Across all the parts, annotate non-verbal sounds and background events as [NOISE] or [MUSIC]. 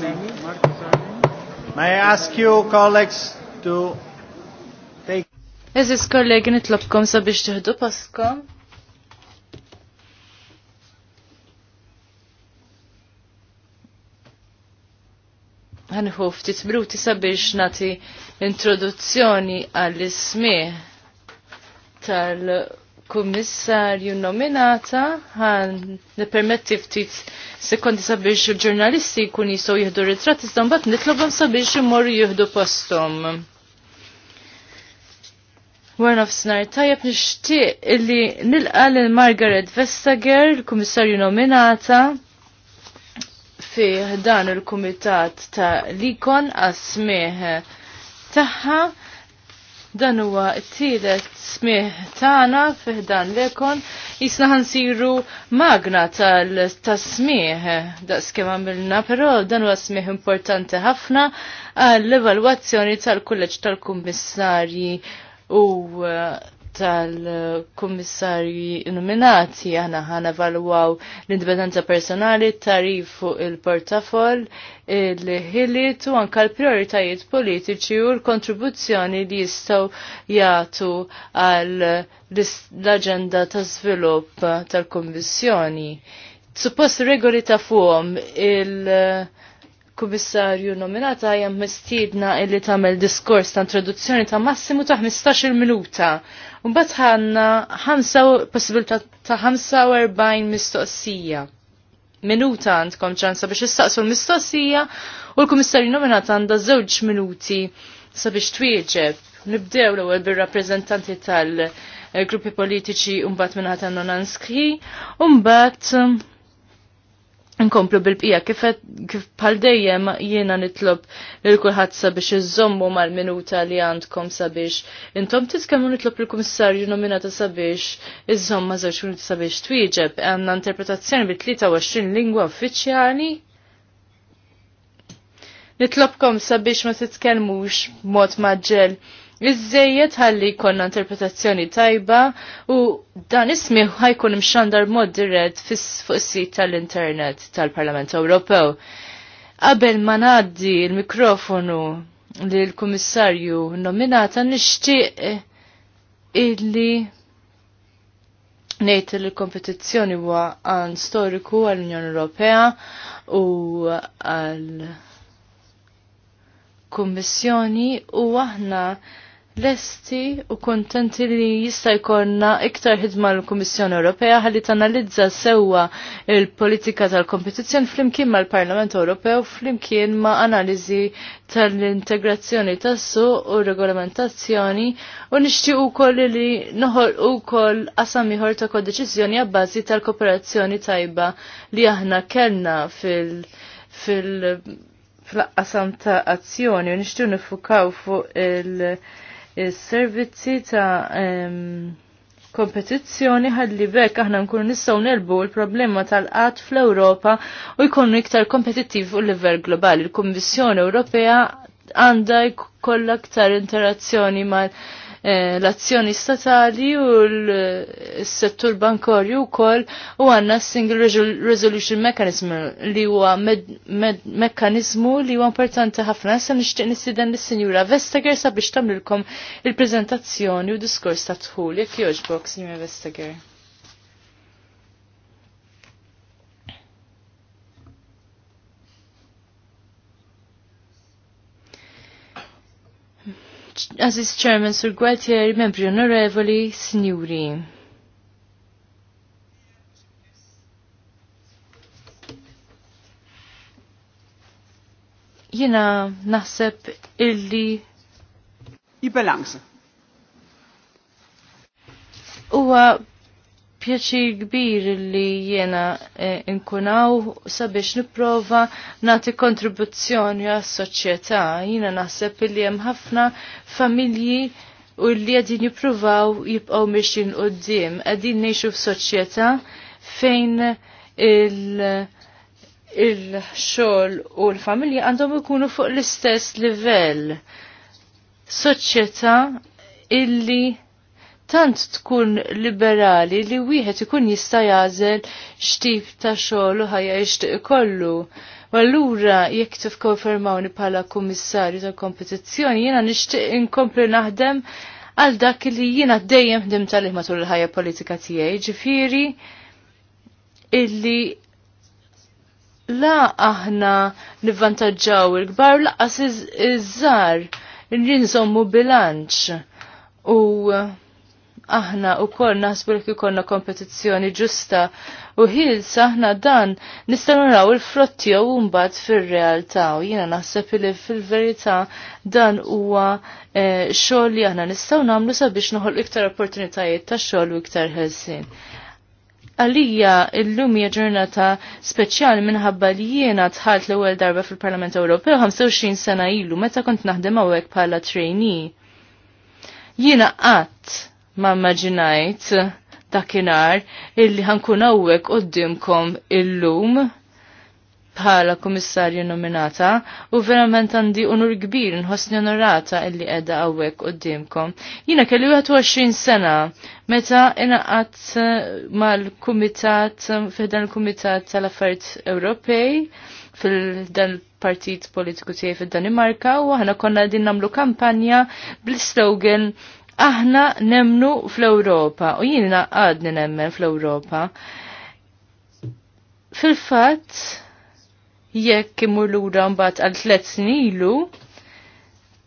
May I ask you, colleagues, to take... Eżis kollegi nitlobkom sabiex tiħdu paskom. ħanħu ftit minuti sabiex nati introduzzjoni għall-ismieħ tal- kummissarju nominata għan nipermetti ftit sekondi sabiex il-ġurnalisti kun jistaw jihdu ritrat iżda bat nitlobom sabiex imorru jihdu postom. Warna Snar tajab nishtiq illi nilqa l-Margaret Vestager, l-kummissarju nominata, fi dan il-kumitat ta' likon għasmiħ taħħa Dan huwa t-tielet smih tagħna fiħdan lekon jisna ħansiru magna tal tasmieħ eh, daqs kemm għamilna, però dan huwa smih importanti ħafna għall-evalwazzjoni tal-kulleġġ tal-kummissarji u eh, tal-kummissarji nominati aħna ħana valwaw l-indipendenza personali, tarif fuq il-portafol, il-ħiliet u anka l-prioritajiet politiċi u l-kontribuzzjoni li jistgħu jagħtu għal l-aġenda ta' żvilupp tal-Kummissjoni. Suppost regoli ta' fuqhom il- kummissarju nominata hija mistiedna illi tagħmel diskors ta' introduzzjoni ta' massimu ta' 15-il minuta Mbagħad ħanna ħamsa possibilità ta' 45 mistoqsija. Minuta għandkom ċansa biex issaqsu l-mistoqsija u l-Kummissarju nominat għandha żewġ minuti sabiex twieġeb. Nibdew l-ewwel bir-rappreżentanti tal- gruppi politiċi mbagħad minna ħatan nonan skħi, Nkomplu bil-bqija kif bħal dejjem jiena nitlob lil kulħadd sabiex iżommu mal-minuta li għandkom sabiex intom titkellmu nitlob il-kummissarju nominata sabiex iżomm ma żewġ minuti sabiex twieġeb għandna interpretazzjoni bi 23 lingwa uffiċjali. Nitlobkom sabiex ma titkellmux mod maġġel Iżżejjed ħalli jkollna interpretazzjoni tajba u dan ismi ħajkun imxandar mod dirett fuq is-sit tal-internet tal-Parlament Ewropew. Qabel ma ngħaddi l-mikrofonu lil kummissarju nominata nixtieq eh, illi ngħid li kompetizzjoni huwa għan storiku għall-Unjoni Ewropea u għall-Kummissjoni u aħna lesti u kontenti li jista' jkollna iktar ħidma l-Kummissjoni Ewropea ħalli tanalizza sewwa il-politika tal-kompetizzjoni flimkien mal-Parlament Ewropew flimkien ma' analiżi tal-integrazzjoni tas u regolamentazzjoni u nixtieq ukoll li noħol ukoll qasam ieħor ta' kodeċiżjoni għabbażi tal-kooperazzjoni tajba li aħna kellna fil- fil fl-qasam ta' azzjoni u nixtru nifukaw fuq il- is-servizzi ta' kompetizzjoni ħalli bekk aħna nkunu nistgħu nelbu l-problema tal-qatt fl-Ewropa u jkunu iktar kompetittiv fuq livell globali. Il-Kummissjoni Ewropea għandha jkollha aktar interazzjoni mal- Eh, l-azzjoni statali u l-settur bankorju wkoll u għandna single resolution mechanism li huwa mekkanizmu li huwa importanti ħafna Sa nixtieq nisiden lis-Sinjura Vestager sabiex tagħmlilkom il-preżentazzjoni u diskors ta' tħul jekk jogħġbok, Sinjura Vestager. Aziz Chairman Sir Gualtier, membri onorevoli, signori. Jina naħseb illi. I Jibalans. Uwa pjaċir kbir li jena e, inkunaw sabiex niprofa nati kontribuzzjoni għas soċjetà Jena naħseb li hemm ħafna familji u li għadin jipruvaw jibqaw miexin u d-dim. Għadin neħxu f-soċieta fejn il-xol u l-familja għandhom ikunu fuq l-istess livell. Soċieta illi tant tkun liberali li wieħed ikun jista' jażel x'tip ta' xogħol u ħajja jixtieq ikollu. Allura jekk tifkonfermawni bħala kummissarju tal kompetizzjoni jiena nixtieq inkompli naħdem għal dak li jiena dejjem ħdim tal matul il-ħajja politika tiegħi, ġifieri illi la aħna nivvantaġġaw il-kbar laqas iż-żar, ninżommu bilanċ u aħna u kol naħsbu li konna kompetizzjoni ġusta u ħils aħna dan nistanu naraw il frotti jew mbagħad fir-realtà u jiena naħseb li fil-verità dan huwa eh, xogħol li aħna nistgħu nagħmlu sabiex noħol iktar opportunitajiet ta' xogħol u iktar ħelsien għalija l-lum hija ġurnata speċjali minħabba li jiena tħalt l-ewwel darba fil-Parlament Ewropew 25 sena ilu meta kont naħdem hawnhekk bħala trainee. Jiena qatt ma maġinajt dakinar illi ħankun għawek qoddimkom illum bħala komissarju nominata u verament għandi unur kbir nħossni onorata illi edha għawek qoddimkom. Jina kelli 21 sena meta inaqat mal-kumitat, fiħdan il-kumitat tal-affarijiet Ewropej fil-dan partit politiku tiegħi fid-Danimarka u aħna konna din nagħmlu kampanja bl-slogan Aħna nemnu fl-Ewropa u jiena għadni nemmen fl-Ewropa. Fil-fatt, jekk imur lura mbagħad għal tliet snilu,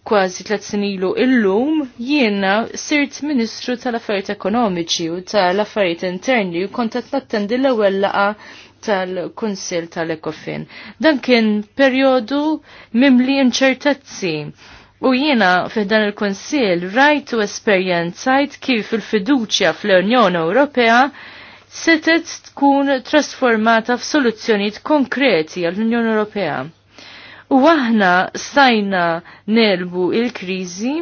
kważi tliet snilu illum, jiena sirt Ministru tal-Affarijiet Ekonomiċi u tal-Affarijiet Interni u kont qed nattendi l-ewwel laqa tal-Kunsil tal-Ekofin. Dan kien perjodu mimli inċertezzi U jiena fiħdan il-Konsil rajt u esperjenzajt kif il-fiduċja fl-Unjoni Ewropea setet tkun trasformata f'soluzzjonijiet konkreti għall-Unjoni Ewropea. U aħna stajna nelbu il-kriżi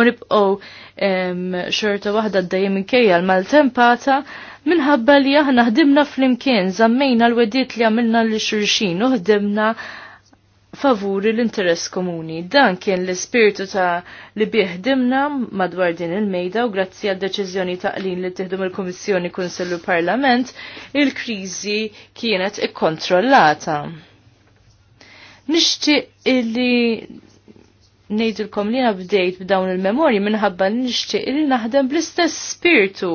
u nibqgħu xorta waħda d-dajem inkejja l-maltempata minħabba li aħna ħdimna fl-imkien, zammejna l-wedit li għamilna l-xurxin u ħdimna favuri l-interess komuni. Dan kien l-ispirtu ta' li bieħdimna madwar din il-mejda u grazzi għad deċiżjoni ta' qlin li tiħdum il-Komissjoni Kunsellu Parlament, il-krizi kienet ikkontrollata. Nishti illi nejdilkom li bdejt b'dawn il-memorji minħabba nishti illi naħdem bl-istess spiritu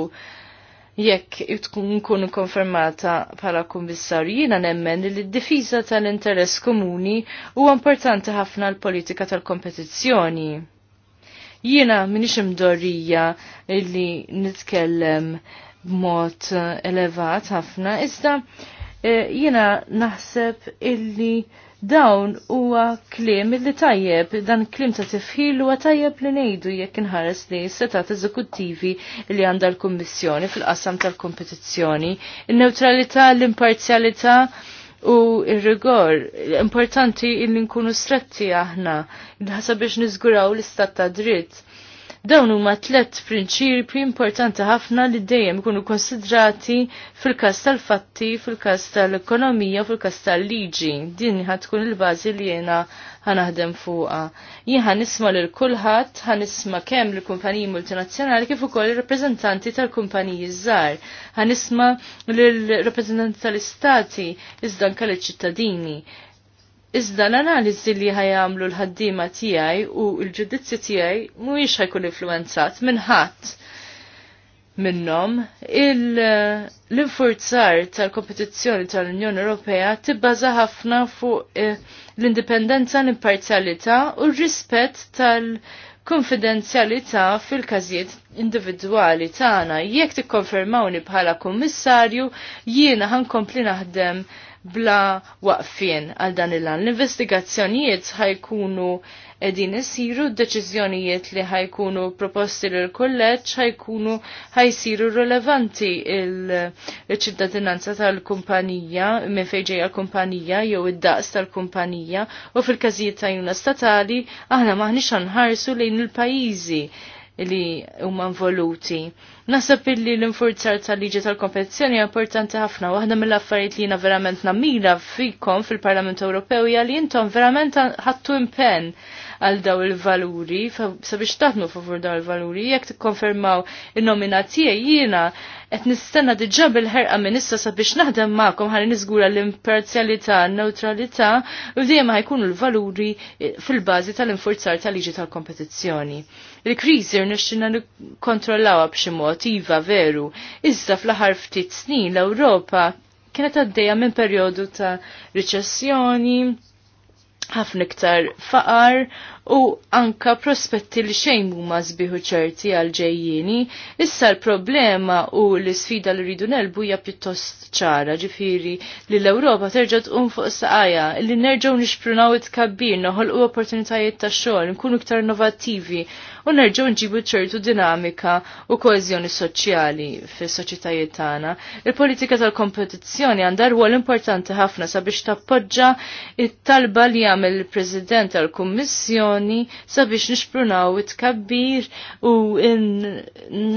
jekk tkun kun konfermata bħala kummissarju jiena nemmen li d-difiża tal-interess komuni huwa importanti ħafna l-politika tal-kompetizzjoni. Jiena minix imdorrija li nitkellem b'mod elevat ħafna, iżda eh, jiena naħseb illi Dawn huwa klim li tajjeb, dan klim ta' tifħil huwa tajjeb li ngħidu jekk inħares li setat eżekuttivi li għandha l-Kummissjoni fil-qasam tal-kompetizzjoni. In-neutralità, l-imparzjalità u ir-rigor importanti li nkunu stretti aħna, ħasab biex niżguraw l-istat ta' dritt Dawn huma tliet prinċipi importanti ħafna li dejjem ikunu konsidrati fil-każ tal-fatti, fil-każ tal-ekonomija, fil-każ tal-liġi. Din ħad tkun il-bażi li jiena ħanaħdem fuqha. Jien ħanisma' lil kulħadd, ħanisma' kemm lill-kumpaniji multinazzjonali kif ukoll ir-rappreżentanti tal-kumpaniji żgħar. Ħanisma' lill-rappreżentanti tal-istati iżda anke lill-ċittadini Iżda l-analiżi li ħajamlu l-ħaddima tiegħi u l tijaj tiegħi mhuwiex ħajkun influenzat minn ħadd minnhom l-infurzar tal-kompetizzjoni tal-Unjoni Ewropea tibbaża ħafna fuq eh, l-indipendenza, l-imparzjalità u r-rispett tal- konfidenzjalità fil-każijiet individwali tagħna. Jekk tikkonfermawni bħala kummissarju, jiena ħankompli naħdem bla waqfien għal dan il-għan. L-investigazzjonijiet ħajkunu edin isiru, d-deċizjonijiet li ħajkunu proposti l kolleġġ ħajkunu ħajsiru relevanti il-ċittadinanza tal-kumpanija, minn fejġeja kumpanija jew id-daqs tal-kumpanija u fil-każijiet juna statali aħna maħniex xanħarsu lejn il-pajjiżi li huma involuti. Nasab illi l-infurzar tal-liġi tal-kompetizzjoni importanti ħafna. Waħda mill-affarijiet li jina verament namira fikom fil-Parlament Ewropew hija li intom verament ħattu impenn għal daw il-valuri, sabiex taħdmu favur daw il-valuri, jekk tikkonfermaw il-nominatija jina, qed nistenna diġà bil-ħerqa minissa sabiex naħdem magħkom ħalli niżgura l-imparzjalità, n-neutralità u dejjem ħajkunu l-valuri fil-bażi tal-infurzar tal-liġi tal-kompetizzjoni. Il-kriżi rnexxina nikkontrollawha b'xi mod iva veru, iżda fl-aħħar ftit snin l-Ewropa kienet għaddejja minn perjodu ta' riċessjoni, ħafna iktar faqar u anka prospetti li xejn huma sbiħu ċerti għal ġejjini, issa l-problema u l-sfida li rridu nelbu hija pjuttost ċara, ġifiri li l-Ewropa terġa' tqum fuq saqajja, li nerġgħu nixprunaw it-kabbir, noħolqu opportunitajiet ta' xogħol, nkunu iktar innovattivi u nerġgħu nġibu ċertu dinamika u koeżjoni soċjali fis-soċjetajiet tagħna. Il-politika tal-kompetizzjoni għandha rwol importanti ħafna sabiex tappoġġa it-talba li jagħmel il-President tal-Kummissjoni azzjoni sabiex nixprunaw it-kabbir u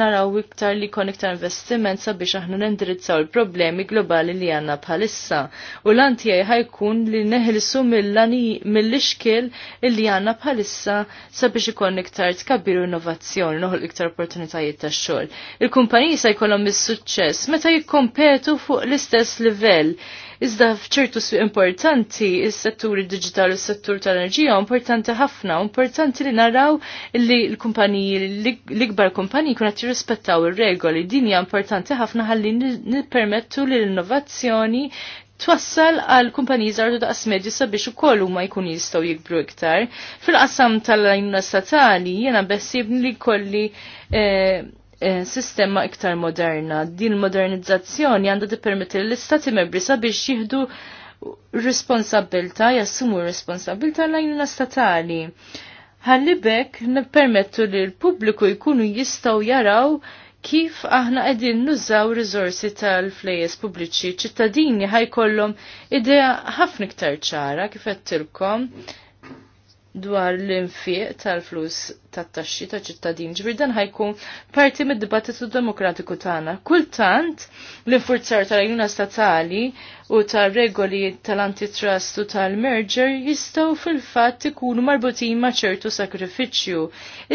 naraw iktar li kon iktar investiment sabiex aħna nindirizzaw il-problemi globali li għanna bħalissa. U l-antijaj ħajkun li neħilsu mill-ixkil li għanna bħalissa sabiex ikon iktar tkabbir u innovazzjoni, noħol iktar opportunitajiet ta' xogħol. Il-kumpaniji sa jkollhom is-suċċess meta jikkompetu fuq l-istess livell Iżda fċertu su importanti il-settur digital u settur tal-enerġija importanti ħafna, importanti li naraw li l-kumpaniji, l-ikbar kumpaniji kuna rispettaw il-regoli. Dinja importanti ħafna ħalli nipermettu li l-innovazzjoni twassal għal kumpaniji zardu daqs medju sabiex u kollu ma jkun jistaw jikbru iktar. Fil-qasam tal-għajnuna statali jena bessibni li kolli eh, Eh, sistema iktar moderna. Din modernizzazzjoni għandha tippermetti l-istati membri sabiex jieħdu responsabilta, jassumu responsabilta l-għajnuna statali. Għallibek nippermettu li l-pubbliku jkunu jistaw jaraw kif aħna qegħdin nużaw rizorsi tal-flejes pubbliċi ċittadini ħajkollhom idea ħafna iktar ċara kif qed tilkom dwar l-infiq tal-flus tat-taxxi ta' ċittadin ġbir dan ħajkun parti mid-dibattitu demokratiku tagħna. Kultant l-infurzar tal ajuna statali u tal-regoli tal-antitrust u tal-merger jistgħu fil-fatt ikunu marbutin ma' ċertu sakrifiċċju.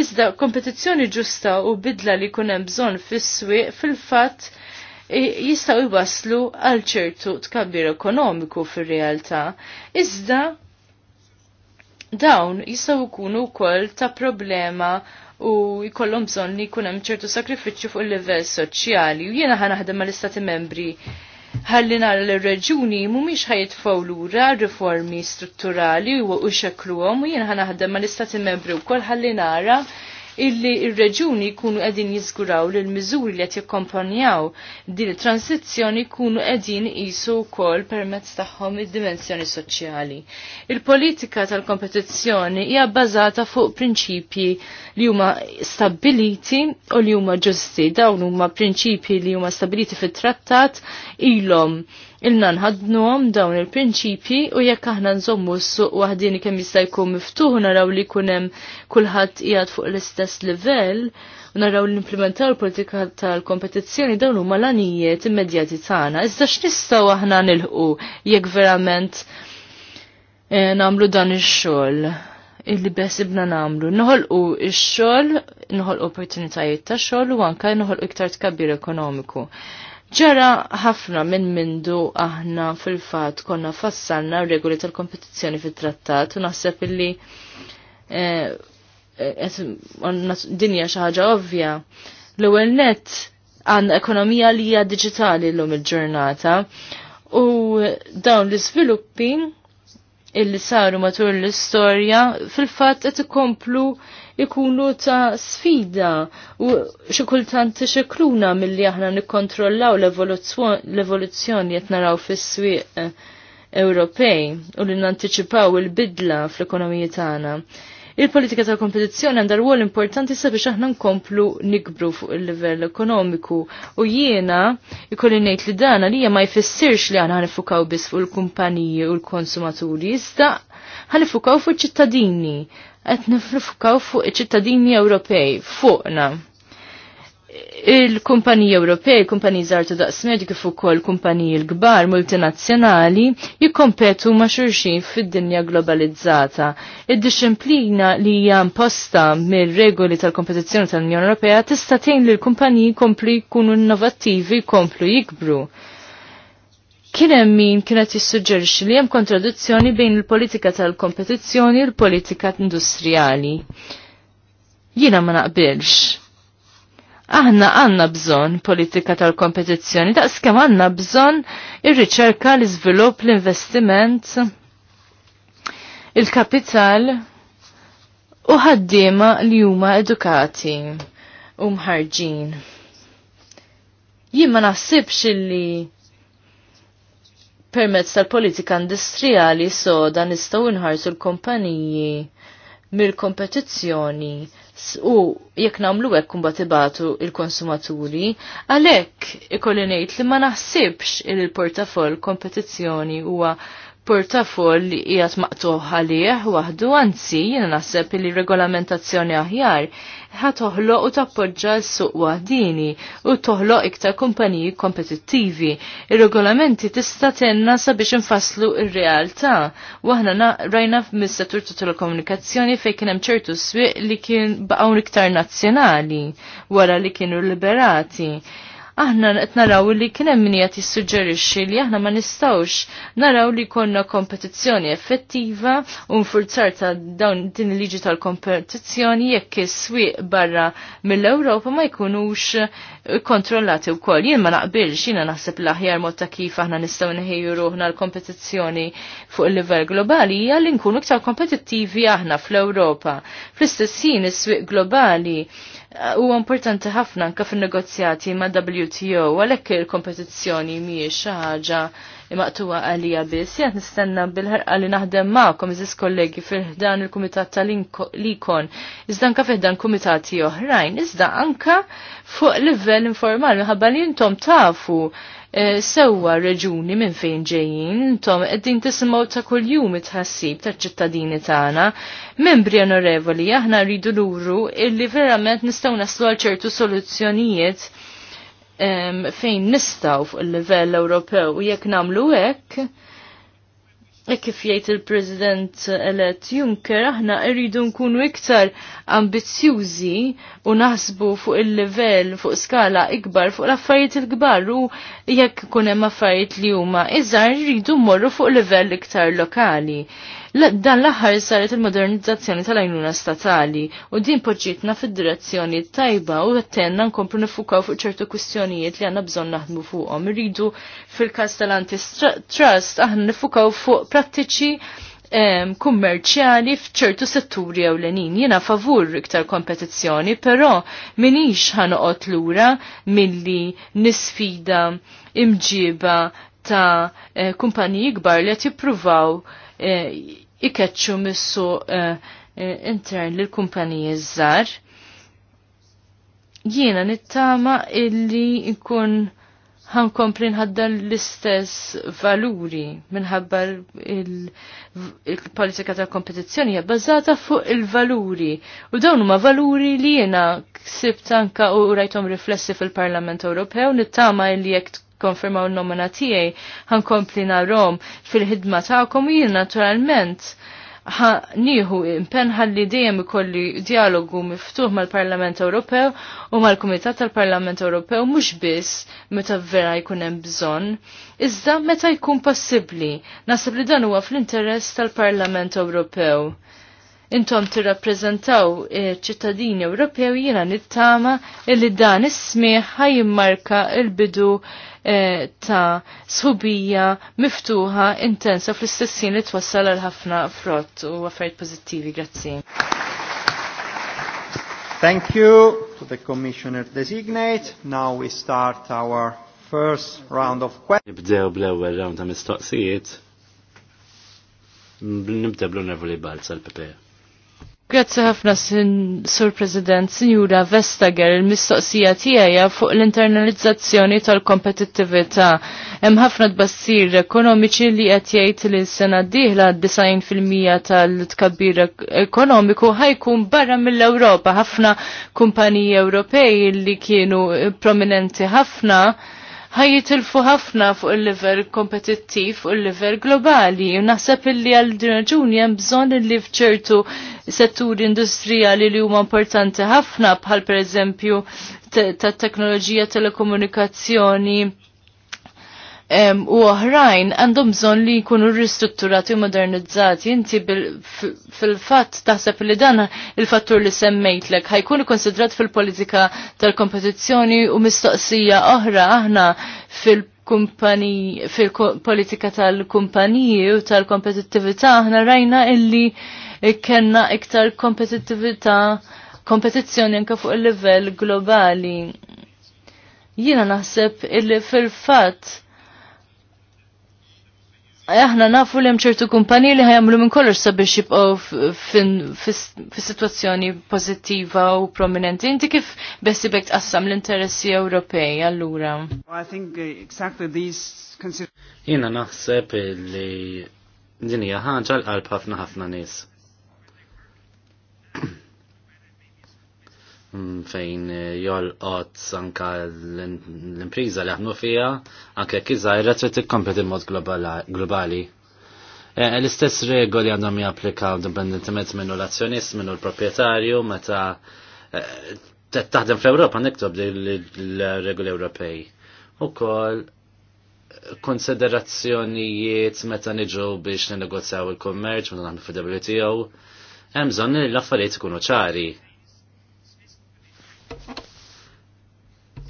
Iżda kompetizzjoni ġusta u bidla li jkun hemm bżonn fis-swieq fil-fatt jistgħu jwaslu għal ċertu tkabbir ekonomiku fir-realtà. Iżda dawn jistaw ikunu wkoll ta' problema u jkollhom bżonn li jkun hemm ċertu sakrifiċċju fuq il-livell soċjali u jiena ħanaħdem mal-istati membri ħalli nara l-reġuni mhumiex ħajitfaw lura riformi strutturali u xekluhom u jiena ħanaħdem mal-istati membri wkoll ħalli nara illi il reġuni jkunu qegħdin jiżguraw li l-miżuri li qed jikkompanjaw din it-transizzjoni jkunu qegħdin qisu wkoll permezz tagħhom id-dimensjoni soċjali. Il-politika tal-kompetizzjoni hija bbażata fuq prinċipji li huma stabiliti u li huma ġusti dawn huma prinċipji li huma stabiliti fit-trattat ilhom ilna nħadnuhom dawn il-prinċipji u jekk aħna nżommu s-suq waħdini kemm jista' jkun miftuħ naraw li jkun hemm kulħadd fuq l-istess livell u naraw li implementaw l-politika tal-kompetizzjoni dawn huma malanijiet immedjati tagħna. Iżda x'nistgħu aħna nilħu jekk verament eh, namlu dan ix-xogħol illi besibna namlu. Nħolqu ix-xogħol, nħolqu opportunitajiet ta' xogħol u anke nħolqu iktar tkabbir ekonomiku. Ġara ħafna minn mindu aħna fil-fat konna fassalna regoli tal-kompetizzjoni fit-trattat u naħseb illi eh, eh, dinja xaħġa ovvja. L-ewel net għan ekonomija li hija digitali l-lum il-ġurnata u dawn l-sviluppi illi saru matul l-istorja fil-fat qed ikomplu komplu ikunu ta' sfida u xi kultant mill milli aħna nikkontrollaw l-evoluzzjoni qed naraw fis-swieq eh, Ewropej u li nanticipaw il-bidla fl-ekonomiji tagħna. Il-politika tal kompetizzjoni għandha rwol importanti sabiex aħna nkomplu nikbru fuq il-livell ekonomiku u jiena ikolli ngħid li dan għalija ma jfissirx li aħna ħanifukaw biss fuq il-kumpaniji u l-konsumaturi, iżda ħanifukaw fuq ċittadini qed nifrifkaw fuq iċ-ċittadini Ewropej fuqna. Il-kumpaniji Ewropej, kumpaniji żartu daqs medju kif ukoll kumpaniji l-kbar multinazzjonali jikkompetu ma' xulxin fid-dinja globalizzata. Id-disciplina li hija imposta mir-regoli tal-kompetizzjoni tal-Unjoni Ewropea tista' tgħin li l-kumpaniji jkomplu jkunu innovattivi jkomplu jikbru kien hemm min kienet jissuġġerixxi li hemm kontradizzjoni bejn il-politika tal-kompetizzjoni u l-politika industrijali. Jiena ma naqbilx. Aħna għanna bżonn politika tal-kompetizzjoni, daqskemm għandna għanna ir-riċerka, l-iżvilupp, l-investiment, il-kapital u ħaddiema li huma edukati u mħarġin. Jien ma naħsibx li permezz tal-politika industrijali soda nistgħu nħarsu l-kumpaniji mill-kompetizzjoni u jekk nagħmlu hekk imbagħad ibatu il-konsumaturi, għalhekk ikolli ngħid li ma naħsibx il portafoll kompetizzjoni huwa portafoll li jgħat maqtuħ għalih waħdu għanzi jina naħseb li regolamentazzjoni aħjar ħat toħloq u tappoġġa s suq waħdini u toħloq iktar kumpaniji kompetittivi. Ir-regolamenti tista' tenna sabiex infasslu r realtà Waħna rajna mis-settur ta' telekomunikazzjoni fejn kien hemm ċertu swieq li kien baqgħu iktar nazzjonali wara li kienu liberati aħna qed naraw li kien hemm min qed jissuġġerixxi li aħna ma nistgħux naraw li konna kompetizzjoni effettiva u nfurzar ta' dawn din il-liġi tal-kompetizzjoni jekk is-swieq barra mill-Ewropa ma jkunux kontrollati wkoll. Jien ma naqbilx jiena naħseb l-aħjar mod ta' kif aħna nistgħu neħejju ruħna l-kompetizzjoni fuq il-livell globali hija li nkunu iktar kompetittivi aħna fl-Ewropa. Fl-istess ħin is-swieq globali uh, huwa importanti ħafna anke fin-negozjati ma' WTO tiegħu għalhekk il-kompetizzjoni mhijiex xi ħaġa maqtuwa għalija biss, jgħat nistenna bil-ħarqa li naħdem ma'kom iżis kollegi fil-ħdan il-Kumitat tal-Likon, iżda anka fil-ħdan kumitati oħrajn, iżda anka fuq livell informali, minħabba li intom tafu e, sewa reġuni minn fejn ġejjin, intom qegħdin tisimgħu ta' kuljum it-ħassib tal-ċittadini tagħna, membri onorevoli aħna rridu luru illi verament nistgħu naslu għal ċertu soluzzjonijiet fejn nistaw fuq il-livell Ewropew u jekk nagħmlu hekk e kif jgħid il-President elett Juncker aħna rridu nkunu iktar ambizzjużi u naħsbu fuq il-livell fuq skala ikbar fuq l-affarijiet il-kbar u jekk kun hemm affarijiet li huma iżgħar rridu mmorru fuq livell iktar lokali. Dan l-aħħar saret il-modernizzazzjoni tal ajnuna statali u din poġġitna fid-direzzjoni tajba u għattenna nkomplu nifukaw fuq ċertu kwistjonijiet li għanna bżon naħdmu fuqhom. Rridu fil-każ tal-antitrust aħna nifukaw fuq prattiċi kummerċjali fċertu setturi ewlenin. Jena favur iktar kompetizzjoni, però minix ħanoqot lura milli nisfida imġiba ta' eh, kumpaniji gbar li jippruvaw eh, ikeċċu missu eh, eh, intern l kumpaniji żgħar. Jiena nittama illi nkun ħankompli nħaddar l-istess valuri minħabba il-politika tal kompetizzjoni hija bbażata fuq il-valuri. U dawn huma valuri li jiena ksibt anka u rajtom riflessi fil-Parlament Ewropew nittama illi jekk tikkonfermaw n-nomina tiegħi ħankompli rom fil-ħidma tagħkom jien naturalment nieħu impenn ħalli dejjem ikolli dialogu miftuħ mal-Parlament Ewropew u mal-Kumitat tal-Parlament Ewropew mhux biss meta vera jkun hemm bżonn, iżda meta jkun possibbli. Nasib li dan huwa fl-interess tal-Parlament Ewropew intom tirrappreżentaw ċittadini Ewropew jiena nittama illi dan is-smieħ ħajimmarka l-bidu il Eh, ta' sħubija miftuħa intensa fl-istessin li twassal għal ħafna frott u affarijiet pozittivi. Grazzi. Thank you to the Commissioner Designate. Now we start our first round of questions. Nibdew bl ewel round ta' mistoqsijiet. Nibdew bl unervoli Balza l ppr e. Grazzi ħafna Sur President, Sinjura Vestager, il-mistoqsija tiegħi fuq l-internalizzazzjoni tal-kompetittività. Hemm ħafna tbassir ekonomiċi li qed jgħid li s-sena d-dieħla 90% tal-tkabbir ekonomiku ħajkun barra mill-Ewropa. Ħafna kumpaniji Ewropej li kienu prominenti ħafna ħajitilfu ħafna fuq il-level kompetittiv fuq il-level globali. naħseb illi għal din raġuni hemm bżonn li fċertu setturi industrijali li huma importanti ħafna bħal pereżempju tat-teknoloġija telekomunikazzjoni u oħrajn għandhom bżonn li jkunu ristrutturati u modernizzati. Inti fil-fatt taħseb li dan il-fattur li semmejtlek ħajkunu konsidrat fil-politika tal-kompetizzjoni u mistoqsija oħra aħna fil kumpani fil-politika tal-kumpaniji u tal-kompetittività aħna rajna illi kena iktar kompetittività kompetizzjoni anke fuq il-livell globali. Jiena naħseb illi fil-fatt aħna nafu li hemm ċertu kumpaniji li ħajamlu minn kollox sabiex jibqgħu fis-sitwazzjoni pożittiva u prominenti. Inti kif besibek tqassam l-interessi Ewropej allura? Uh, Jiena naħseb li din hija ħaġa l-qalb ħafna ħafna nies. Mm, fejn eh, jolqot anka l-impriża li aħnu fija, anke jekk iżgħira trid tikkompeti mod globali. Eh, l-istess regoli għandhom japplikaw dipendentement minnu l-azzjonist, minnu l-proprjetarju, meta eh, taħdem fl-Ewropa niktob l-regoli Ewropej. Ukoll konsiderazzjonijiet meta niġu biex nenegozjaw il-kummerċ, meta naħnu fil wto hemm bżonn li l-affarijiet ikunu ċari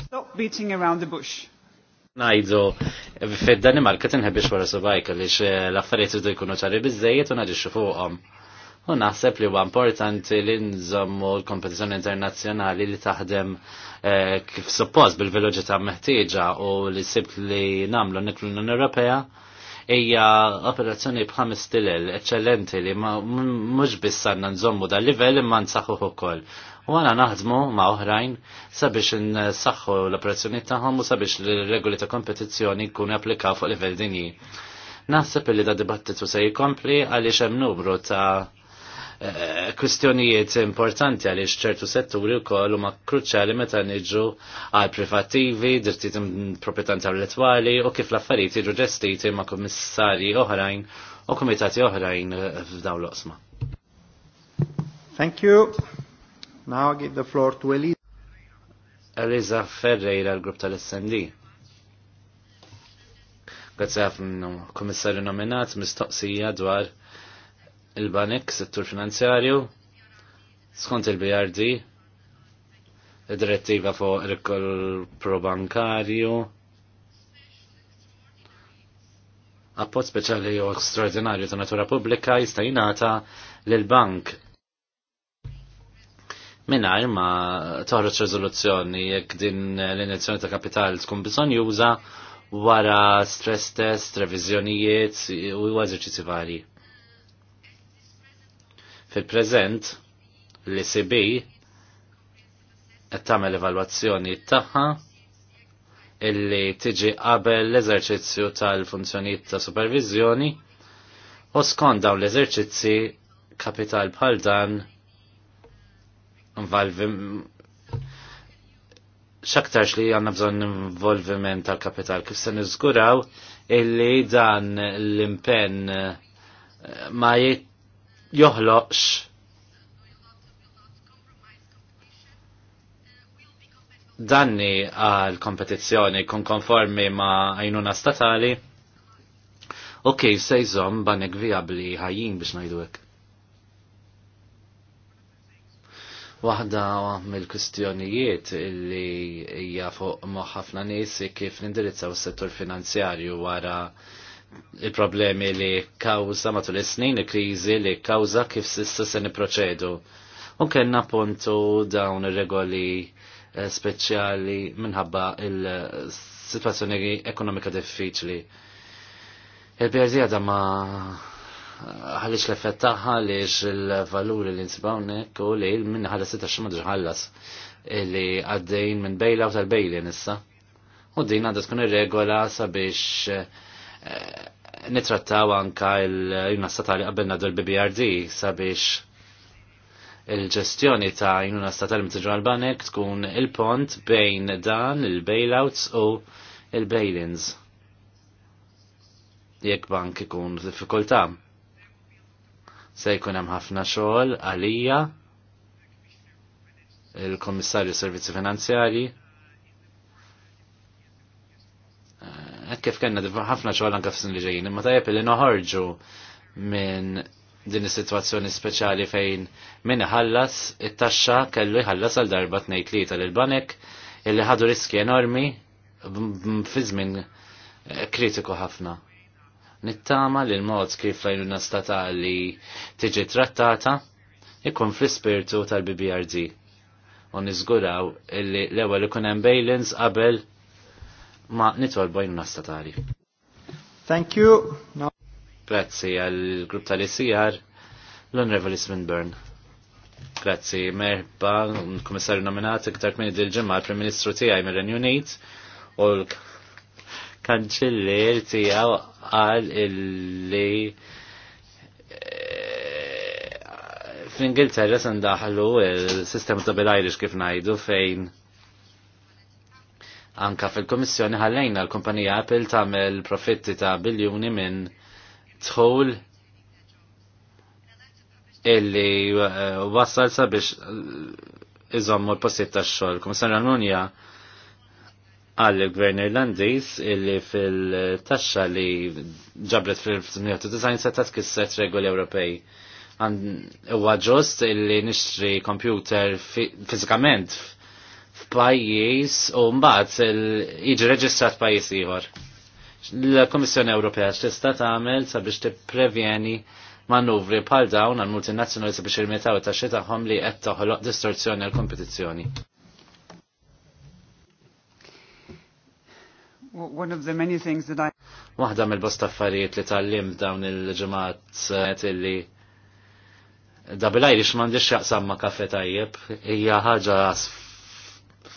Stop beating around the bush. Najdu, fil-Danimarka tinħebix wara subajka li l-affarijiet idu jkunu ċari bizzejiet u naġiġu fuqhom. U naħseb li huwa importanti li nżommu l-kompetizzjoni internazzjonali li taħdem eh, kif suppost bil-veloċità meħtieġa u li sibt li namlu niklu l-Unjoni Ewropea Ejja operazzjoni bħamis stilel eċċellenti li mhux biss għandna nżommu dal livell imma nsaħħuh ukoll. U għana naħdmu ma' oħrajn sabiex nsaħħu l-operazzjoni tagħhom u sabiex l-regoli ta' kompetizzjoni jkunu applikaw fuq livell dinji. Naħseb li da dibattitu se jkompli għaliex hemm numru ta' Eh, kwistjonijiet importanti għal ċertu setturi wkoll huma kruċjali meta niġu għal privattivi, drittijiet proprietà intellettwali u kif l-affarijiet jiġu ġestiti ma' kummissarji oħrajn u kumitati oħrajn eh, f'dawn l osma Thank you. Now I give the floor to Elisa. Eliza Ferreira, l-grupp tal-SND. Għazzaf għafnu, komissarju nominat, mistoqsija dwar il-banek, settur finanzjarju, skont il-BRD, id-direttiva fuq il kol pro-bankarju, appot speċali u straordinarju ta' natura pubblika jista' jingħata lil bank mingħajr ma toħroġ riżoluzzjoni jekk din l inizjoni ta' kapital tkun bżonn juża wara stress test, reviżjonijiet u eżerċizzi varji. Fil-preżent l-ECB qed tagħmel evalwazzjoni tagħha illi tiġi qabel l-eżerċizzju tal-funzjonijiet ta' supervizjoni u skont dawn l-eżerċizzi kapital bħal dan xaktarx li għanna bżon involviment tal-kapital kif se niżguraw illi dan l-impenn ma jit joħloqx danni għal kompetizzjoni kun konformi ma' għajnuna statali Ok, sejżom banek jżomm banek ħajjin biex ngħidulek. Waħda mill-kwistjonijiet illi hija fuq moħħafna nies kif nindirizzaw is-settur finanzjarju wara il-problemi li kawza matul is-snin, il-kriżi li kawza kif sissa se niproċedu. U kellna appuntu dawn ir-regoli eh, speċjali minħabba il-sitwazzjoni ekonomika diffiċli. Il-BRD għadha ma ħalix l-effett tagħha għaliex il-valuri li nsibawnek u li minn ħalla sita xi ħallas li għaddejn minn bejla u tal-bejli nissa. U din għadha tkun ir-regola sabiex eh, nitrattaw anka il-juna statali għabbenna dol BBRD sabiex il-ġestjoni ta' juna statali mtiġu għal-banek tkun il-pont bejn dan il-bailouts u il-bailins. Jekk bank ikun diffikulta. Se jkun hemm ħafna xogħol għalija il-Kommissarju Servizzi finanzjarji? hekk kif kellna ħafna xogħol anke f'sin li ġejjin, imma tajjeb li noħorġu minn din is-sitwazzjoni speċjali fejn min ħallas it-taxxa kellu jħallas għal darba tnejn tlieta lil banek illi ħadu riski enormi fi żmien eh, kritiku ħafna. Nittama li l-mod kif lajnuna statali tiġi trattata ikun fl-ispirtu tal-BBRD u nizguraw illi l-ewwel ikun hemm bailins qabel ma nitolbu jnuna statali. Thank you. No. Grazzi għal-grupp tal-ICR, l-Honorable Ismin Byrne. Grazzi, merba, komissarju Nominati ktar minn dil-ġemma, prim ministru tijaj mir Unit, u l-kanċillir tijaw għal illi eh, fl-Ingilterra sandaħlu il-sistema tabel bil-Irish kif najdu fejn Anka fil-Komissjoni ħallejna l-kumpanija Apple tagħmel profitti ta' biljuni minn tħol illi eh, wassal sabiex eh, iżommu l posit ta' xol. Komissarju Almunja għal gvern Irlandiż illi fil-taxxa li ġabret fil-1990 se ta' tkisset regoli Ewropej. Huwa ġost illi nixtri kompjuter fizikament pajjiż u mbagħad iġi reġistrat pajjiż ieħor. L-Komissjoni Ewropea tista' tagħmel sabiex tipprevjeni manuvri bħal dawn għal multinazzjonali sabiex irmetaw ta' taxxi tagħhom li qed toħloq distorzjoni għal kompetizzjoni. One of the many things that I... Waħda mill-bosta affarijiet li tal-lim dawn il-ġemat illi da bilajri m'għandix jaqsam ma' kafe tajjeb, hija ħaġa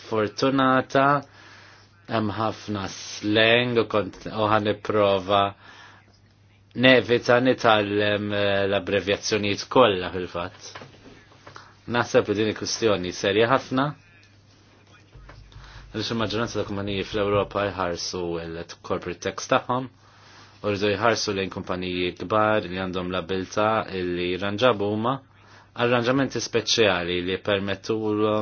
fortunata hemm ħafna slang u kont oħan nipprova nevita nitgħallem eh, l-abbrevjazzjonijiet kollha fil-fatt. Naħseb li din il-kwistjoni serja ħafna. Għaliex il-maġġoranza ta' kumpaniji fl-Ewropa jħarsu l-corporate tax tagħhom u rridu jħarsu lejn kumpaniji kbar li għandhom l-abilta li ranġabu huma arranġamenti speċjali li permettu l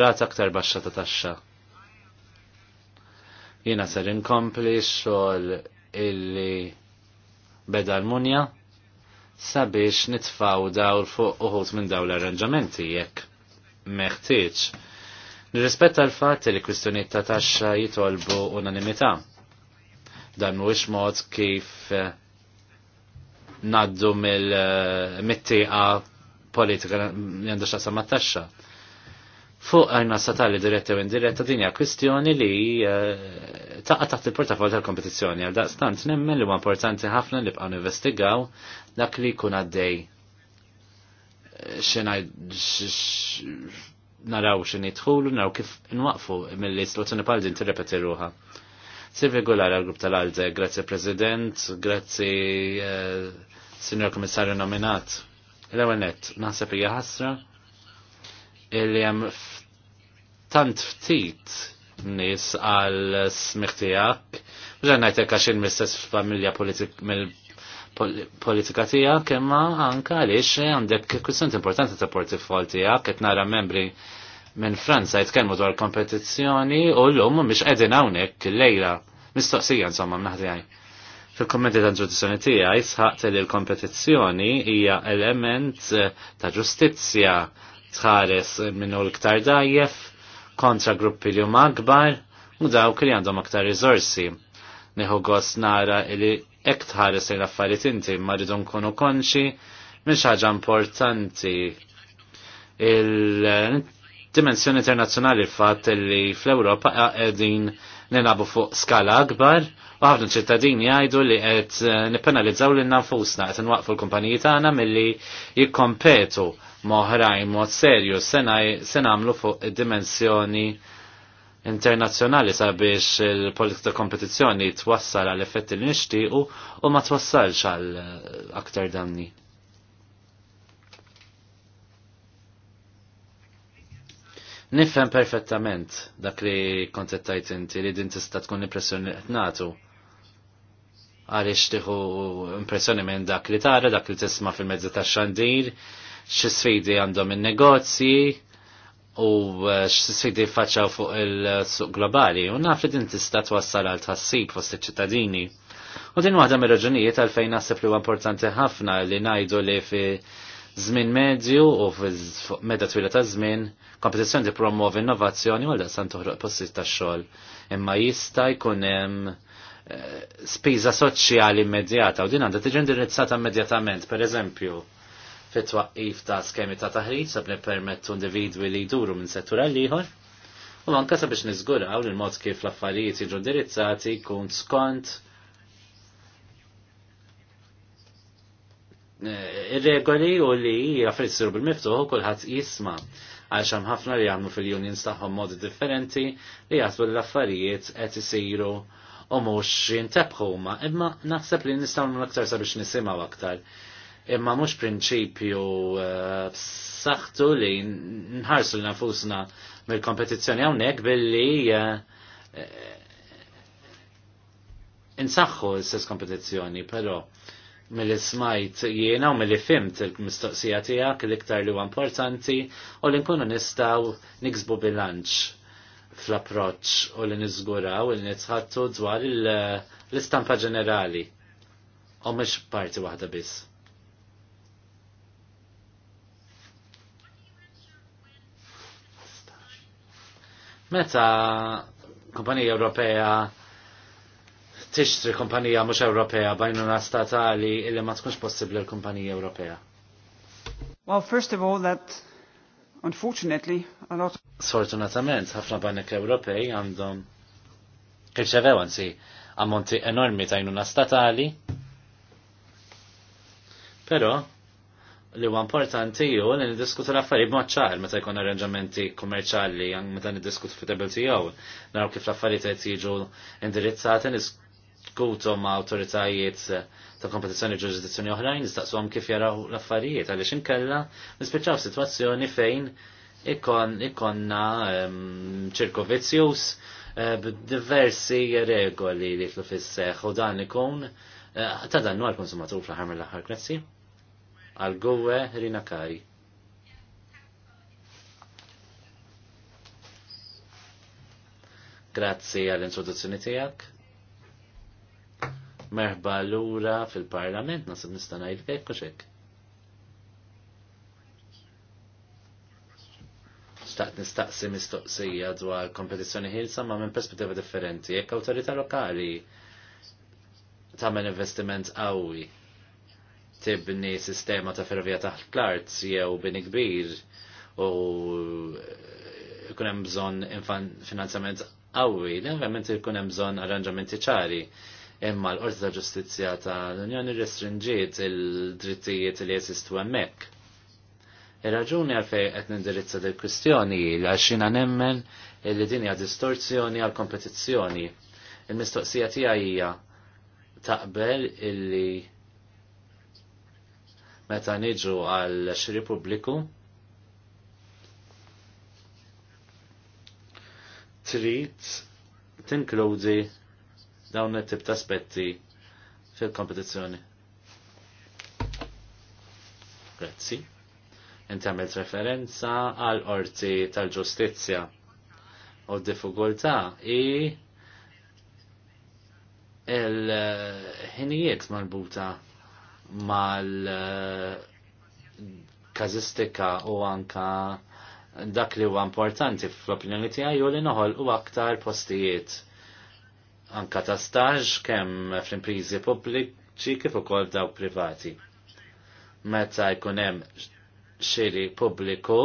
rata aktar baxxa ta' taxxa. Jiena ser inkompli xogħol illi beda l-munja sabiex nitfaw dawl fuq uħut minn dawl arranġamenti jekk meħtieġ. Nirrispetta l-fatt li kwistjonijiet ta' taxxa jitolbu unanimità. Dan mhuwiex mod kif eh, naddu mill-mittieqa eh, politika li għandu xaqsam mat taxxa fuq għajna satali diretta u indiretta din hija kwistjoni li eh, taqa' taħt il-portafol tal-kompetizzjoni għal daqstant nemmen li huwa importanti ħafna li bqgħu investigaw dak li jkun għaddej naraw x'in jitħulu naraw kif nwaqfu milli situazzjoni Paldin din tirrepeti ruha. Sirvi Gular għal-grupp tal-Alde, grazzi President, grazzi eh, Sinjor Komissarju nominat. L-ewwel nett, naħseb hija ħasra illi hemm tant ftit nis għal smiħtijak, ġannajtek għax il-mistess familja politika tijak, imma anka għalix għandek kwistjoni importanti ta' portifol tijak, et nara membri minn Franza jitkellmu dwar kompetizzjoni u l-lum mhix qegħdin hawnhekk lejla mistoqsija insomma mnaħdi għaj. Fil-kommenti ta' ġudizjoni tiegħi sħaqt li l-kompetizzjoni hija element ta' ġustizzja tħares minnu l-iktar dajjef kontra gruppi li huma akbar u dawk li għandhom aktar riżorsi. Nieħu gost nara li hekk tħares lejn affarijiet inti ma rridu nkunu konxi minn xi ħaġa importanti il-dimensjoni internazzjonali fatt li fl-Ewropa qegħdin nenabu fuq skala akbar u ħafna ċittadini jgħidu li qed eh, nippenalizzaw lil nafusna qed nwaqfu l-kumpaniji tagħna milli jikkompetu moħrajn mod serju se nagħmlu fuq id-dimensjoni internazzjonali sabiex il-politika kompetizzjoni twassal għal effetti li nixtiequ u ma twassalx għal eh, aktar danni. Nifhem perfettament dak li kontettajt inti li din tista' tkun impressjoni natu għaliex tieħu impressjoni minn dak li tara, dak li tisma' fil-mezzi tax-xandir, xi sfidi għandhom in-negozji u eh, xi sfidi faċċaw fuq il-suq globali u naf li din tista' twassal għal tħassib fost iċ-ċittadini. U din waħda mir-raġunijiet għalfejn naħseb li huwa importanti ħafna li ngħidu li fi żmien medju u medda twila ta' żmien kompetizzjoni promuovi innovazzjoni u daqsan toħroq posti ta' xogħol. Imma jista' jkun hemm eh, spiża soċjali immedjata u din għandha tiġi indirizzata immedjatament, pereżempju, fit-twaqqif ta' skemi ta' taħriġ sab permettu individwi li jduru minn settur għal ieħor. U anka sabiex niżguraw li l-mod kif l-affarijiet jiġu indirizzati jkun skont ir-regoli u li jaffrissiru bil-miftuħ u kulħadd jisma' għax hemm ħafna li għamlu fil-unions tagħhom modi differenti li jaħsbu l-affarijiet qed isiru u mhux jintebħu huma, imma naħseb li nistgħu nagħmlu aktar sabiex nisimgħu aktar. Imma mhux prinċipju eh, b'saħħtu li nħarsu l nafusna mill-kompetizzjoni hawnhekk billi eh, eh, insaħħu l sess kompetizzjoni, però mill smajt jiena u mill fimt il-mistoqsija tiegħek l-iktar li huwa importanti u li nkunu nistgħu niksbu bilanċ fl-approċċ u li niżguraw u li nitħattu dwar l-istampa ġenerali u mux parti waħda biss. Meta kumpanija Ewropea tixtri kompanija mhux Ewropea bajnuna statali illi ma tkunx possibbli l-kumpanija Ewropea? Well, first of all, that unfortunately a lot Sfortunatament, ħafna banek Ewropej għandhom kif xevew ammonti enormi ta' jnuna statali. Però li huwa importanti ju li niddiskutu l-affarijiet maċċar ċar meta jkun arranġamenti kummerċali meta niddiskutu fit-tebel naraw kif l-affarijiet qed jiġu indirizzati diskutu ma' autoritajiet ta' kompetizzjoni ġurisdizzjoni oħrajn, nistaqsuhom kif jaraw l-affarijiet, għaliex inkella nispiċċaw situazzjoni fejn ikon, ikonna ehm, ċirku vizzjus eh, b'diversi regoli li tlu fisseħ u dan ikun eh, ta' dan għal konsumatur fl ħarm mill-ħar grazzi. Għal gwe Rina Kari. Grazzi għall-introduzzjoni tijak merħba l-ura fil-parlament nasib nista' ngħid hekk u Staqt nistaqsi mistoqsija dwar kompetizzjoni ħilsa ma' minn perspettiva differenti. Jekk awtorità lokali tagħmel investiment qawwi tibni sistema ta' ferrovija taħt l-art jew bini kbir u jkun hemm bżonn finanzjament qawwi, l-investment jkunem hemm bżonn arranġamenti ċari imma l-Qorti ta' Ġustizzja tal-Unjoni restringiet il-drittijiet li jesistu hemmhekk. Ir-raġuni għalfej qed nindirizza dil kwistjoni li għaxina nemmen li din hija distorzjoni għal kompetizzjoni. Il-mistoqsija tiegħi hija taqbel illi meta niġu għal xri pubbliku trid tinkludi dawn it-tip ta' aspetti fil-kompetizzjoni. Grazzi. Inti għamilt referenza għal orti tal-ġustizzja u d-diffikultà i il-ħinijiet marbuta mal-kazistika u anka dak li huwa importanti fl-opinjoni tiegħi u li noħol u aktar postijiet anka ta' staġ kemm fl-imprizi pubbliċi kif ukoll daw privati. Meta jkun hemm xiri pubbliku,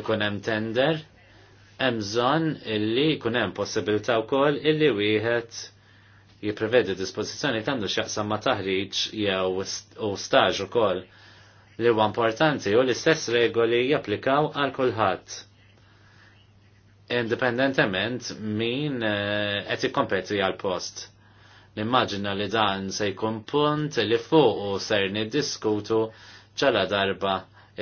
ikun hemm tender, hemm bżonn illi jkun hemm possibilità wkoll illi wieħed jipprevedi dispożizzjoni tandu x'jaqsam ma' taħriġ jew u staġ ukoll li huwa importanti u l-istess regoli japplikaw għal kulħadd indipendentement min eh, qed ikkompeti għal post. Nimmaġina li dan se jkun punt li fuq u ser niddiskutu ċala darba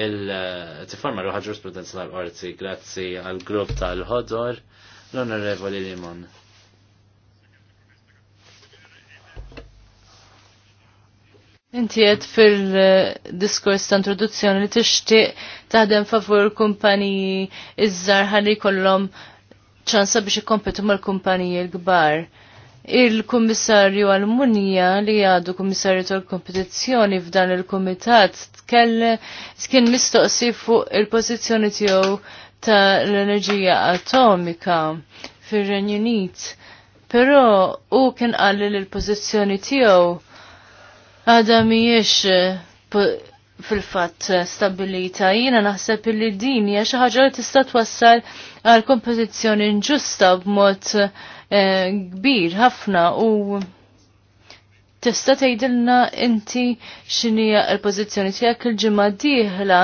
il-tiforma eh, ruħa ġurisprudenza tal-qorti grazzi għal grupp tal-ħodor l-Onorevoli Limon. Inti għed fil-diskors ta' introduzzjoni li tixtieq taħdem favur kumpaniji iż-żar ħalli kollom ċansa biex ikompetu mal-kumpaniji l-kbar. Il-Kummissarju għall-munija li għadu Kummissarju tal-Kompetizzjoni f'dan il-Kumitat kien mistoqsi fuq il-pożizzjoni tiegħu tal-enerġija atomika fir-Renju Unit. Però u kien qalli l-pożizzjoni tiegħu għada miex eh, fil-fatt eh, stabilita. Jina naħseb li din hija xi ħaġa li tista' twassal għal kompożizzjoni inġusta b'mod eh, kbir ħafna u Tista' tgħidilna inti x'inhija l-pożizzjoni tiegħek il-ġimgħa dieħla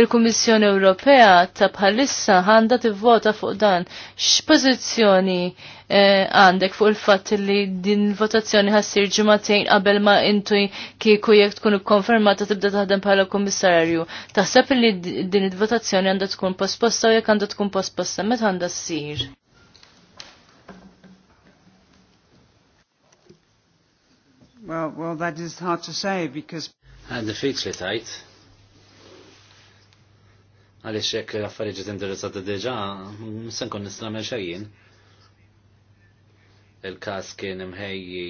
il-Kummissjoni Ewropea ta' bħalissa għandha tivvota fuq dan. X'pożizzjoni eh, għandek fuq il-fatt li din votazzjoni ħassir ġimgħatejn qabel ma intu kieku jekk tkun ikkonfermata tibda taħdem bħala kummissarju. Taħseb li din il-votazzjoni għandha tkun posposta u jekk għandha tkun posposta meta għandha ssir? Well, well, that is hard to say because. the feet li tight. Għalli xek l-affariġi t d-deġa, msen kon nistra xejjien. Il-kas kien imħejji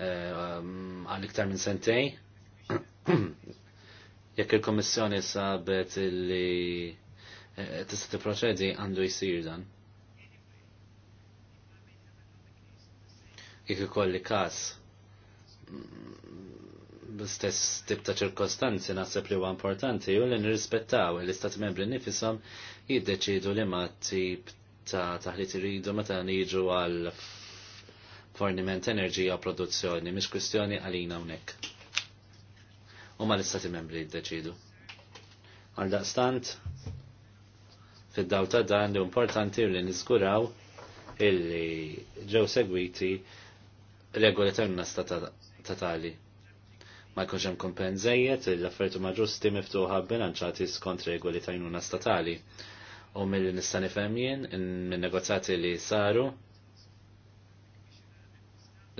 eh, għal iktar minn sentej. [CLEARS THROAT] Jekk il-Komissjoni sabet li eh, tista' tipproċedi għandu jsir dan. Jekk ikolli kas b'stess tip ta' ċirkostanzi naħseb li huwa importanti u li nirrispettaw l-istat membri nifisom jiddeċidu li ma tip ta' taħlit iridu meta niġu għal forniment enerġija u produzzjoni, miex kwistjoni għalina hawnhekk. U ma l-istati membri jiddeċidu. Għal daqstant, fid-daw ta' dan li importanti li niżguraw illi ġew segwiti regoli tal-nasta ta' ta' tali. Ma jkunx hemm kompenżejjed l-affertu ma' ġusti miftuħa bilanċati skont regoli ta' jnuna statali. U mill nista' nifhem jien min-negozjati li saru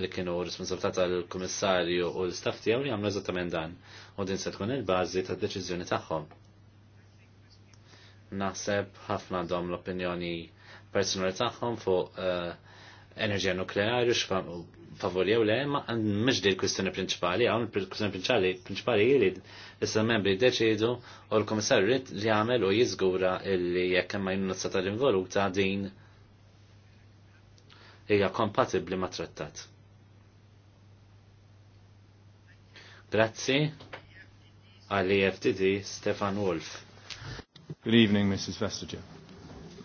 li kienu responsabilità tal-Kummissarju u l-staff tiegħu li għamlu eżattament dan u din se tkun il-bażi tad-deċiżjoni tagħhom. Naħseb ħafna għandhom l-opinjoni personali tagħhom fuq eh, enerġija nukleari u favur jew le, ma mhux di l-kwistjoni prinċipali, hawn il-kwistjoni prinċipali prinċipali jrid issa membri deċidu u l-Komissarju rrid li jagħmel u jiżgura li jekk hemm jinnozza tal-involuta din hija kompatibbli ma' trattat. Grazzi għalli FTD Stefan Wolf. Good evening, Mrs. Vestager.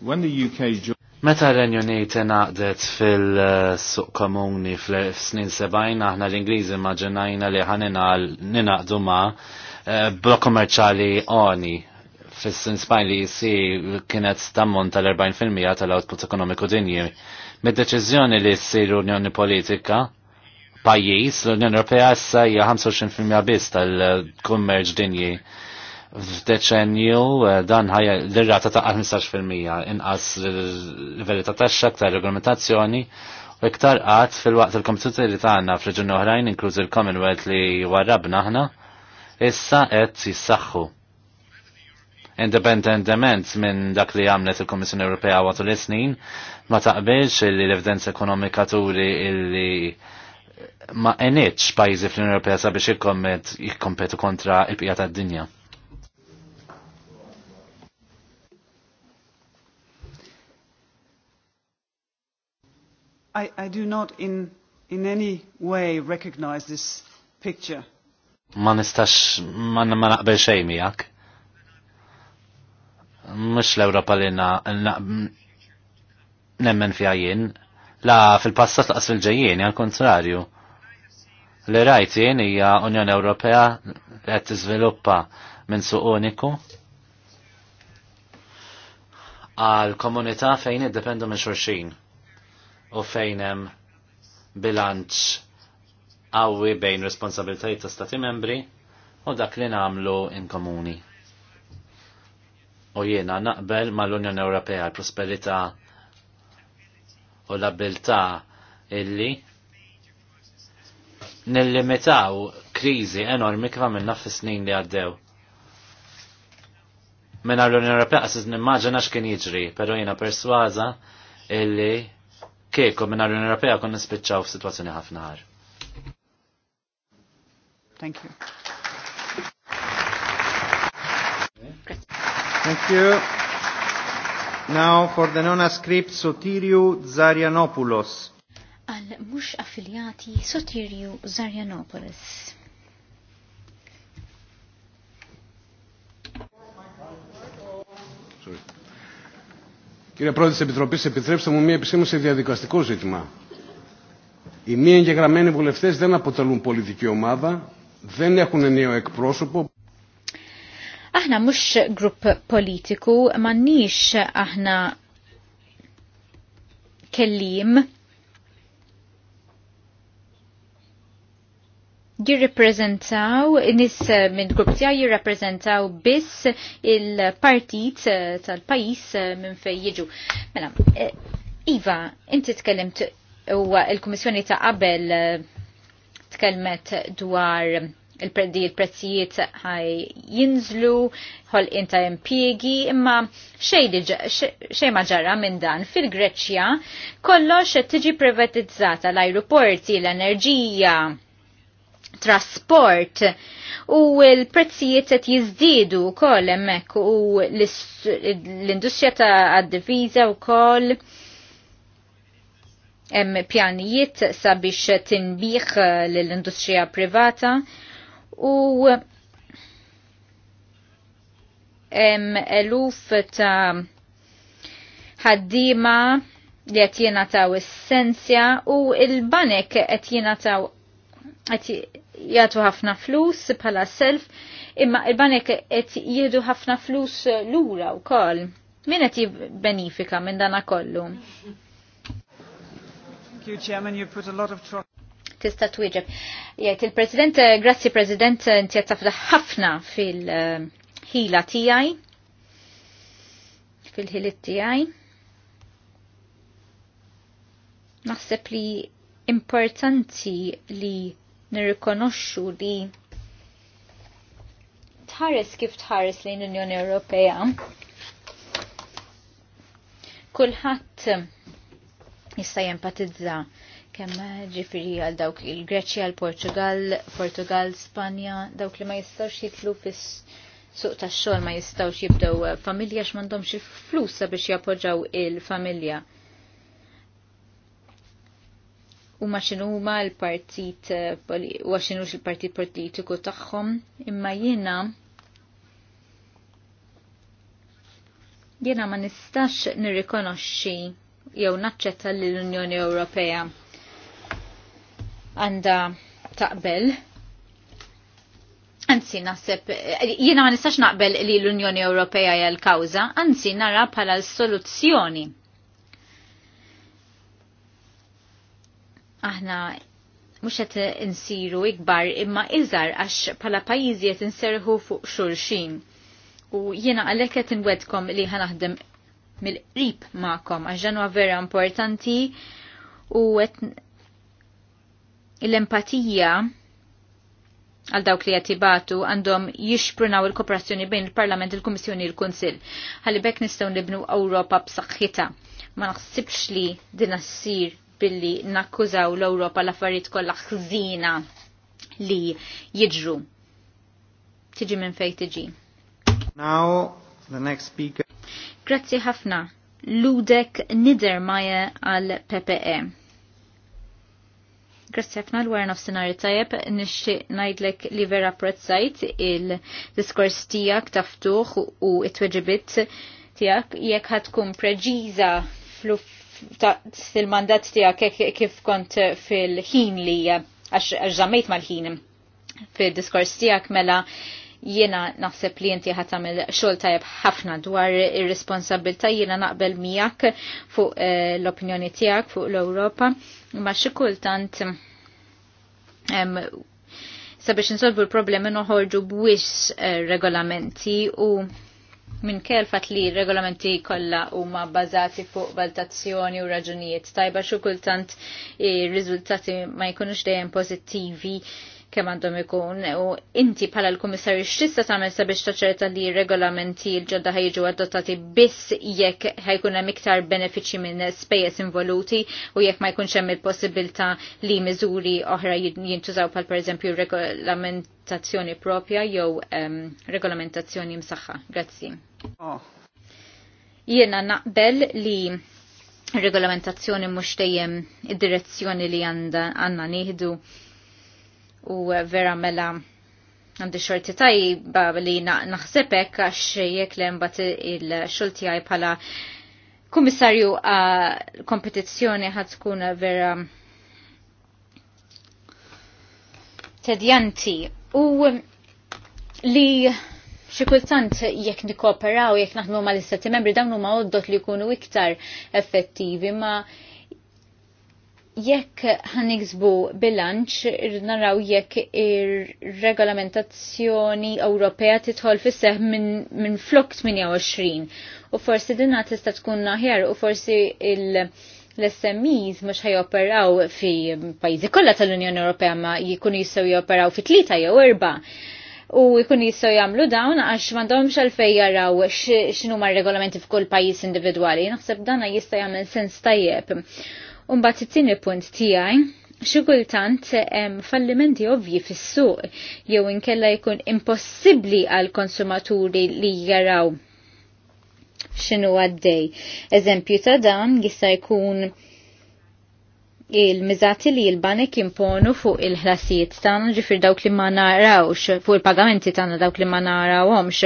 When the UK Meta l-Unit naqdet fil-suq komuni fl-snin sebajna, aħna l-Ingliżi maġenajna li ħanina ninaqdu ma' eh, blok kommerċali oni fil-snin sens li jissi kienet tammont tal-40% tal-output ekonomiku dinji. Mid-deċiżjoni li ssir Unjoni Politika, pajjiż l-Unjoni Ewropea issa hija 25% biss tal-kummerġ dinji f'deċenju eh, dan ħajja l-rata ta' 15% inqas eh, livelli ta' taxxa, aktar regolamentazzjoni u iktar qatt fil-waqt il-kompetituri tagħna f'reġuni oħrajn inkluż il-Commonwealth li warrabna aħna issa qed jissaħħu. Independentement minn dak li għamlet il-Kommissjoni Ewropea għatu l-snin, ma taqbilx li l-evidenza ekonomika turi illi ma enitx pajzi fl-Unjoni Ewropea sabiex jikkompetu kontra il pijata tad-dinja. I, I do not in, in any way recognize this picture. Ma nistax, ma, naqbel xej miegħek. Mhux l-Ewropa li nemmen fiha jien. La fil-passat laqs fil-ġejjien, għal kontrarju. Li rajt jien hija Unjoni Ewropea qed tiżviluppa minn suq uniku għal komunità fejn iddependu minn xulxin u fejn hemm bilanċ qawwi bejn responsabiltajiet ta' stati membri u dak li nagħmlu in komuni. U jiena naqbel mal-Unjoni Ewropea l-prosperità u l-abilità illi nillimitaw kriżi enormi kif għamilna fis-snin li għaddew. Mena l-Unjoni Ewropea qas nimmaġina x'kien jiġri, però jiena persważa illi kieku minn l-Unjoni Ewropea kon nispiċċaw f'sitwazzjoni ħafna ħar. Thank you. Thank you. Now for the nona script Sotiriu Zarianopoulos. Al mush affiliati Sotiriu Zarianopoulos. Κύριε Πρόεδρε της Επιτροπής, επιτρέψτε μου μία επισήμωση διαδικαστικό ζήτημα. Οι μη εγγεγραμμένοι βουλευτές δεν αποτελούν πολιτική ομάδα, δεν έχουν ενίο εκπρόσωπο. Aħna mhux grupp politiku, m'għandniex aħna kellim jirrepreżentaw, nis eh, minn grupp tiegħi jirrepreżentaw biss il-partit eh, tal-pajis eh, minn fejn jiġu. Mela, Iva, inti tkellimt u l kummissjoni ta' qabel tkellmet dwar il-preddi il-prezzijiet ħaj jinżlu, ħol inta impiegi, imma xej ma ġarra minn dan fil-Greċja kollox tiġi privatizzata l-ajruporti, l-enerġija, trasport u l-prezzijiet qed jiżdiedu wkoll hemmhekk u l-industrija ta' għad-diviża wkoll hemm pjanijiet sabiex tinbih lill-industrija privata u hemm eluf ta' ħaddiema li qed jingħataw essenzja u l-banek qed jingħataw jgħatu ħafna flus bħala self, imma il-banek qed jgħidu ħafna flus lura wkoll. Min qed jibbenifika minn dana kollu? Tista twieġeb. Jgħid il-President, eh, grazzi President, eh, inti qed tafda ħafna fil-ħila tiegħi fil-ħilit tiegħi. Naħseb li importanti li nirrikonoxxu li tħares kif tħares lejn Unjoni Ewropea. Kulħadd jista' jempatizza kemm ġifieri għal dawk il-Greċja, l-Portugal, Portugal, Spanja, dawk li ma jistgħux jitlu fis suq tax-xogħol ma jistgħux jibdew familja x'm'għandhomx il-flus sabiex jappoġġaw il-familja. il familja u ma xinuma l-partit eh, u xinu il-partit politiku tagħhom imma jiena jiena ma nistax nirrikonoxxi jew naċċetta li l-Unjoni Ewropea għandha taqbel Anzi, nasib, eh, jiena ma nistax naqbel li l-Unjoni Ewropea hija l-kawża, anzi nara bħala l-soluzzjoni aħna mux qed insiru ikbar imma iżar għax pala pajjiżi qed inserħu fuq xulxin. U jiena għalhekk qed inwedkom li naħdem mill-qrib magħkom għax ġanwa vera importanti u qed l-empatija għal dawk li jattibatu għandhom jixprunaw il-kooperazzjoni bejn il-Parlament, il-Kummissjoni, il-Kunsil. Għalli bekk nistaw nibnu Ewropa b'saħħitha. Ma naħsibx li din assir billi nakkużaw l-Ewropa l-affarijiet kollha ħżina li jiġru. Tiġi minn fejn tiġi. Now, the next speaker. Grazzi ħafna. Ludek Nidermaje għal PPE. Grazzi ħafna l-wara nofsinhar tajjeb nixtieq ngħidlek li vera apprezzajt il-diskors tiegħek taftuħ u t-tweġibiet tiegħek jekk ħadkun preġiża fluff fil-mandat tiegħek kif kont fil-ħin li għax żammejt mal-ħin fil-diskors tiegħek mela jiena naħseb li inti ħatam tagħmel xogħol tajjeb ħafna dwar ir responsabilta jiena naqbel miegħek fuq eh, l-opinjoni tiegħek fuq l-Ewropa ma xi kultant sabiex nsolvu l-problemi noħorġu b'wix eh, regolamenti u minn kelfat li regolamenti kollha huma bbażati fuq valutazzjoni u raġunijiet tajba xi kultant rizultati riżultati ma jkunux dejjem pożittivi kemm għandhom ikun u inti bħala l-Kummissarju x'tista' tagħmel sabiex taċerta li regolamenti l-ġodda ħajġu adottati biss jekk ħajkun hemm iktar benefiċċji minn spejjeż involuti u jekk ma jkunx hemm il-possibilità li miżuri oħra jintużaw bħal pereżempju regolamentazzjoni propja jew ehm, regolamentazzjoni msaħħa. Grazzi. Oh. Jiena naqbel li regolamentazzjoni mhux dejjem id-direzzjoni li għandna nieħdu u vera mela għandi xorti tajba li naħsebek għax jek l il-xulti għaj pala komissarju għal kompetizzjoni ħad tkun vera tedjanti u li xikultant jekk nikoperaw, jekk naħdmu ma l-istati membri, dawn huma għoddot li jkunu iktar effettivi ma' jekk ħaniksbu bilanċ naraw jekk ir-regolamentazzjoni Ewropea titħol fis-seħ minn flok 28 u forsi dinna tista' tkun naħjar u forsi il- l-SMEs mux ħajoperaw fi pajzi kollha tal-Unjoni Ewropea ma jkunu jistgħu joperaw fi tlieta jew erba' u jkun jistgħu jagħmlu dawn għax m'għandhomx għalfejn jaraw x'inhuma r regolamenti f'kull pajjiż individwali. Naħseb dana jista' jagħmel sens tajjeb. Umbat it-tieni punt tiegħi xi kultant hemm fallimenti ovvji fis-suq jew inkella jkun impossibbli għal konsumaturi li jaraw x'inhu għaddej. Eżempju ta' dan jista' jkun il-mizati li l-banek imponu fuq il-ħlasijiet tan ġifir dawk li ma narawx fuq il-pagamenti tan dawk li ma narawhomx.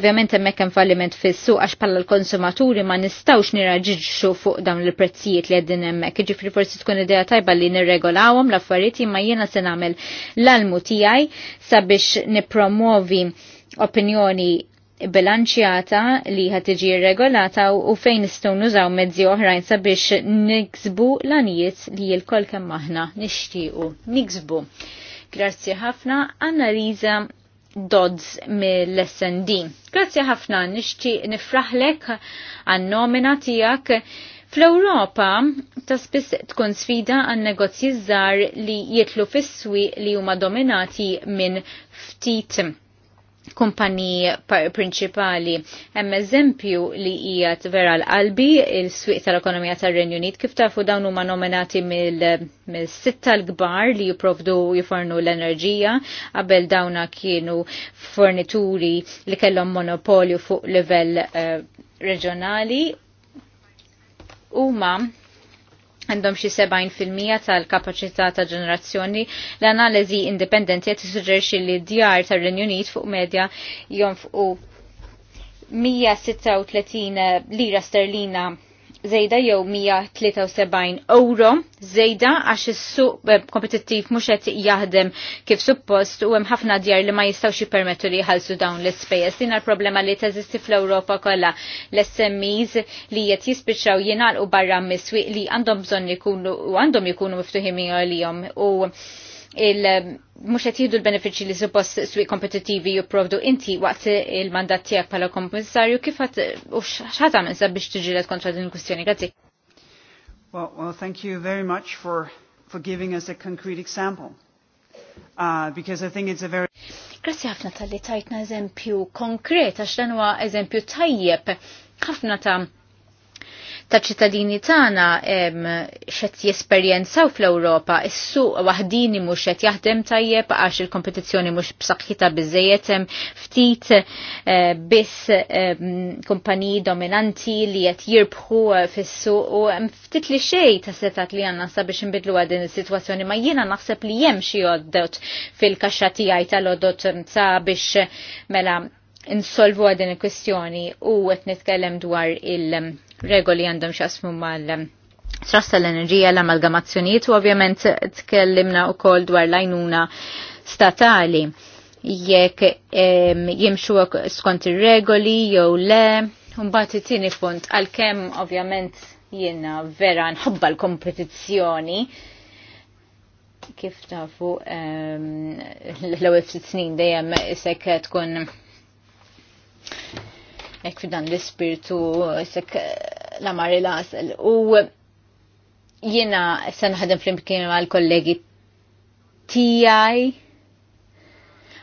Ovvjament hemmhekk hemm falliment fis-suq għax bħala l-konsumaturi ma nistgħux niraġiġxu fuq dawn il-prezzijiet li qegħdin hemmhekk. Ġifri forsi tkun idea tajba li nirregolawhom l-affarijiet imma jiena se nagħmel l-almu tiegħi sabiex nippromovi opinjoni bilanċjata li ħatiġi tiġi regolata u fejn nistgħu nużaw mezzi oħrajn sabiex niksbu l-anijiet li l-kol kemm aħna nixtiequ niksbu. Grazzi ħafna Annalisa Dodds mill-SND. Grazzi ħafna nixtieq nifraħlek għan-nomina tiegħek Fl-Europa ta' spiss tkun sfida għan negozji żgħar li jitlu fis-swi li huma dominati minn ftit kumpaniji prinċipali. Hemm eżempju li hija vera l-qalbi il-swieq tal-ekonomija tar-Renju Unit kif tafu dawn huma nominati mill-sitta l-kbar li jipprovdu jifornu l-enerġija qabel dawna kienu fornituri li kellhom monopolju fuq livell eh, reġjonali huma għandhom xi 70% tal-kapaċità ta' ġenerazzjoni. L-analiżi indipendenti qed tissuġġerixxi li d-djar tar-Renju Unit fuq medja jonfqu 136 lira sterlina zejda jew 173 euro zejda għax is-suq eh, kompetittiv mhux qed jaħdem kif suppost u hemm ħafna djar li ma jistgħux jippermettu li jħallsu dawn l-ispejjeż. Din problema li teżisti fl-Ewropa kollha l-SMEs li qed jispiċċaw jingħalqu barra miswi li għandhom bżonn jkunu għandhom jkunu miftuħin għalihom u il- mux qed jieħdu l-benefiċċji li suppost kompetitivi kompetittivi jipprovdu inti waqt il-mandat tiegħek bħala kompensarju, kif u x'ħadd għamel sabiex tġilet kontra din il-kwistjoni. Grazzi. Well, well, thank you very much for for giving us a concrete example. Uh, because I think it's a very Grazzi ħafna tal-li tajtna eżempju konkret għax dan huwa eżempju tajjeb għafna ta' ta' ċittadini tagħna xed jesperjenzaw fl-Ewropa is-suq waħdini mhux qed jaħdem tajjeb għax il-kompetizzjoni mhux b'saħħitha biżejjed hemm ftit eh, biss kumpaniji dominanti li qed jirbħu eh, fis-suq u hemm ftit li xejn ta' setat li għandna sabiex inbidlu din is-sitwazzjoni ma jiena naħseb li hemm xi oddot fil-kaxxa tiegħi tal-odot sabiex biex eh, mela insolvu għadin il-kwestjoni u qed nitkellem dwar il- regoli għandhom xasmu mal ehm, tras tal-enerġija l-amalgamazzjonijiet u ovvjament tkellimna u kol dwar lajnuna statali jekk ehm, jimxu skont ir-regoli jew le Mbagħad it-tieni punt għalkemm ovvjament jiena vera nħobba l-kompetizzjoni kif tafu ehm, l-ewwel ftit snin dejjem isek tkun jekk fidan l-ispirtu sekk la mari lasel. U jiena se naħdem flimkien l kollegi tijaj,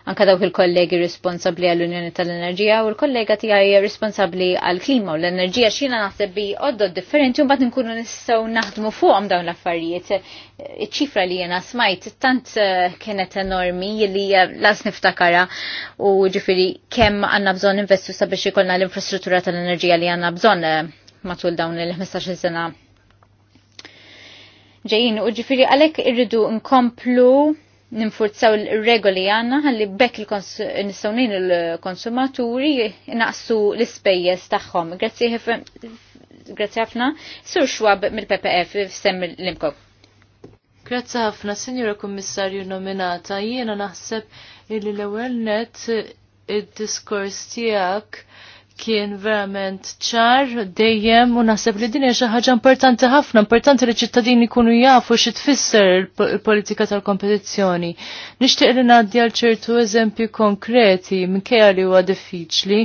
anka dawk il-kollegi responsabli għall-Unjoni tal-Enerġija u l-kollega tiegħi responsabli għall-klima u l-enerġija xina naħseb bi oddod differenti u mbagħad nkunu nistgħu naħdmu fuqhom dawn l-affarijiet. Iċ-ċifra li jiena smajt tant eh, kienet enormi li las niftakara u ġifieri kemm għandna bżonn investu sabiex ikollna l-infrastruttura tal-enerġija li għandna bżonn eh, matul dawn il-15 sena ġejjin u ġifiri għalek irridu nkomplu ninfurzaw il-regoli għanna għalli bekk il nissawnin il-konsumaturi naqsu l-ispejjeż tagħhom. Grazzi ħafna, Sur Xwab mill-PPF sem l-imkok. Grazzi ħafna, Signora Kommissarju nominata, jiena naħseb illi l net id-diskors tiegħek kien verament ċar dejjem u naħseb li din hija xi ħaġa importanti ħafna, importanti li ċittadini jkunu jafu xi tfisser il-politika tal-kompetizzjoni. Nixtieq li ngħaddi għal ċertu eżempju konkreti minkejja li huwa diffiċli.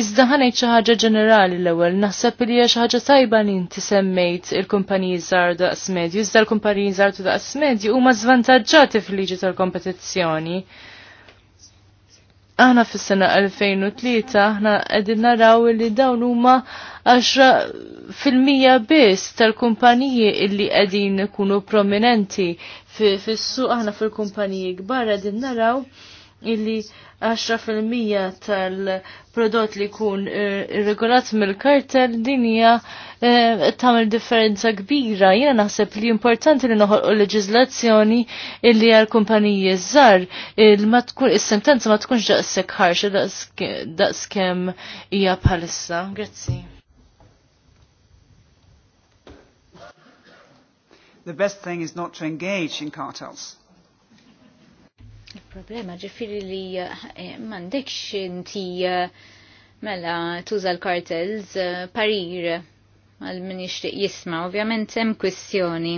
Iżda ħanejt xi ħaġa ġenerali l-ewwel, naħseb li hija xi ħaġa tajba li inti semmejt il-kumpaniji żgħar daqs medju, iżda l-kumpaniji żgħar daqs medju huma żvantaġġati fil-liġi tal-kompetizzjoni aħna fis-sena 2003 aħna qegħdin naraw li dawn huma 10% biss tal-kumpaniji illi qegħdin ikunu prominenti fis-suq aħna fil-kumpaniji kbar qegħdin naraw illi 10% tal-prodott li jkun eh, irregolat mill-kartel din hija eh, tagħmel differenza kbira. Jiena naħseb li importanti li noħolqu leġizlazzjoni illi għal kumpaniji żgħar il is-sentenza ma tkunx daqshekk ħarxa daqskemm hija bħalissa. Grazzi. The best thing is not to engage in cartels problema ġifiri li eh, mandekx inti eh, mela tuża l-kartels eh, parir għal min ixtiq jisma, ovvjament hemm kwistjoni.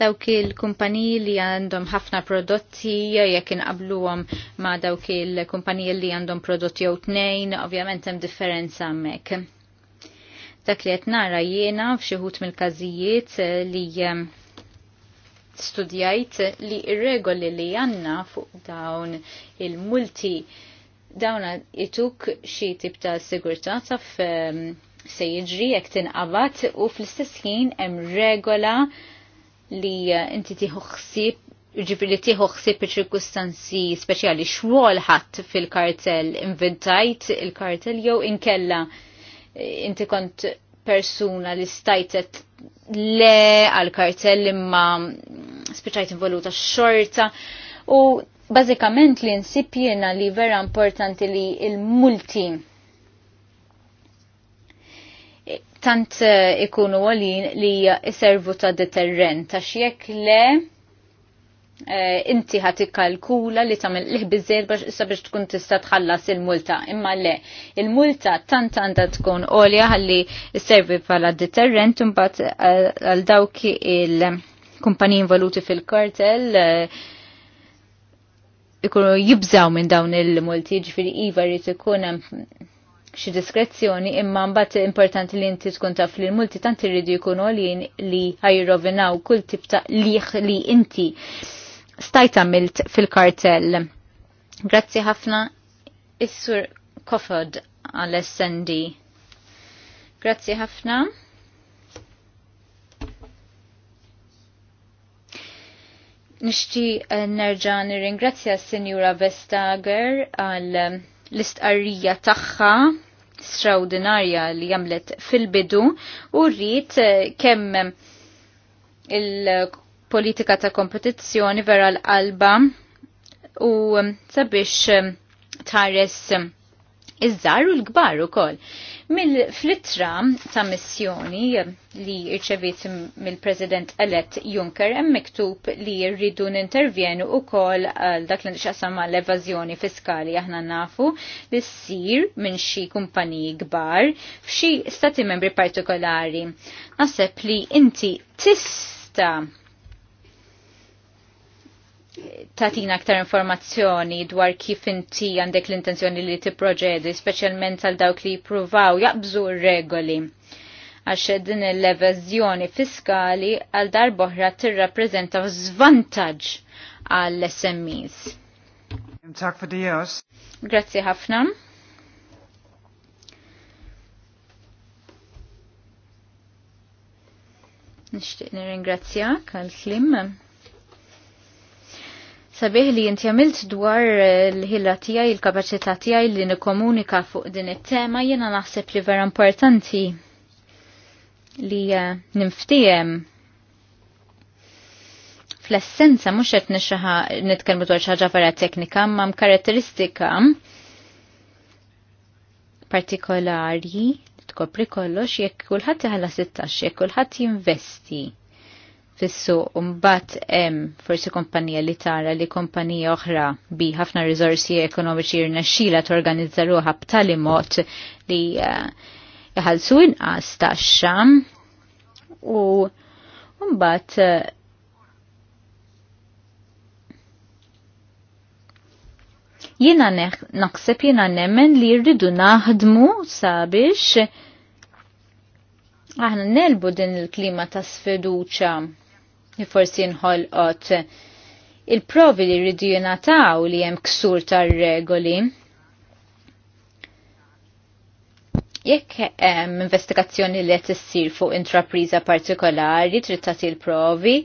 Dawk il-kumpaniji li għandhom ħafna prodotti jekk inqabluhom ma' dawk il-kumpaniji li għandhom prodotti jew tnejn, ovvjament hemm differenza hemmhekk. Dak li qed nara jiena f'xi mill-każijiet li studjajt li ir-regoli li għanna fuq dawn il-multi dawn jituk xi tip ta' sigurtà taf se jiġri jekk tinqabat u fl-istess ħin hemm regola li inti tieħu ħsieb li tiħu xsib ċirkustanzi speċjali xwol ħadd fil-kartel inventajt il-kartel jew inkella eh, inti kont persuna li stajtet le għal kartell imma spiċajt involuta xorta u bażikament li nsib jena li vera importanti li il-multi tant eh, ikunu għalin li jservu ta' deterrent, għax jekk le Eh, inti ħat ikkalkula li tagħmel liħbiżżejjed biex tkun tista' tħallas il-multa. Imma le, il-multa tant għandha tkun għolja ħalli s-servi bħala deterrent imbagħad eh, għal dawk il-kumpaniji involuti fil-kartell eh, ikunu jibżaw minn dawn il-multi, ġifiri iva rrit ikun xi diskrezzjoni imma mbagħad importanti li inti tkun taf li l-multi tant irridu jkunu li ħajrovinaw kull tip ta' liħ li inti stajt għamilt fil-kartell. Grazzi ħafna Is-Sur Kofod għal-SND. Grazzi ħafna. Nishti eh, nerġa nirringrazzja s-Senjura Vestager għal eh, l-istqarrija tagħha straordinarja li għamlet fil-bidu u rrit eh, kemm il politika ta' kompetizzjoni vera l-qalba u um, sabiex um, tħares um, iż-żar u l-kbar ukoll. Mill-flittra ta' missjoni li irċevit mill-President elett Juncker hemm miktub li rridu nintervjenu ukoll għal dak li nixqasam mal evażjoni fiskali aħna nafu li ssir minn xi kumpaniji kbar f'xi stati membri partikolari. Naħseb li inti tista' tatina aktar informazzjoni dwar kif inti għandek l-intenzjoni li tipproġedi, speċjalment għal dawk li jippruvaw jaqbżu regoli għax din l-evażjoni fiskali għal darboħra tirrappreżenta zvantaġ għall smes Grazzi ħafna. Nishtiq nirringrazzjak għal-klim sabiħ li jinti għamilt dwar eh, l-ħilla tijaj, il-kapacità tijaj li nikomunika fuq din it-tema jena naħseb li vera importanti li eh, nimftijem fl-essenza mux għet nixħa nitkelmu dwar xaħġa vera teknika mam karatteristika partikolari tkopri kollox jekk kulħadd iħalla 16 jekk kulħadd jinvesti fis-suq u forsi kumpanija li tara li kumpanija oħra bi ħafna rizorsi ekonomiċi t torganizza ruħa b'tali mod li uh, inqas taxxa u mbagħad eh, jina naħseb jina nemmen li rridu naħdmu sabiex aħna nelbu din il-klima ta' sfiduċa forsi qot. il-provi li rridu jonataw li hemm ksur tar-regoli. Jekk hemm investigazzjoni li qed issir fuq intrapriża partikolari trid tagħti l-provi,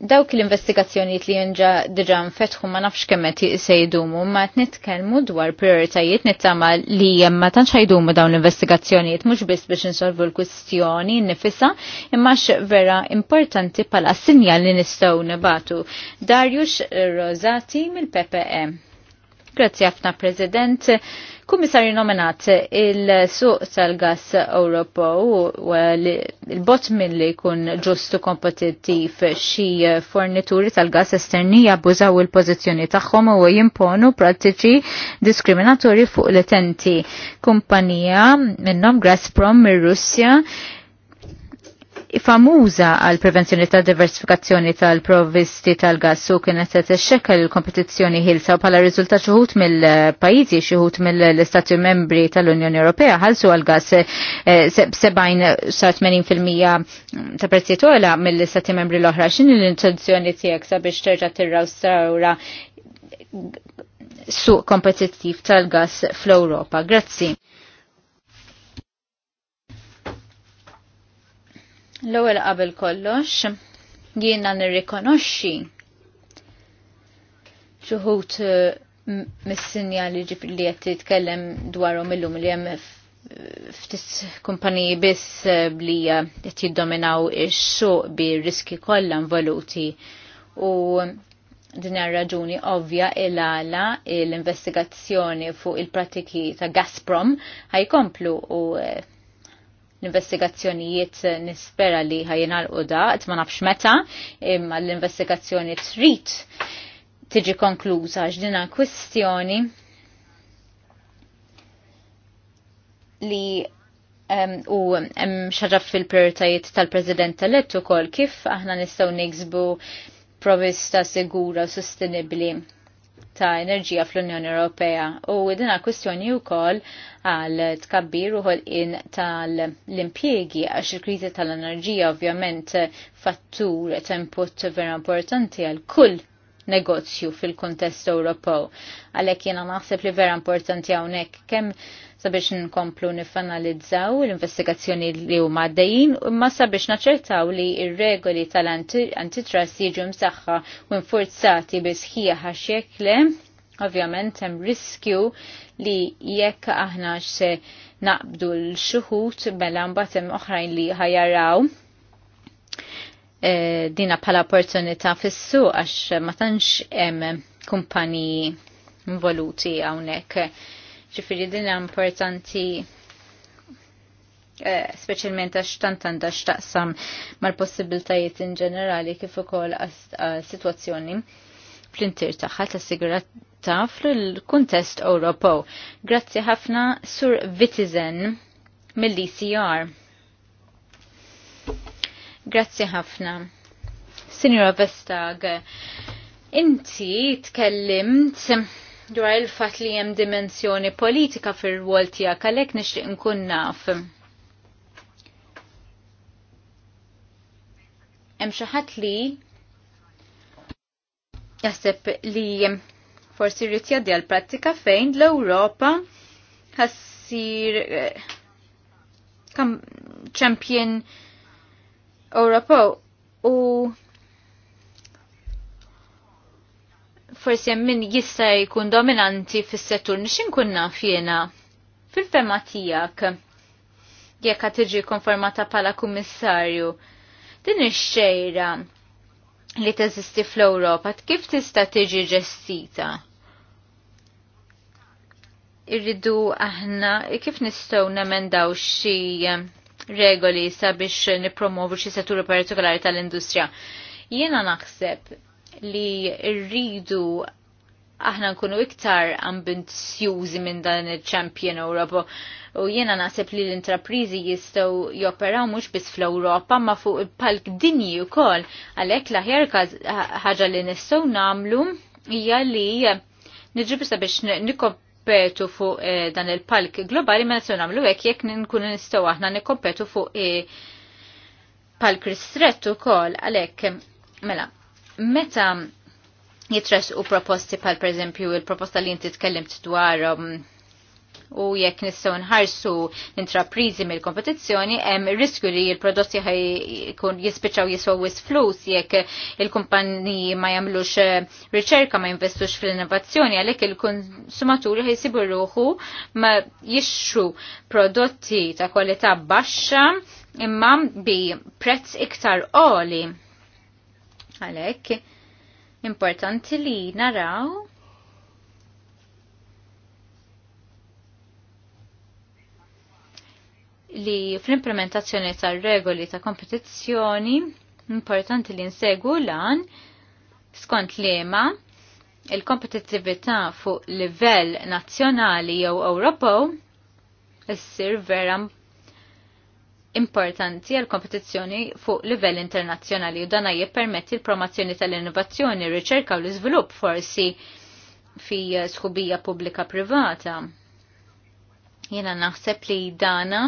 dawk l-investigazzjonijiet li jenġa diġa nfetħu ma nafx kemmet se jdumu, ma t-nitkelmu dwar prioritajiet nittama li jemma tanċ ħajdumu dawn l-investigazzjonijiet, mux biss biex nsolvu l n nifisa, immax vera importanti pala sinjal li nistaw nibatu. Darjux Rosati mill ppm e. Grazie għafna, President. Kummissarju nominat il-suq tal-gas u eh, il-bot minn li jkun ġustu kompetittiv xi fornituri tal-gas esterni jabbużaw il-pożizzjoni tagħhom u jimponu prattiċi diskriminatori fuq l-etenti. Kumpanija minnhom Gazprom mir-Russja famuża għal prevenzjoni ta' diversifikazzjoni tal-provisti tal-gas u kienet t-xekka il-kompetizzjoni ħilsa u bħala riżultat xi mill-pajjiżi xi mill-Istati Membri tal-Unjoni Ewropea ħalsu għal gas 70 eh, 80% ta' prezzijiet ola mill-Istati Membri l-oħra. X'inhi l-intenzjoni tiegħek sabiex terġa' s s-sawra suq kompetittiv tal-gas fl-Ewropa. Grazzi. L-ewwel qabel kollox jiena nirrikonoxxi ċuħut eh, mis-sinjali ġifri li qed titkellem dwarhom illum li hemm ftit kumpaniji biss eh, li eh, qed jiddominaw ix-suq bi riski kollha involuti u din raġuni ovvja il għala l-investigazzjoni fuq il-pratiki ta' Gazprom ħajkomplu u l-investigazzjonijiet nispera li ħajjenal u da, ma nafx meta, imma l-investigazzjoni trid tiġi konkluża ġdina kwistjoni li um, u hemm xaġa fil-prioritajiet tal-President elett ukoll kif aħna nistgħu niksbu provista sigura u sostenibbli ta' enerġija fl-Unjoni Ewropea u dina kwistjoni wkoll għal tkabbir u in tal impiegi għax il-kriżi tal-enerġija ovvjament fattur temput vera importanti għal kull negozju fil-kontest Ewropew. Għalhekk jiena naħseb li vera importanti hawnhekk kemm sabiex nkomplu nifanalizzaw l-investigazzjoni li huma għaddejjin imma sabiex naċertaw li ir-regoli tal-antitrust jiġu msaħħa u nfurzati biex sħiħa għax ovvjament hemm riskju li jekk aħna se naqbdu l-xuħut mela mbagħad hemm oħrajn li ħajaraw e, dina bħala opportunità fis-suq għax ma tantx hemm kumpaniji involuti hawnhekk Ġifiri din importanti eh, specialment għax tant għandha x'taqsam mal-possibiltajiet in ġenerali kif ukoll situazzjoni fl-intir tagħha ta' sigurtà fl kuntest Ewropew. Grazzi ħafna Sur Vitizen mill-ECR. Grazzi ħafna. Signora Vestag, inti tkellimt dwar il-fat li hemm dimensjoni politika fir-rwol tiegħek għalhekk nixtieq nkun naf. Hemm xi ħadd li jaħseb li forsi rrid jgħaddi għal prattika fejn l-Ewropa ħassir eh, kam champion Ewropew u forsi min jista' jkun dominanti fis-settur nix inkun naf jiena fil-fema tiegħek jekk qed tiġi konformata bħala kummissarju. Din ix-xejra li teżisti fl-Ewropa kif tista' tiġi ġestita? Irridu aħna kif nistgħu nemendaw xi eh, regoli sabiex nipromovu xi setturi partikolari tal-industrija. Jiena naħseb li rridu aħna nkunu iktar ambizjużi minn dan il-Champion Europa u jiena naħseb li l-intraprizi jistgħu joperaw mhux biss fl-Ewropa ma fuq il-palk dinji wkoll għalhekk l-aħjar ħaġa li nistgħu nagħmlu hija li niġibru sabiex nikkompetu fuq eh, dan il-palk globali ma nistgħu nagħmlu hekk jekk nkunu nistgħu aħna nikkompetu fuq eh, palk ristrettu ukoll għalhekk mela meta jitres u proposti pal per eżempju il-proposta li inti tkellimt dwar um, u jekk nistgħu nħarsu intraprizi mill-kompetizzjoni hemm riskju li l-prodotti jkun jispiċċaw jiswew flus jekk il-kumpaniji ma jagħmlux eh, riċerka ma jinvestux fl-innovazzjoni għalhekk il-konsumaturi ħajsibu ruħu ma jixxu prodotti ta' kwalità baxxa imma bi prezz iktar qoli Għalek, importanti li naraw li fl-implementazzjoni tar regoli ta' kompetizzjoni importanti li nsegu lan skont ma il kompetitività fuq livell nazzjonali jew Ewropew issir vera importanti għal kompetizzjoni fuq livell internazzjonali u dana jippermetti l-promozzjoni tal-innovazzjoni, r-riċerka u l-iżvilupp forsi fi sħubija pubblika privata. Jena naħseb li dana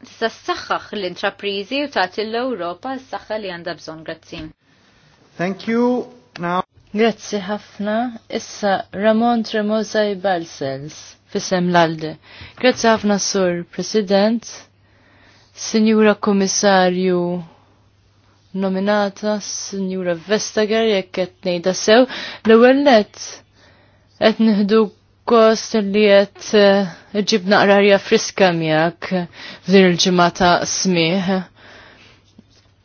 tista' ssaħħaħ l-intraprizi u tagħti l-Ewropa s-saħħa li għandha bżonn. Grazzi. Thank you. Now... Grazzi ħafna. Issa Ramon Tremosa Balsels fissem l-alde. Grazzi ħafna sur President, Sinjura Komissarju nominata, Sinjura Vestager, jekk qed nejda sew, l-ewwel nett qed nieħdu kost li qed eh, ġibna naqrarja friska miegħek f'din il-ġimgħa ta' smih.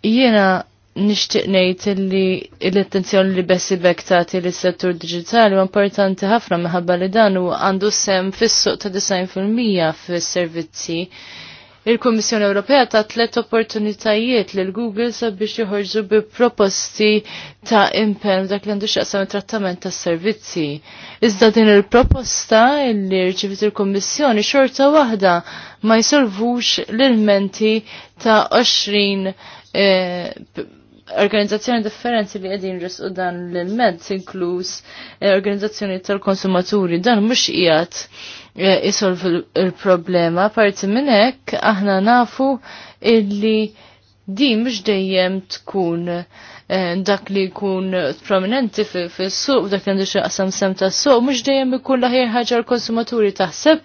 Jiena nishtiq ngħid li l-attenzjoni li bessi bektati lis settur digitali huwa importanti ħafna minħabba li dan u għandu sem fis-suq ta' 90% fis-servizzi. Il-Kummissjoni Ewropea ta' tlet opportunitajiet l Google sabiex joħorġu bi proposti ta' impenn dak li għandu xaqsam trattament tas servizzi. Iżda din il-proposta li rċivit il-Kummissjoni xorta waħda ma jsolvux l-ilmenti ta' 20 organizzazzjoni differenti li għedin risqu dan l-med, inkluż eh, organizzazzjoni tal-konsumaturi, dan mux jgħat jisolvu eh, il-problema, parti minnek aħna nafu illi di mux dejjem tkun eh, dak li kun prominenti fil-suq, dak li għandu xaqsam sem ta' suq, mux dejjem ikun laħjar ħagġa l-konsumaturi taħseb,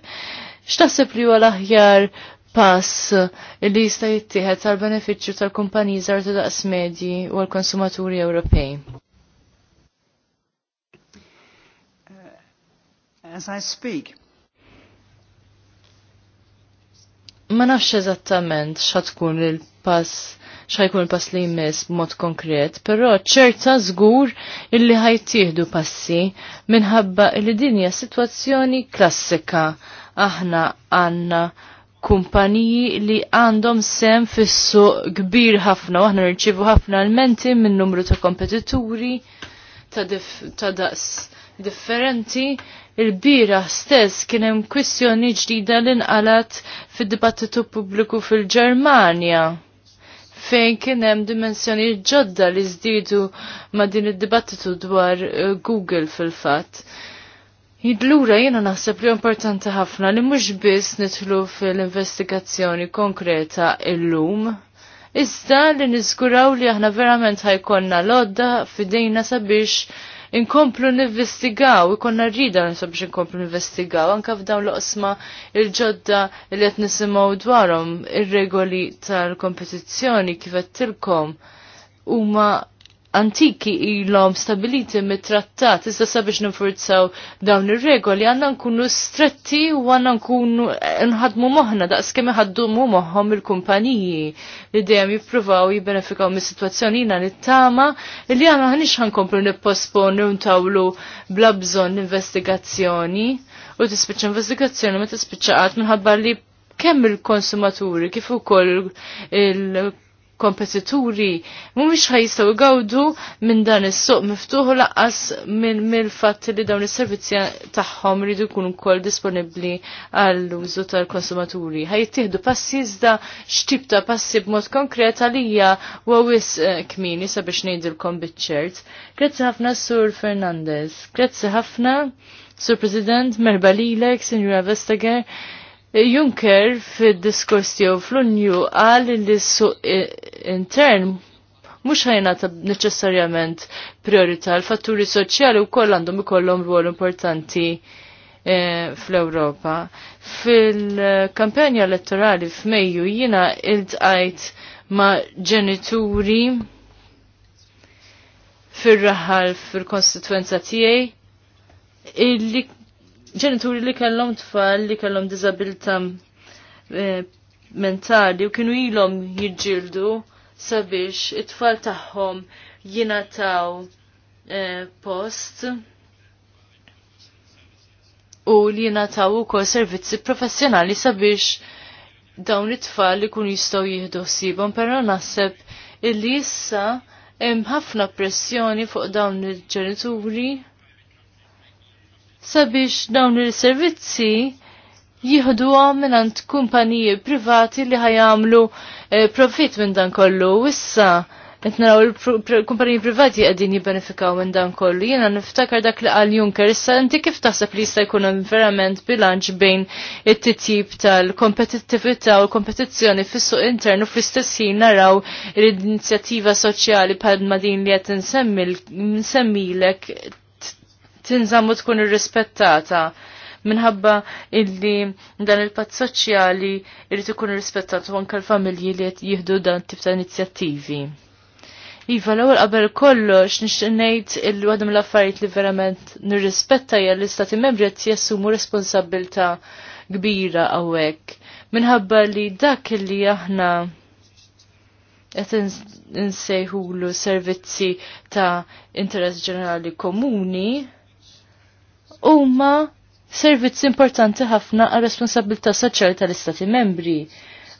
xtaħseb li huwa l-aħjar pass li jista' jittieħed tal-benefiċċju tal-kumpaniji żgħar ta' daqs medji u l-konsumaturi Ewropej. Uh, as I speak. Ma nafx eżattament x'ħatkun il-pass jkun il-pass li jmiss b'mod konkret, però ċerta żgur illi ħajtieħdu passi minħabba li din hija sitwazzjoni klassika aħna għandna kumpaniji li għandhom sem fissu kbir ħafna, għahna aħna nirċivu ħafna almenti minn numru ta' kompetituri ta', dif, ta daqs differenti. Il-bira stess kien hemm kwistjoni ġdida li nqalat fil dibattitu pubbliku fil-Ġermanja fejn kien hemm dimensjoni ġodda li żdiedu ma' din id-dibattitu dwar eh, Google fil-fatt Jidlura jiena naħseb li importanti ħafna li mhux biss nidħlu fil-investigazzjoni konkreta illum, iżda li niżguraw li aħna verament ħajkonna lodda fidejna sabiex inkomplu nivvestigaw, ikonna rrida nisab biex inkomplu nivvestigaw, anka f'dawn l-qosma il-ġodda li qed nisimgħu dwarhom ir-regoli tal-kompetizzjoni kif qed tilkom huma antiki ilhom stabiliti mit-trattat issa sabiex ninfurzaw dawn ir-regoli għandna nkunu stretti u għandna nkunu eh, nħadmu moħħna daqskemm iħaddumu moħħhom il-kumpaniji li dejjem jippruvaw jibbenefikaw mis-sitwazzjoni jina nittama li għandna ħanix ħankomplu nipposponu ntawlu bla bżonn investigazzjoni u tispiċċa investigazzjoni ma tispiċċa għat minħabba li kemm il-konsumaturi kif ukoll il-, -il kompetituri mhumiex ħajjistgħu għawdu minn dan is-suq miftuħ laqqas mill-fatt li dawn is-servizzi tagħhom iridu jkunu wkoll disponibbli għall-użu tal-konsumaturi. Ħajjittieħdu passi iżda x'tip ta' passi b'mod konkret għalija huwa wis eh, kmini sabiex ngħidilkom biċ-ċert. Grazzi ħafna Sur Fernandez. Grazzi ħafna Sur President, merba lilek, Sinjura Vestager. Juncker fid-diskors tiegħu fl-Unju qal li suq intern mhux ħajnata neċessarjament priorità l-fatturi soċjali wkoll għandhom ikollhom rwol importanti eh, fl-Ewropa. Fil-kampanja elettorali f'Mejju jiena iltqajt ma' ġenituri fir-raħal fil-konstituenza tiegħi illi ġenituri li kellhom tfal li kellhom diżabilità eh, mentali u kienu ilhom jiġġieldu sabiex it-tfal tagħhom jingħataw eh, post u li jingħataw ukoll servizzi professjonali sabiex dawn it-tfal li kun jistaw jihdu sibom, pero naħseb illi issa hemm ħafna pressjoni fuq dawn il-ġenituri sabiex dawn il-servizzi jihdu minant kumpaniji privati li ħajamlu eh, profit minn dan kollu. Issa, Etnaraw il-kumpaniji privati għedin jibbenefikaw minn dan kollu. Jena niftakar dak li għal Juncker, issa inti kif taħseb li jista' jkun hemm verament bilanċ bejn it-titjib tal-kompetittività u kompetizzjoni fis-suq internu fl-istess naraw l-inizjattiva soċjali bħal ma din li qed nsemmilek tinżammu tkun irrispettata minħabba illi dan il-pat soċjali irrid ikun irrispettat anke l-familji li qed jieħdu dan tip ta' inizjattivi. Iva, l-ewwel qabel kollox nixtieq ngħid il għadam l affarijiet li verament nirrispetta jgħal l-istati membri qed jassumu responsabilità kbira hawnhekk. Minħabba li dak li aħna qed insejħulu servizzi ta' interess ġenerali komuni huma servizz importanti ħafna għal responsabilità soċjali tal-Istati membri.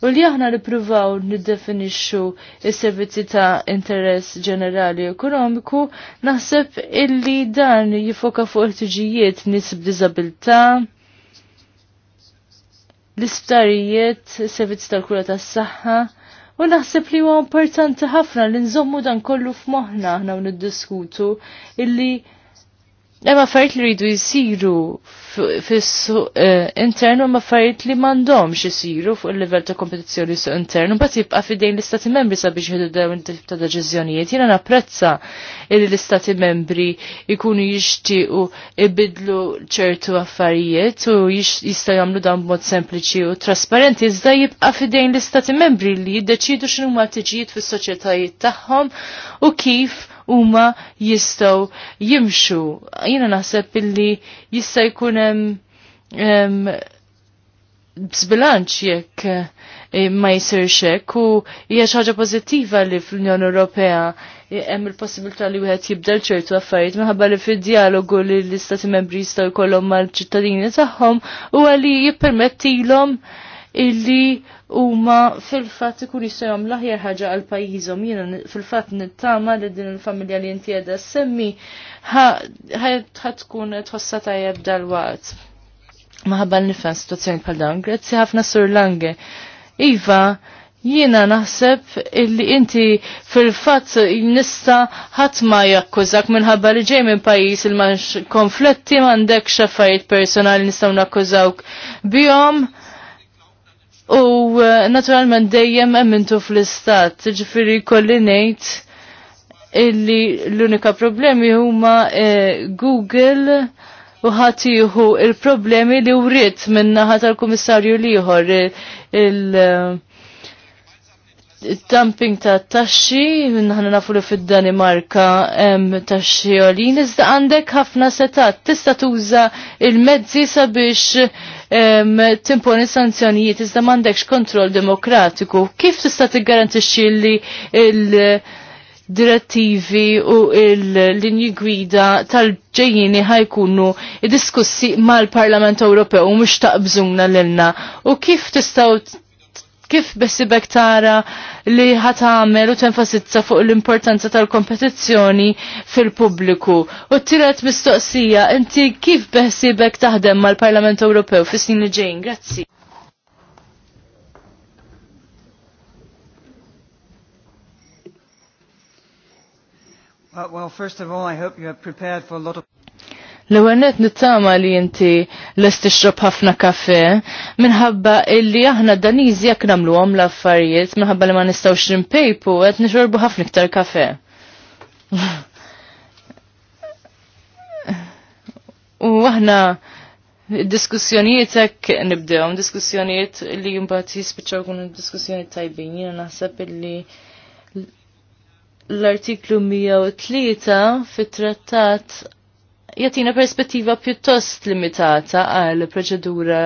U li aħna nippruvaw niddefinixxu s servizzi ta' interess ġenerali ekonomiku, naħseb illi dan jifoka fuq il-tiġijiet nies b'diżabilità, l-isptarijiet, servizzi tal-kura tas-saħħa, u naħseb li huwa importanti ħafna li nżommu dan kollu f'moħħna aħna u niddiskutu illi hemm fajt li rridu jsiru fis-suq eh, internu ma fajt li m'għandhomx isiru fuq il-livell ta' kompetizzjoni suq internu, mbagħad jibqa' fidejn l-istati membri sabiex jieħdu da' un ta' deċiżjonijiet. Jena napprezza li l-istati membri jkunu jixtiequ ibidlu ċertu affarijiet u jista' jagħmlu dan b'mod sempliċi u trasparenti, iżda jibqa' fidejn l-istati membri li jiddeċidu xinu t fis-soċjetajiet tagħhom u kif huma jistgħu jimxu. Jiena naħseb illi jista' jkun hemm sbilanċ jekk eh, ma jsirx hekk u hija xi ħaġa pożittiva li fl-Unjoni Ewropea eh, hemm il-possibilità li wieħed jibdel ċertu affarijiet minħabba li fid-dialogu li l-istati membri jistgħu jkollhom mal-ċittadini tagħhom huwa li jippermettilhom illi huma fil-fatt ikun jistajom jagħmlu l-aħjar ħaġa għal pajjiżhom. Jiena fil-fatt nittama li din il-familja li inti qiegħda semmi ħad tkun tħossha tajjeb dal-waqt. Maħabba l-nifan situazzjoni bħal dawn. Grazzi ħafna Sur Lange. Iva, jiena naħseb illi inti fil-fatt nista ħadd ma jakkużak minħabba li ġej minn pajjiż il manx konfletti m'għandek xaffarijiet personali nistgħu nakkużawk bihom U eh, naturalment dejjem emmintu fl-istat, ġifiri kolli nejt illi l-unika problemi huma eh, Google u ħatiħu il-problemi li writ minna tal-komissarju liħor il- eh, dumping ta' taxxi, minnaħna nafu li fid-Danimarka hemm taxxi għalin, iżda għandek ħafna setat, tista' tuża il-mezzi sabiex timponi sanzjonijiet iżda m'għandekx kontroll demokratiku. Kif tista' tiggarantixxi li il- direttivi u l-linji gwida tal-ġejjini ħajkunu diskussi mal-Parlament Ewropew mhux taqbżuna lilna u kif tistgħu Kif bessi tara li ħatamel u tenfasizza fuq l-importanza tal-kompetizzjoni fil-pubbliku? U t-tiret mistoqsija, inti kif bek taħdem mal-Parlament Ewropew fis-snin li ġejn? Grazzi. Well, first of all, I hope you have prepared for a lot of... L-ewwel nittama li inti lest tixrob ħafna kafe minħabba illi aħna Daniżi jekk nagħmluhom l-affarijiet minħabba li ma nistgħux nimpejpu qed nixorbu ħafna iktar kafe. U aħna Diskussjonijiet hekk nibdew, diskussjonijiet li jimbat jispiċċaw kun diskussjonijiet tajbin, jiena naħseb illi l-artiklu 103 fit-trattat jatina perspettiva pjuttost limitata għal proċedura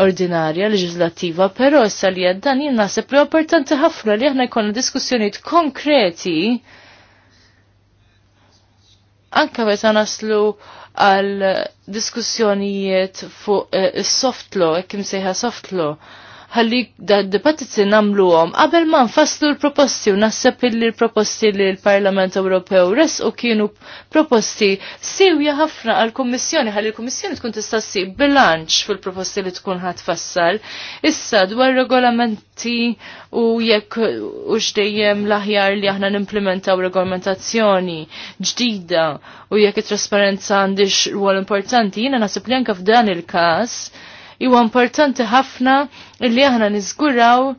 ordinarja leġislattiva, però issa li dan jien naħseb li importanti ħafna li aħna jkollna diskussjonijiet konkreti anka meta naslu għal diskussjonijiet fuq is-soft law, kim sejħa soft law ħalli d-dipatizzi għom, qabel ma nfasslu l-proposti u naħseb illi l-proposti li l-Parlament Ewropew res u kienu proposti siwja ħafna għal-Kummissjoni ħalli l-Kummissjoni tkun tista' ssib bilanċ fil-proposti li tkun ħadd fassal. Issa dwar regolamenti u jekk u xdejjem l-aħjar li aħna nimplementaw regolamentazzjoni ġdida u jekk it-trasparenza għandix rwol importanti, jiena naħseb li anke f'dan il-każ Iwa importanti ħafna illi aħna niżguraw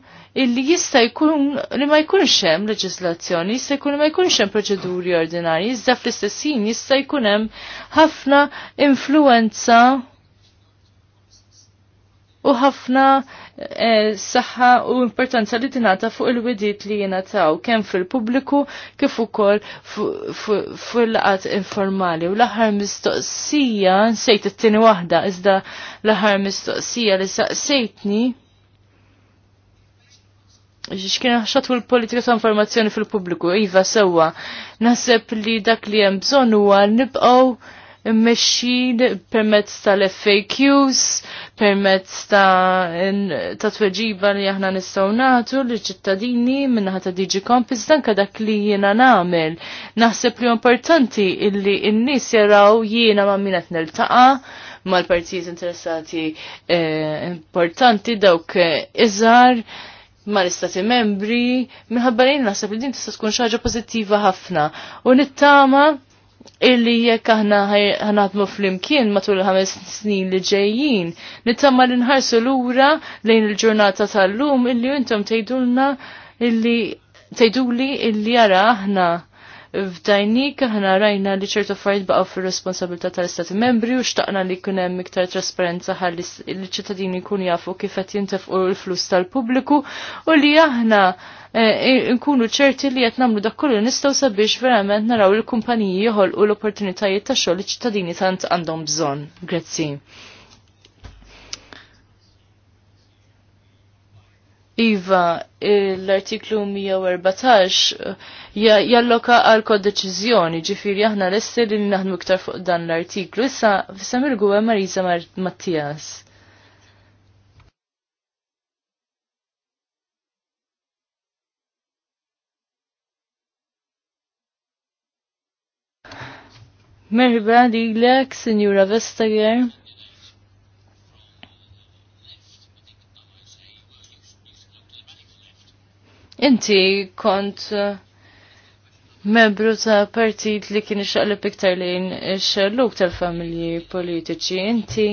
illi jista' jkun li ma jkunx hemm leġislazzjoni, jista' jkun li ma jkunx hemm proċeduri ordinarji, iżda fl istessin jista' jkun hemm ħafna influenza u ħafna eh, saħħa u importanza li tingħata fuq il widiet li jingħataw kemm fil-pubbliku kif ukoll fil-laqat informali. U l-aħħar mistoqsija nsejt it-tieni waħda iżda l-aħħar mistoqsija li saqsejtni xkien u l-politika ta' informazzjoni fil-pubbliku, iva sewwa. Naħseb li dak li hemm bżonn huwa nibqgħu mmexxi permezz tal-FAQs, permezz ta' ta' tweġiba li aħna nistgħu nagħtu li ċittadini minnaħa ta' Digi Compass danka dak li jiena nagħmel. Naħseb li importanti illi n-nies jaraw jiena ma' min qed niltaqa' mal-partijiet interessati eh, importanti dawk eh, iżar mal-istati membri, minħabba li naħseb li din tista' tkun xaġa pożittiva ħafna. U nittama illi jekk aħna ħanatmu fl-imkien matul ħames snin li ġejjin, nittama li nħarsu lura lejn il-ġurnata tal-lum illi intom tgħidulna illi tejduli illi jara aħna f'dajnik aħna rajna li ċertu affarijiet baqgħu fir-responsabilità tal-Istati Membri u xtaqna li jkun hemm iktar trasparenza ħalli l-ċittadini kun jafu kif qed jintefqu l-flus tal-pubbliku u li aħna Eh, nkunu ċerti li qed nagħmlu dak kollu nistgħu sabiex verament naraw il-kumpaniji joħolqu l-opportunitajiet ta' xogħol iċ-ċittadini tant għandhom bżonn. Grazzi. Iva, l-artiklu 114 eh, jalloka għal kod deċizjoni, ġifiri aħna l-essi li naħdmu iktar fuq dan l-artiklu. Issa, fissam il Marisa Mattias. Merħba lilek, Sinjura Vestager. Inti kont uh, membru ta' partit li kien ixaqleb iktar lejn ix tal-familji politiċi. Inti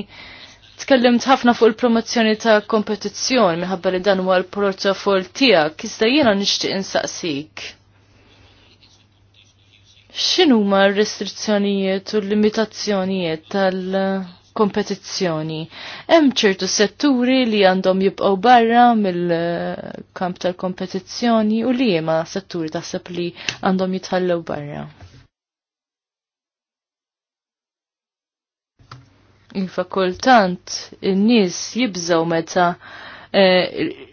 tkellimt ħafna fuq il-promozzjoni ta' kompetizzjoni minħabba li dan huwa l-portafol tiegħek, iżda jiena nixtieq insaqsik x'inhuma r-restrizzjonijiet u l-limitazzjonijiet tal- kompetizzjoni. Hemm ċertu setturi li għandhom jibqgħu barra mill-kamp tal-kompetizzjoni u li jema setturi taħseb li għandhom jitħallew barra. Il-fakultant in-nies jibżgħu meta eh,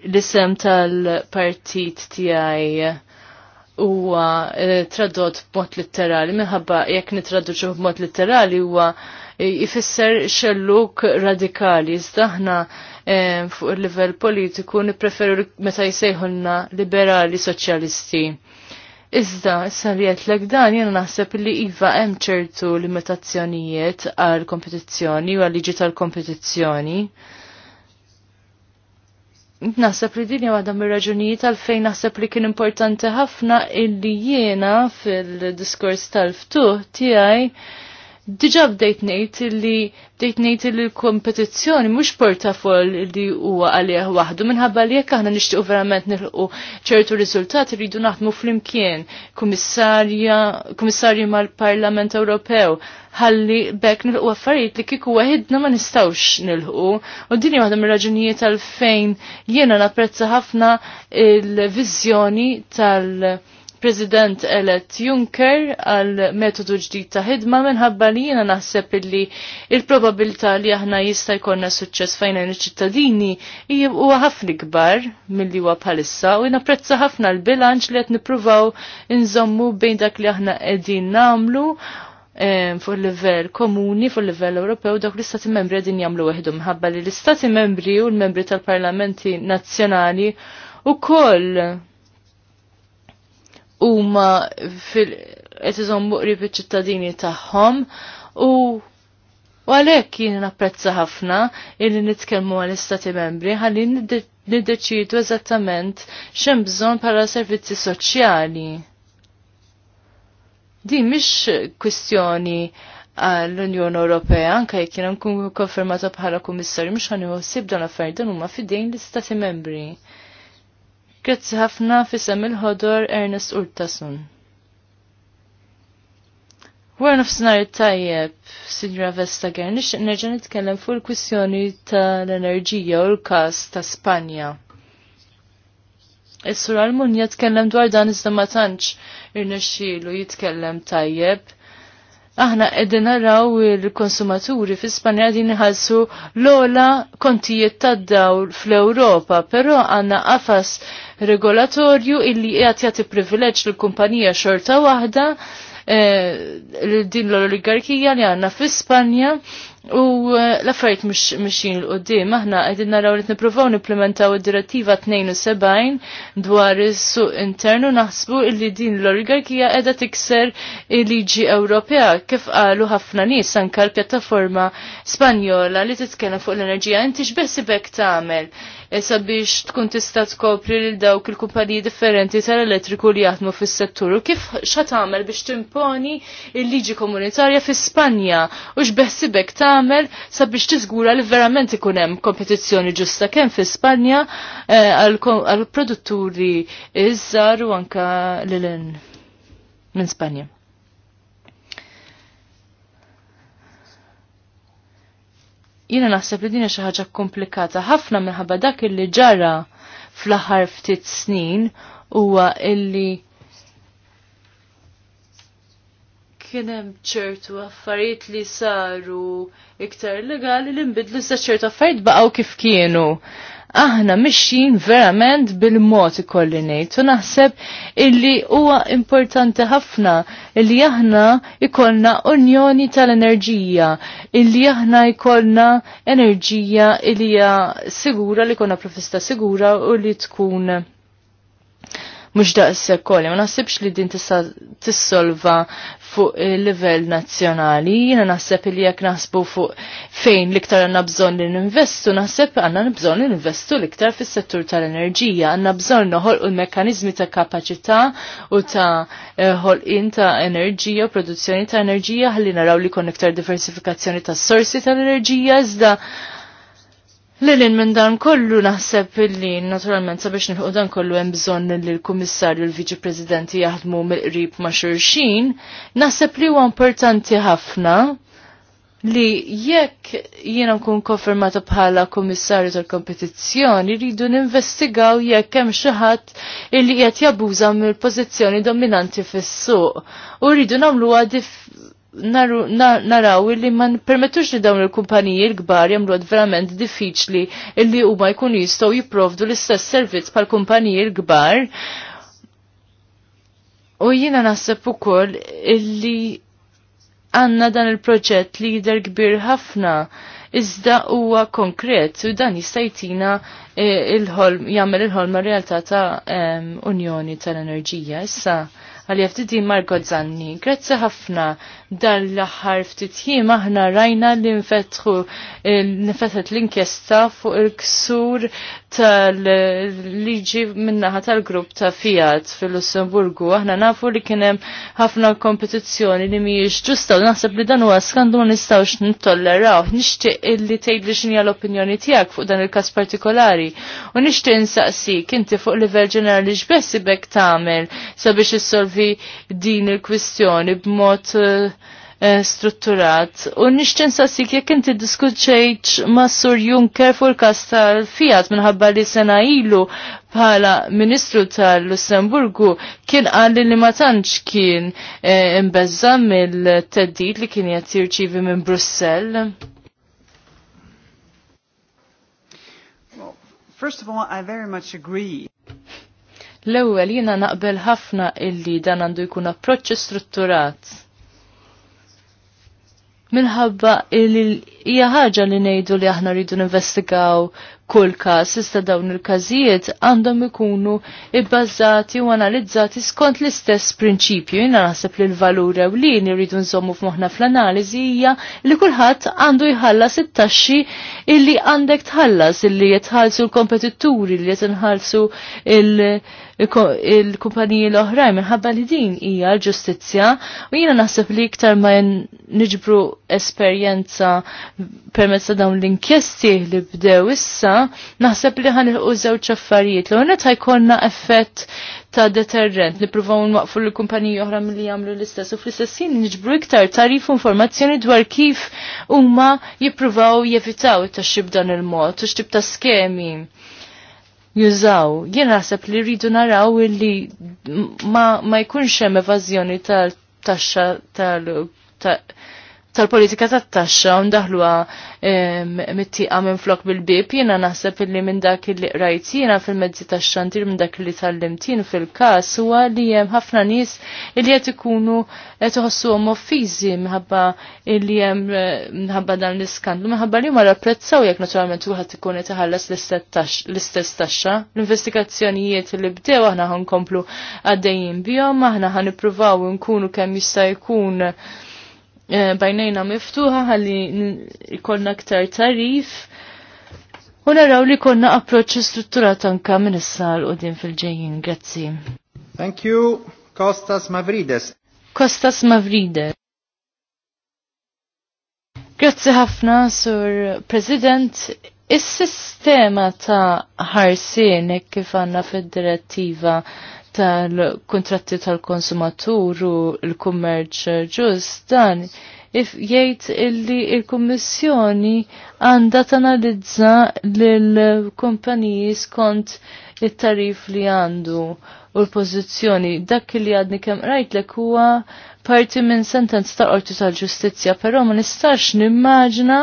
l-isem tal-partit tiegħi huwa eh, tradot b'mod litterali minħabba jekk nitraduċu b'mod litterali huwa eh, jfisser xelluk radikali. Iżda aħna eh, fuq il-livell politiku nippreferu meta jsejħulna liberali soċjalisti. Iżda, sarjet l dan jena naħseb li iva hemm ċertu limitazzjonijiet għal kompetizzjoni u għal liġi tal-kompetizzjoni. tal kompetizzjoni Naħseb li din għadha mir-raġunijiet għalfejn naħseb li kien importanti ħafna illi jiena fil-diskors tal-ftuħ tiegħi Diġa bdejt ngħid li bdejt ngħid li l-kompetizzjoni mhux portafol li huwa għalih wahdu minħabba li jekk aħna nixtiequ verament nilqu ċertu riżultati rridu naħdmu flimkien kummissarja kummissarji mal-Parlament Ewropew ħalli bekk nilħu affarijiet li kieku waħedna ma nistawx nilħu u din waħda mir-raġunijiet għalfejn jiena napprezza ħafna il-viżjoni tal- President elet Juncker għal metodu ġdid ta' ħidma minħabba li jiena naħseb illi il-probabilità li aħna jista' jkollna suċċess fejn iċ-ċittadini huwa ħafna kbar milli huwa bħalissa u napprezza ħafna l-bilanċ li qed nippruvaw inżommu bejn dak li aħna qegħdin nagħmlu fuq livell komuni, fuq livell Ewropew, dawk l-istati membri għedin jamlu weħdu mħabba li l-istati membri u l-membri tal-parlamenti nazzjonali u koll huma qed iżommu qrib iċ-ċittadini tagħhom u għalhekk jien napprezza ħafna illi nitkellmu għall-istati membri ħalli niddeċidu eżattament xem bżonn bħala servizzi soċjali. Din mhix kwistjoni għall-Unjoni Ewropea anke jekk jena nkun konfermata bħala kummissarju mux għan ħsieb dan affarijiet dan huma fidejn l-istati membri. Grazzi ħafna fisem il-ħodor Ernest Urtasun. Wara nofsinhar tajjeb, Sinjora Vestager, nixtieq nerġa' nitkellem fuq il-kwistjoni tal-enerġija u l-każ ta' Spanja. Is-sur Almunja tkellem dwar dan iżda ma tantx irnexxielu jitkellem tajjeb. Aħna qegħdin naraw il-konsumaturi fi Spanja din ħalsu l-ola kontijiet tad-dawl fl-Ewropa, però għandna qafas regolatorju illi jgħat jagħti privileġ lill kumpanija xorta waħda eh, din l-oligarkija li għandna fi Spanja u eh, l-affarijiet mixin l-qoddim. Aħna qegħdin naraw li nippruvaw nipplementaw id-direttiva 72 dwar is-suq internu naħsbu illi din l-oligarkija qiegħda tikser il-liġi Ewropea kif qalu ħafna nies anke l-pjattaforma Spanjola li titkellem fuq l-enerġija. Inti x'beħsibek tagħmel? E sabiex tkun tista' tkopri lil dawk il-kumpaniji differenti tal-elettriku li jaħdmu fis-settur u kif tagħmel biex timponi il-liġi komunitarja fi Spanja u x'beħsibek tagħmel sabiex tiżgura li verament ikun hemm kompetizzjoni ġusta kemm fi Spanja e, għal produtturi iż-żar u anke lil minn Spanja. Jiena naħseb li din xi ħaġa komplikata ħafna minħabba dak illi ġara fl-aħħar ftit snin huwa illi kien hemm ċertu affarijiet li saru iktar legali li nbidlu sa ċertu affarijiet baqgħu kif kienu aħna mixin verament bil-mod ikolli ngħid. U naħseb illi huwa importanti ħafna illi aħna ikollna unjoni tal-enerġija, illi aħna ikollna enerġija illi hija sigura li konna profista sigura u li tkun mhux daqs kolli, ma naħsibx li din tissolva fuq il-livell nazzjonali, jiena naħseb li jekk nasbu fuq fejn l-iktar għandna bżonn li ninvestu, naħseb għanna bżon li ninvestu l-iktar fis-settur tal-enerġija, għandna bżonn u l-mekkaniżmi ta' kapaċità u ta' eh, ħolqien ta' enerġija u produzzjoni ta' enerġija ħalli naraw li kon iktar diversifikazzjoni ta' sorsi tal-enerġija iżda Lilin minn dan kollu naħseb illi naturalment sabiex nilħu dan kollu hemm bżonn li l-Kummissarju l viċi Presidenti jaħdmu mill-qrib ma' xulxin, naħseb li huwa importanti ħafna li jekk jiena nkun konfermata bħala Kummissarju tal-Kompetizzjoni rridu ninvestigaw jekk hemm xi ħadd illi qed jabuża mill-pożizzjoni dominanti fis-suq u rridu nagħmluha naraw li ma permettux li dawn il-kumpaniji l-kbar jagħmlu verament diffiċli illi huma jkun jistgħu jipprovdu l-istess servizz pal kumpaniji l-kbar. U jiena naħseb ukoll illi għandna dan il-proġett li jidher kbir ħafna iżda huwa konkret u dan jistajtina jtina e, il-ħolm jagħmel il-ħolma realtà ta' Unjoni tal-Enerġija issa għal-FTD Marko Zanni. Grazzi ħafna dan l-aħħar ftit aħna rajna li nfetħu eh, l-inkjesta fuq il-ksur tal-liġi minnaħa tal-grupp ta' Fiat fil-Lussemburgu. Aħna nafu li kienem ħafna kompetizzjoni li mhijiex ġusta u naħseb li dan huwa skandlu ma nistgħux nittolleraw. Nixtieq illi tgħidli x'inhi l-opinjoni tiegħek fuq dan il-każ partikolari u nixtieq insaqsik inti fuq livell ġenerali x'bess ibek tagħmel sabiex issolvi din il-kwistjoni b'mod uh, Eh, strutturat. U nixten sassik jekk inti diskutxejċ ma' Sur Juncker fuq il-kas tal-Fiat minħabba li sena ilu bħala Ministru tal-Lussemburgu kien għalli li ma tantx kien eh, imbezza mill-teddit li kien qed jirċivi minn Brussell. First of all, I very much agree. L-ewwel jiena naqbel ħafna illi dan għandu jkun approċċ strutturat minħabba il-ija ħaġa li ngħidu li aħna rridu ninvestigaw kull każ sista dawn il-każijiet għandhom ikunu ibbażati u analizzati skont l-istess prinċipju. jina naħseb li l-valur ewlieni rridu nżommu f'moħħna fl-analiżi hija li kulħadd għandu jħallas it-taxxi illi għandek tħallas illi jitħallsu l-kompetitturi li jitinħallsu il-, -il il-kumpaniji l-oħrajn minħabba li din hija l-ġustizzja u jiena naħseb li iktar ma niġbru esperjenza permezz ta' dawn l-inkjesti li bdew issa, naħseb li ħanilqu żewġ affarijiet. L-għonet ħajkonna effett ta' deterrent li provaw nwaqfu l-kumpaniji oħra milli jagħmlu l-istess u fl-istessin niġbru iktar tarif informazzjoni dwar kif huma jippruvaw jevitaw it-taxxib dan il-mod, u xtib ta' skemi jużaw. Jien naħseb li rridu naraw illi ma, ma jkunx hemm evażjoni tal-taxxa tal-, tal, tal tal-politika tat-taxxa u ndaħluha mittieqa minn flok bil-bib, jiena naħseb illi minn dak li rajt jiena fil-mezzi tax-xandir minn dak li tal-limtin fil-każ huwa li hemm ħafna nies li qed ikunu qed iħossuhom offiżi minħabba li hemm eh, minħabba dan l-iskandlu minħabba li ma rapprezzaw jekk naturalment wieħed ikun qed iħallas l-istess taxxa. L-investigazzjonijiet li bdew aħna ħankomplu għaddejjin bihom, aħna ħanippruvaw nkunu kemm jista' jkun Eh, bajnejna miftuħa ħalli ikonna ktar tarif u naraw li konna approċċ strutturat anka minn issa l fil-ġejjin. Grazzi. Thank you, Kostas Mavrides. Kostas Mavrides. Grazzi ħafna, Sur President. Is-sistema ta' ħarsienek kif għandna fid-direttiva tal-kontratti tal-konsumatur u l-kummerċ ġust dan if jgħid illi il-Kummissjoni għandha tanalizza lill-kumpaniji skont it-tarif li għandu u l-pożizzjoni dak li għadni kemm rajtlek huwa parti minn sentenz ta' qorti tal-ġustizzja, però ma nistax nimmaġna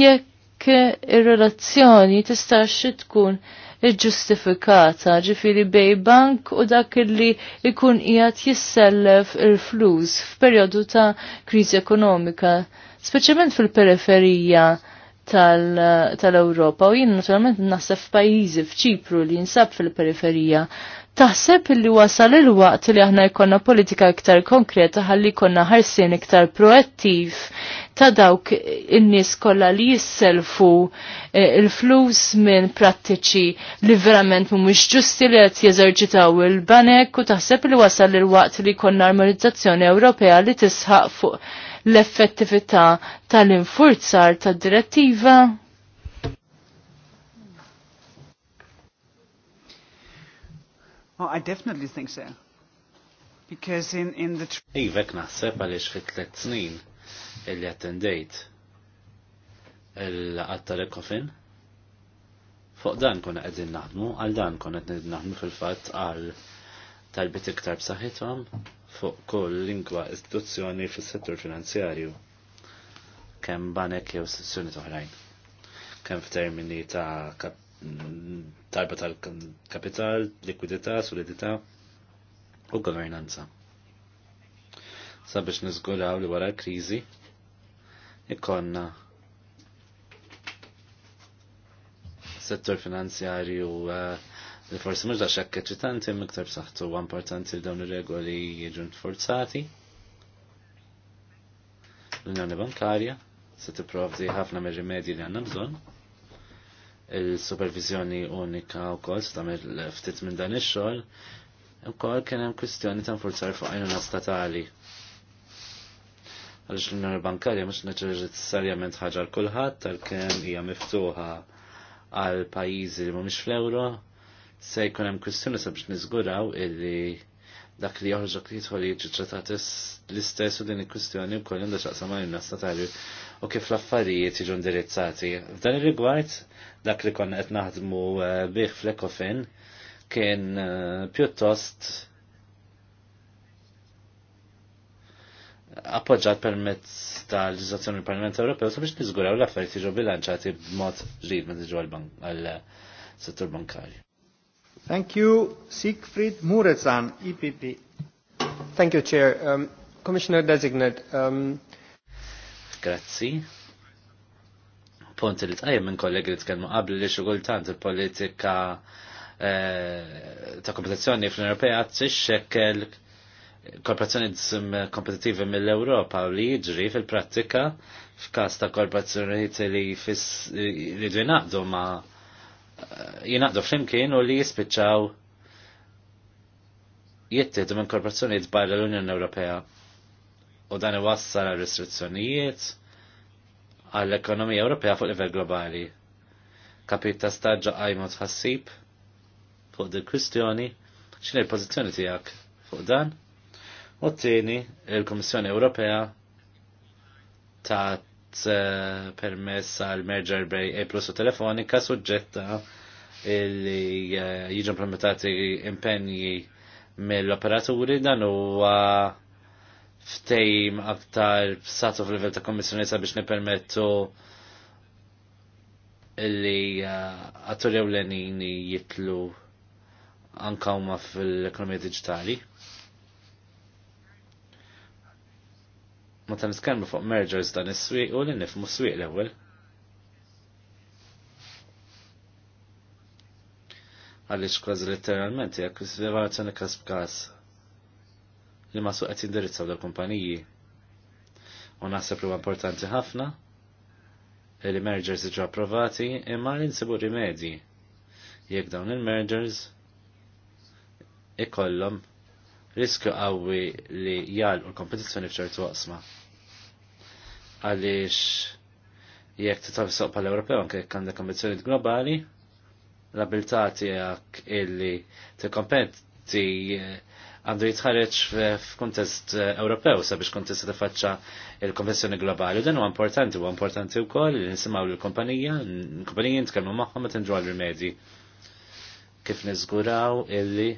jekk ir-relazzjoni tistax tkun Ġustifikata, ġifiri bej bank u dak li ikun qiegħed jissellef il-flus f'perjodu ta' kriżi ekonomika, speċjalment fil-periferija tal-Ewropa tal u jien naturalment naħseb f'pajjiżi f'Ċipru li jinsab fil-periferija. Taħseb li wasal il-waqt li aħna jkollna politika iktar konkreta ħalli jkollna ħarsien iktar proattiv ta' dawk in-nies kollha li jisselfu eh, il-flus minn prattiċi li verament mhumiex ġusti li qed jeżerġitaw il-banek u taħseb li wasal il-waqt li jkollna armonizzazzjoni Ewropea li tisħaq fuq l-effettività tal-infurzar tad-direttiva. Oh, I definitely think so. Because in, in the... Ivek naħseb għalix fit tlet snin illi attendejt il-qatta l-ekofin. Fuq dan konna qegħdin naħdmu, għal dan konna qegħdin naħdmu fil-fatt għal talbit iktar b'saħħithom fuq kull lingwa istituzzjoni fis-settur finanzjarju kemm banek jew istituzzjoni oħrajn. Kemm f'termini ta' talba tal-kapital, likwidità, solidità u governanza. Sabiex niżgulaw li wara l-kriżi ikonna settur finanzjarju eh, li forsi mhux xekke ċitanti miktar b'saħħtu huwa importanti li dawn ir-regoli jiġu nforzati. L-Unjoni Bankarja se tipprovdi ħafna mir-rimedji li għandna bżonn. Il-supervizjoni unika wkoll se l ftit minn dan ix-xogħol Ukoll kien hemm kwistjoni ta' nfurzar fuq għajnuna statali għaliex l-Unjoni Bankarja mhux neċessarjament ħaġa l kulħadd tal kem hija miftuħa għal pajjiżi li mhumiex fl-ewro se jkun hemm kwistjoni sabiex niżguraw illi dak li joħroġok li jidħol jiġi ċetat l-istess u din il-kwistjoni wkoll għandha x'aqsam l statarju u kif l-affarijiet jiġu indirizzati. F'dan ir-rigward dak li konna qed naħdmu eh, bih fl ekofin kien eh, pjuttost appoġġat permezz tal-leġizzazzjoni l-Parlament Ewropew sabiex niżguraw l-affarijiet jiġu bilanċati b'mod ġrid ma jiġu għall-settur eh, bankarju. Thank you, Siegfried Murezan, EPP. Thank you, Chair. Um, Commissioner Designate. Um... Grazzi. Punti li tqajjem minn kollegi li tkellmu qabli li tant il-politika eh, ta' kompetizzjoni fl-Ewropea tixxekkel korporazzjonizzm kompetittivi mill-Ewropa u li jiġri fil-prattika f'każ ta' korporazzjonijiet li li jinaqdu ma eh, jinaqdu flimkien u li jispiċċaw jittieħdu minn korporazzjonijiet barra l-Unjoni Ewropea u dan iwassal għal restrizzjonijiet għall-ekonomija Ewropea fuq livell globali. Kapita staġġa għajmu tħassib fuq dil kwistjoni x'inhi l-pożizzjoni tiegħek fuq dan? U t-tieni, il-Komissjoni Ewropea ta' eh, permess għal merger bej e plus u telefonika suġġetta li eh, jiġu implementati impenji mill-operaturi dan huwa ftejm aktar b'satu fil-livell ta' kommissjoni sabiex nipermettu li għattur eh, jew l-enini jitlu anka huma fil-ekonomija digitali. ma ta' nitkellmu fuq mergers dan is-swieq u li nifmu swieq l-ewwel. Għaliex kważi letteralment jekk is-rivazzjoni każ b'każ li ma suqet indirizzaw l kumpaniji. U naħseb li importanti ħafna li mergers iġu approvati imma li nsibu rimedji jekk dawn il-mergers ikollhom riskju qawwi li jgħalqu l-kompetizzjoni f'ċertu waqsma għaliex jekk tafi soq pal ewropew anke jekk għandek globali, l-abilità tiegħek illi t-kompetti għandu jitħareġ f'kuntest eh, Ewropew sabiex kont tista' faċċa il-konvenzjoni globali. Dan huwa importanti, huwa importanti wkoll li nisimgħu lill-kumpanija, l-kumpanija nitkellmu magħhom t nġu għal rimedi Kif niżguraw illi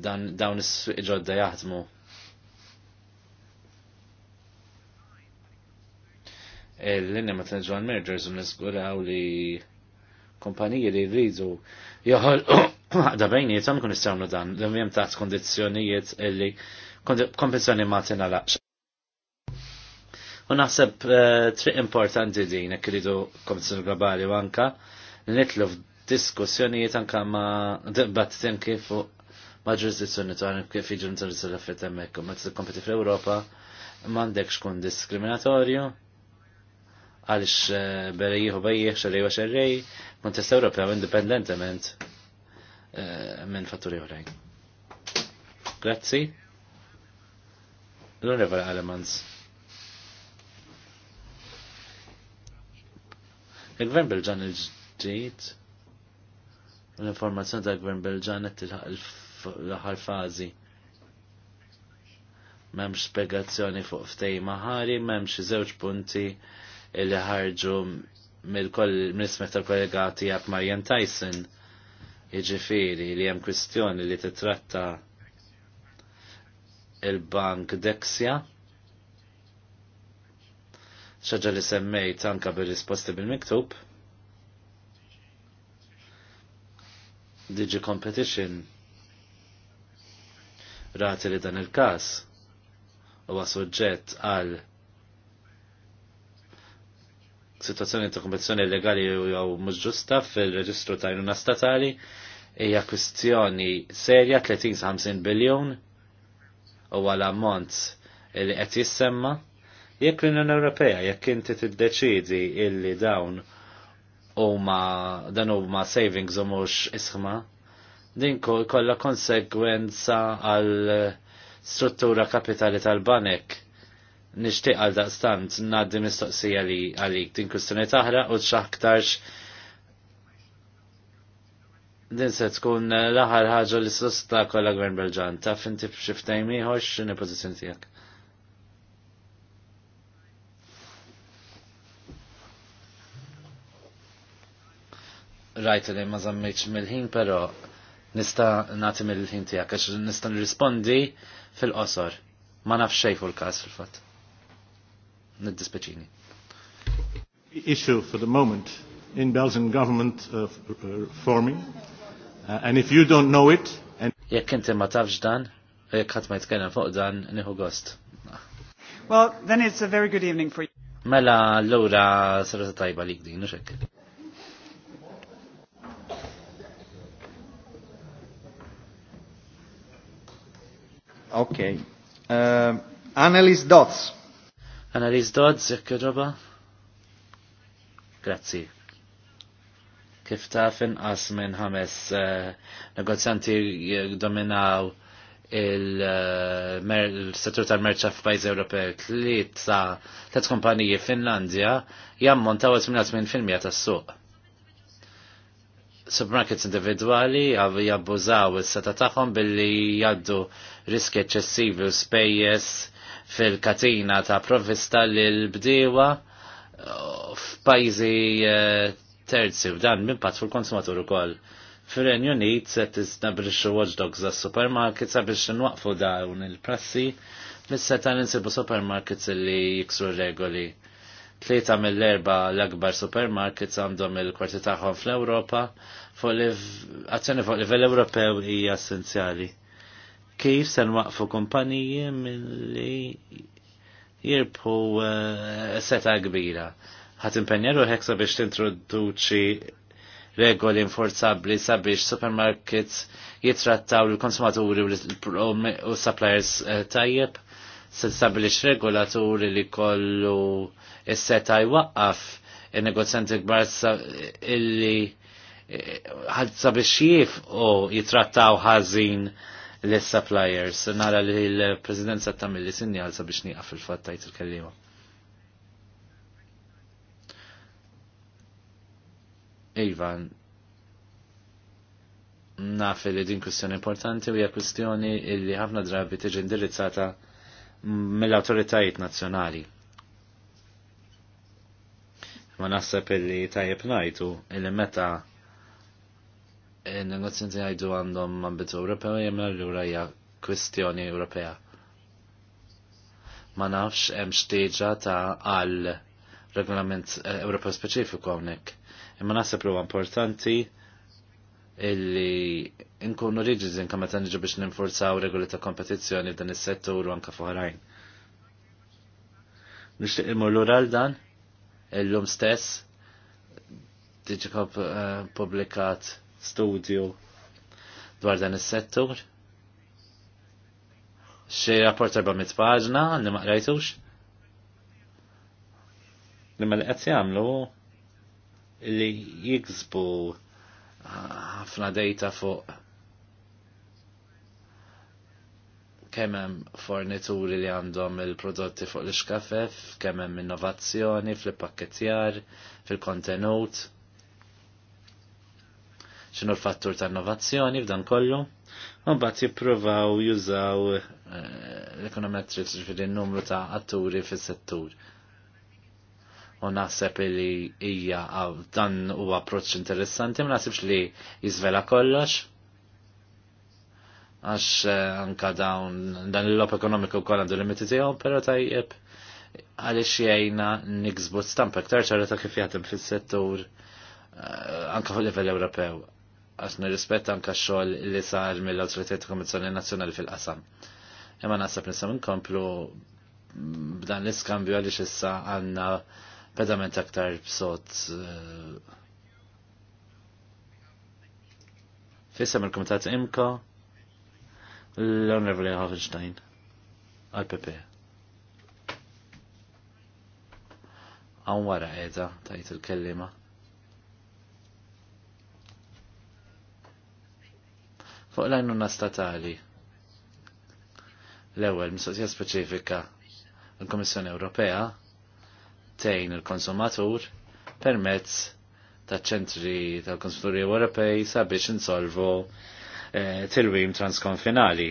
dawn is-ġodda jaħdmu l-linja ma' tal-ġon mergers u nisguraw li kompaniji li rridu joħol [COUGHS] da bejniet għam kun istawnu dan, l jem taħt kondizjonijiet illi kompensjoni ma' tina laqx. U naħseb eh, triq importanti din, ek rridu kompensjoni globali u anka, nitlu f'diskussjonijiet anka ma' dibattitin kif ma' ġurisdizzjoni tuħan kif iġun tal-affet emmek, ma' t-kompeti fl-Europa, mandekx kun diskriminatorju, għalix eh, berejjiħu bejjiħ, xerrej u xerrej, kontest Ewropew independentement eh, minn fatturi oħrajn. Grazzi. L-Onorevole Alemans. Il-Gvern Belġan il-ġdijt, l-informazzjoni ta' Gvern Belġan qed tilħaq l-aħħar fażi. M'hemmx spjegazzjoni fuq ftej maħari, m'hemmx zewġ punti Illi ħarġu mill-ismek tal-kollega tijak Marian Tyson iġifiri li jem kwistjoni li titratta il-bank Dexia ċaġa li semmejt tanka bil-risposti bil-miktub Digi Competition rati li dan il-kas u suġġett għal situazzjoni ta' kompetizzjoni illegali jew mhux ġusta fil-reġistru ta' jnuna statali hija kwistjoni serja 30-50 biljon u għala ammont li qed jissemma jekk l-Unjoni Ewropea jekk inti tiddeċidi illi dawn huma dan huma savings u mhux isħma din kollha konsegwenza għal struttura kapitali tal-banek nishtiq għal daqstant naddi mistoqsija li għalik din kustuni taħra u txaħktarx din se tkun l-aħħar ħaġa s sosta kolla Gvern Belġan. Taf finti b'xiftajn ieħor x'inhi pożizzjoni tiegħek. Rajt li ma żammejtx mill-ħin però nista' nagħti mill-ħin tiegħek għax nista' nirrispondi fil-qosor. Ma nafx xejn fuq il-każ fil-fatt niddispeċini. Issue for the moment in Belgian government uh, uh, forming uh, and if you don't know it and jekk inti ma tafx dan jekk ħadd ma jitkellem fuq dan nieħu gost. Well, then it's a very good evening for you. Mela l-ura sarata tajba lik din, xekk. Okay. Uh, analyst Dots. Analiz Dodds, jekk roba? Grazzi. Kif taf inqas minn ħames eh, negozjanti dominaw eh, il-settur tal-merċa f'pajzi Ewropej tliet ta' tliet kumpaniji Finlandja jammontaw 88% tas-suq. Supermarkets individwali jabbużaw is-seta tagħhom billi jaddu riski eċċessivi u spejjeż fil-katina ta' provvista l-bdiewa uh, f'pajzi uh, terzi f'dan minn pat fil-konsumatur ukoll. Fir-Renju Unit se tisnabrixxu watchdogs għas supermarket sabiex nwaqfu dawn il-prassi mis-se ta' ninsibu supermarkets li jiksu regoli. Tlieta mill-erba l-akbar supermarkets għandhom il-kwarti tagħhom fl-Ewropa fuq azzjoni fuq livell Ewropew hija essenzjali kif se nwaqfu kumpaniji milli jirbħu eh, seta kbira. Għat impenjeru ħeksa biex tintroduċi regoli inforzabli sabiex supermarkets jitrattaw l-konsumaturi u suppliers eh, tajjeb se stabilix regolaturi li kollu s-seta jwaqqaf il-negozjanti gbar illi eh, sabiex jif u jitrattaw ħazin l-suppliers. Nara li l-Presidenza sinni sinjal sabiex niqaf il-fatt tajt il-kellima. Ivan, naf li din kustjoni importanti u hija kwestjoni li ħafna drabi tiġi indirizzata mill-awtoritajiet nazzjonali. Ma naħseb illi tajjeb ngħidu illi meta il-negozjanti għajdu għandhom ambitu Ewropew jemna l għura hija kwistjoni Ewropea. Ma nafx hemm xtieġa ta' għal regolament eh, Ewropew speċifiku hawnhekk. Imma naħseb li importanti illi inkunu riġiż inka meta niġu biex ninforzaw regoli ta' kompetizzjoni f'dan is-settur u anke foħrajn. Nixtieq imur lura għal dan illum stess diġi eh, pubblikat studju dwar dan is-settur. Xi rapport mit paġna li ma qrajtux. Imma li qed jagħmlu li jiksbu ħafna data fuq kemm hemm fornituri li għandhom il-prodotti fuq l-iskafef, kemm hemm innovazzjoni fil pakkettjar fil-kontenut xinu l-fattur ta' innovazzjoni f'dan kollu. Mbagħad jippruvaw jużaw eh, l-econometrics ġifieri n-numru ta' atturi fis-settur. U naħseb li hija ah, dan huwa approċċ interessanti, ma naħsibx li jiżvela kollox għax eh, anka dawn dan il-lop ekonomiku kol għandu limiti tiegħu, però tajjeb għaliex jgħinna niksbu stampa ktar ċara ta' kif jgħatem fis-settur eh, anka fuq livell Ewropew għax nirrispetta anka xogħol li sar mill-Awtoritajiet Kommissjoni Nazzjonali fil-qasam. Imma naħseb nisam nkomplu b'dan l-iskambju għaliex issa għandna pedament aktar b'sod eh, Fissem il-Komitat Imko l-Onorevoli Hoffenstein għal-PP. Għan wara qiegħda tajt il-kellima. fuq l-għajnuna statali. L-ewel, mistoqsija speċifika, l-Komissjoni Ewropea tejn il-konsumatur permezz ta' ċentri tal-Konsumaturi Ewropej sabiex insolvu eh, tilwim transkonfinali.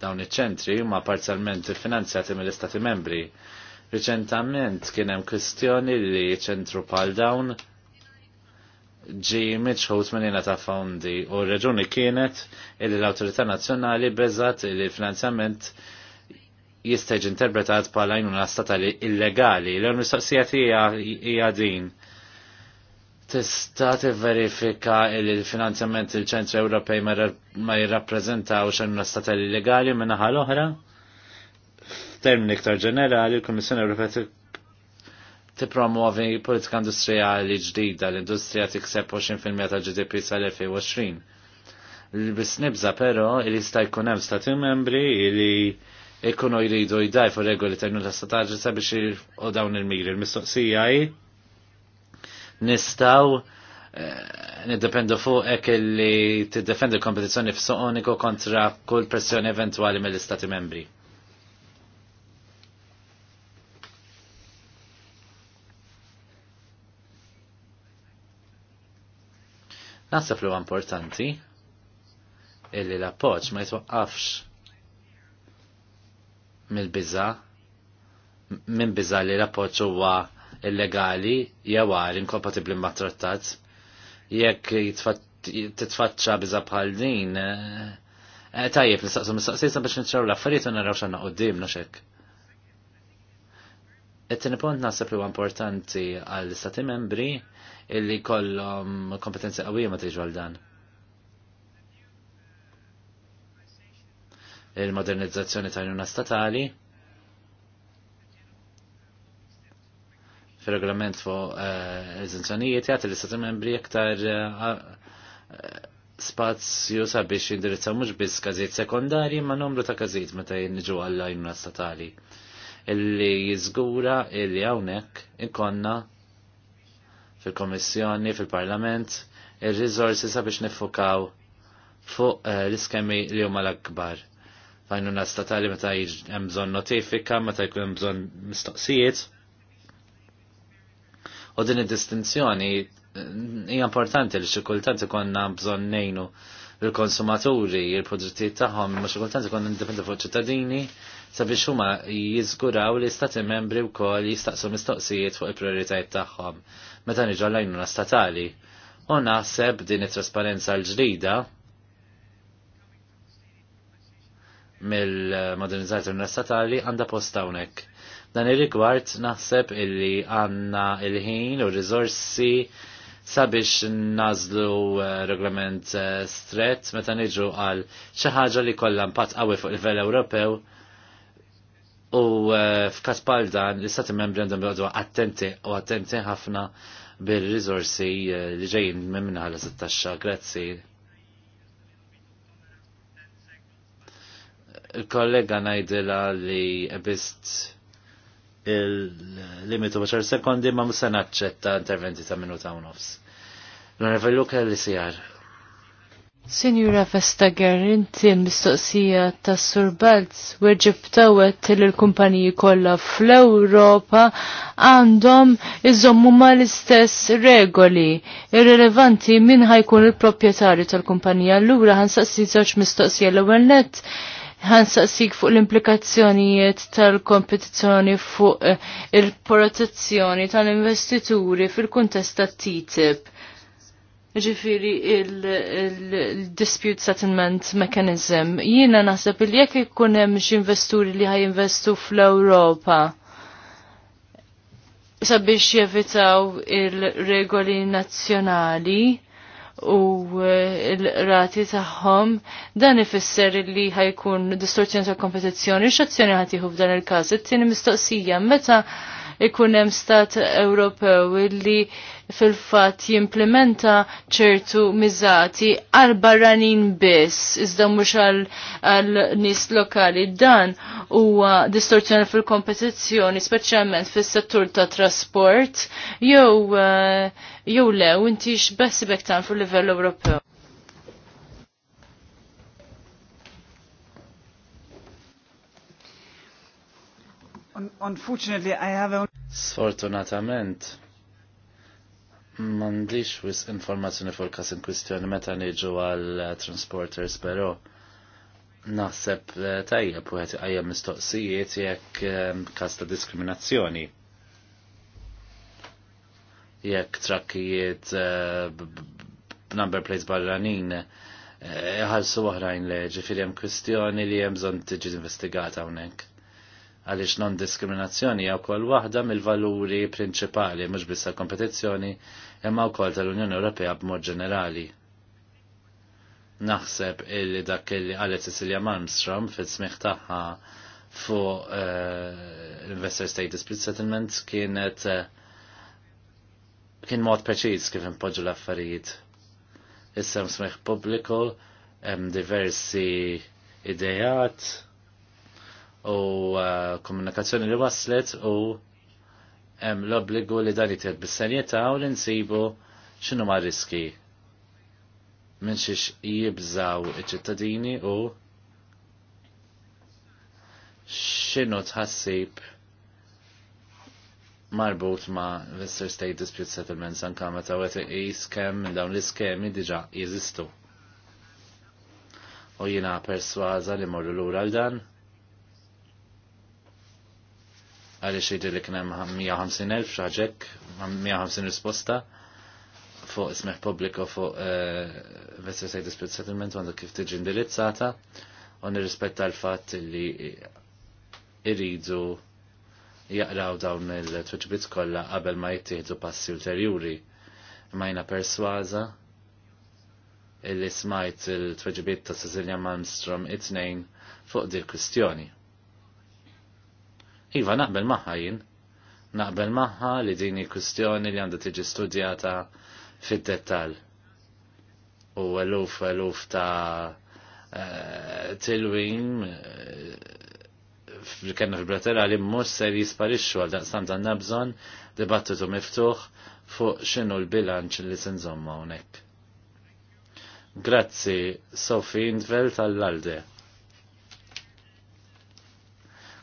Dawn iċ-ċentri huma parzialment finanzjati mill-Istati membri. Riċentament kien hemm kwistjoni li ċentru pal dawn ġi mitxħut minnina ta' fondi u reġuni kienet illi l autorita nazzjonali bezzat li finanzjament jistajġ interpretat pala jnuna statali illegali. L-mistoqsija hija din. Tista' verifika li l-finanzjament il-ċentri Ewropej ma jirrappreżentaw xejn statali illegali minna l-oħra? F'termini iktar ġenerali, l komissjoni Ewropej tipromuovi politika industrijali ġdida l-industrija tikseb 20% tal-GDP sal-2020. Bis nibza però il jista' jkun hemm stati membri li ikunu jridu jdajfu regoli ternu ta' stataġi sabiex u dawn il-miri. l mistoqsija nistaw eh, niddependu fuq ek li tiddefendi kompetizzjoni f uniku kontra kull pressjoni eventwali mill-istati membri. Nasab li importanti illi l-appoġġ ma jitwaqqafx mill-biża minn biża li l-appoġġ huwa illegali jew għal inkompatibbli ma' trattat jekk titfaċċa biża bħal din eh, eh, tajjeb nistaqsu mistaqsisa biex nitxaw l-affarijiet u naraw x'għandna qudiemna x'hekk. Et-tini punt nasab li importanti għal stati membri illi kollhom kompetenzi qawwija ma tiġu għal dan. Il-modernizzazzjoni tal-Unjoni Statali fil-regolament fuq eh, eżenzjonijiet jagħti l-istati membri aktar eh, eh, spazju sabiex jindirizzaw mhux biss każijiet sekondarji ma' numru ta' każijiet meta jinġu għall-għajnuna statali illi jizgura illi hawnhekk ikonna fil-Komissjoni, fil-Parlament, il-rizorsi sabiex nifukaw fuq eh, l-iskemi li huma l-akbar. Fajnuna statali meta jem bżonn notifika, meta jkun hemm bżonn mistoqsijiet. U din id-distinzjoni eh, hija importanti li xi kultant ikonna bżonn ngħinu l-konsumaturi, il produtti tagħhom, ma xi kultant ikun indipendi fuq ċittadini, sabiex huma jiżguraw li stati membri wkoll jistaqsu mistoqsijiet fuq il-prioritajiet tagħhom meta niġu l-għajnuna statali. U naħseb din it-trasparenza l-ġdida mill-modernizzazzjoni statali għandha post hawnhekk. Dan ir-rigward naħseb illi għandna il-ħin u r-riżorsi sabiex nazlu eh, regolament eh, stret meta niġu għal xi ħaġa li kollha impatt qawwi fuq il vel Ewropew U eh, f'kas dan, l-istati membri għandhom jgħadu attenti u attenti ħafna bil-rizorsi eh, li ġejjin minn għal taxxa Grazzi. Il-kollega najdila li ebist il-limitu bħaxar sekondi ma musa naċċetta interventi ta' minuta u nofs. L-onorevoli Luka li sijar. Sinjura Vestager, inti mistoqsija tas Sur Balz, weġibtawet il kumpaniji kollha fl-Ewropa għandhom iżommu ma l-istess regoli, irrelevanti minn ħajkun il-proprjetarju tal-kumpanija. Allura saqsi żewġ mistoqsija l-ewwel għan ħansaqsik fuq l-implikazzjonijiet tal-kompetizzjoni fuq il-protezzjoni tal-investituri fil-kuntest tat-TTIP ġifiri il-dispute settlement mechanism. Jiena naħseb li jekk ikun hemm xi investuri li ħajinvestu fl-Ewropa sabiex jevitaw il-regoli nazzjonali u l-rati tagħhom dan ifisser li ħajkun distorzjoni ta' kompetizzjoni x'azzjoni ħatiħu f'dan il-każ. It-tieni mistoqsija meta ikun hemm stat Ewropew illi fil-fat jimplementa ċertu mizzati għal barranin biss, iżda mux għal nis lokali dan u distorzjoni fil-kompetizjoni, speċjalment fil-settur ta' trasport, jew eh, jew lew inti x'bessibek tan fil-livell Ewropew. Unfortunately, I have only... Sfortunatament, Mandiċ wis informazzjoni fuq kas in kwistjoni meta niġu għal transporters, pero naħseb eh, tajjeb u għet għajja mistoqsijiet jekk eh, kas ta' diskriminazzjoni. Jekk trakkijiet eh, number plates barranin ħalsu oħrajn leġi fil-jem kwistjoni li jem zon tiġi investigata unek għaliex non-diskriminazzjoni hija wkoll waħda mill-valuri prinċipali mhux biss kompetizzjoni imma wkoll tal-Unjoni Ewropea b'mod ġenerali. Naħseb illi dak illi qalet Cecilia Malmstrom fil-smigħ tagħha fuq eh, l-Investor State Dispute Settlement kienet eh, kien mod preċiż kif impoġġu l-affarijiet. Issa msmigħ pubbliku hemm diversi idejat u uh, komunikazzjoni li waslet u hemm l-obbligu li dan jitqiet bis-serjetà u li nsibu x'inhu ma' riski minn xiex jibżaw iċ-ċittadini u x'inhu tħassib marbut ma' Mr State Dispute Settlements anka meta għet iqis kemm minn dawn l-iskemi diġà jeżistu. U jiena persważa li morru lura għal dan għaliex jidri li kien hemm 150,000 xaġek, 150 risposta fuq ismeħ pubblika fuq Vesser Sejt Dispute Settlement għandu kif tiġi indirizzata u nirrispetta l-fatt li iridu jaqraw dawn il-tweġbit kollha qabel ma jittieħdu passi ulterjuri. Majna perswaza illi smajt il-tweġbit ta' Cecilia Malmstrom it-tnejn fuq dir kwistjoni Iva, naqbel maħħa jien. Naqbel maħħa li dini kustjoni li għandha tiġi studjata fid-dettal. U eluf eluf ta' eh, tilwim eh, li kena fil-Bratella li mmus ser jisparixxu għal daqstan dan nabżon dibattitu miftuħ fuq xinu l-bilanċ li tinżomma unek. Grazzi, Sofi Indvel tal-Lalde.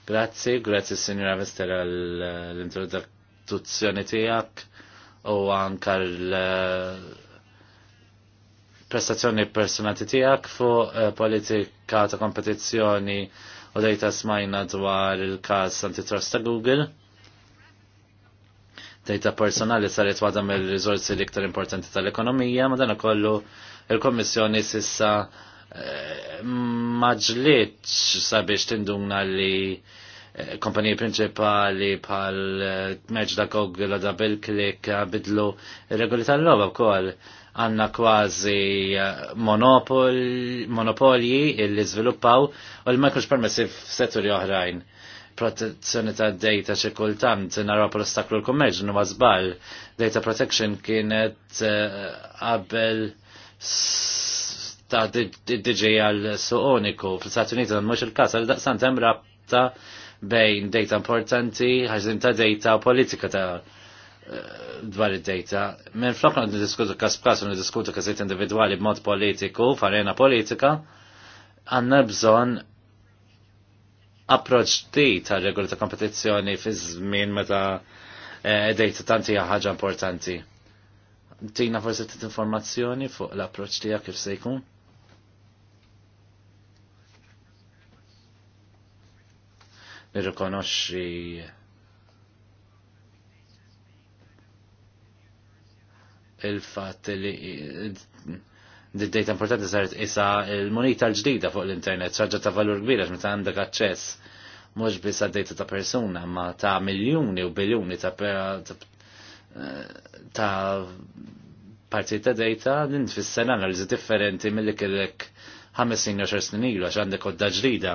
Grazzi, grazzi Signora Vester l eh, introduzzjoni tijak u anka l-prestazzjoni eh, personati tijak fu eh, politika ta' kompetizzjoni u dejta smajna dwar il-kas antitrust ta' Google. Dejta personali saret wada mill-rizorsi l-iktar importanti tal-ekonomija, ma dan kollu il-Kommissjoni sissa maġlit sabiex tindumna li eh, kompanija prinċipali bħal eh, Meġda Google da Bilklik bidlu regoli tal-loba wkoll għanna kważi eh, monopoli monopolji illi żviluppaw u l mekux permessi f'setturi oħrajn. Protezzjoni ta' data xi kultant naraw l ostaklu l-kummerġ huwa żball. Data protection kienet qabel uh, ta' diġi għal suqoniku fl-Stati Uniti għan mhux il-każ għal daqsan hemm rabta bejn data importanti, ħażin ta' data u politika ta' eh, dwar id-data. Minn flok għad diskutu kas b'kas u nidiskutu każijiet individwali b'mod politiku, f'arena politika, għandna bżonn approċ ti ta' regoli ta' kompetizzjoni fi żmien meta eh, dejta tanti ħaġa importanti. Tina forsi tit informazzjoni fuq l-approċ tiegħek kif se jkun? irrikonoxxi il-fatt li din data importanti saret isa il-monita l-ġdida fuq l-internet ċaġġa ta' valur kbira meta għandek aċċess mhux biss għad-data ta' persuna ma ta' miljuni u biljuni ta' ta' parti ta' data din tfisser analiżi differenti milli kellek ħames snin xar snin ilu għax għandek odda ġdida.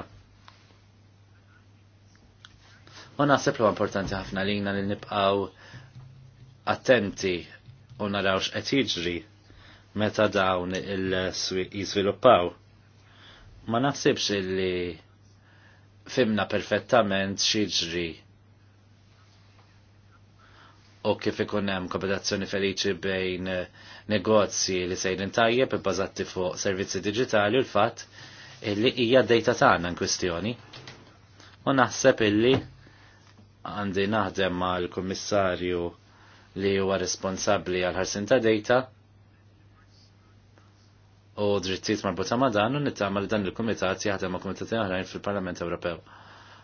U naħseb li importanti ħafna lina li nibqaw attenti u narawx x'qed jiġri meta dawn il jiżviluppaw. Ma naħsibx li fimna perfettament xieġri u kif ikun hemm kombinazzjoni feliċi bejn negozji li sejrin tajjeb ibbażati fuq servizzi diġitali u l-fatt li hija dejta tagħna n kwistjoni. U naħseb illi għandi naħdem ma' l-Kummissarju li huwa responsabbli għal ħarsin ta' data u drittijiet marbuta ma' dan u nittama li dan il-Kumitat jaħdem ma' Kumitati oħrajn fil-Parlament Ewropew.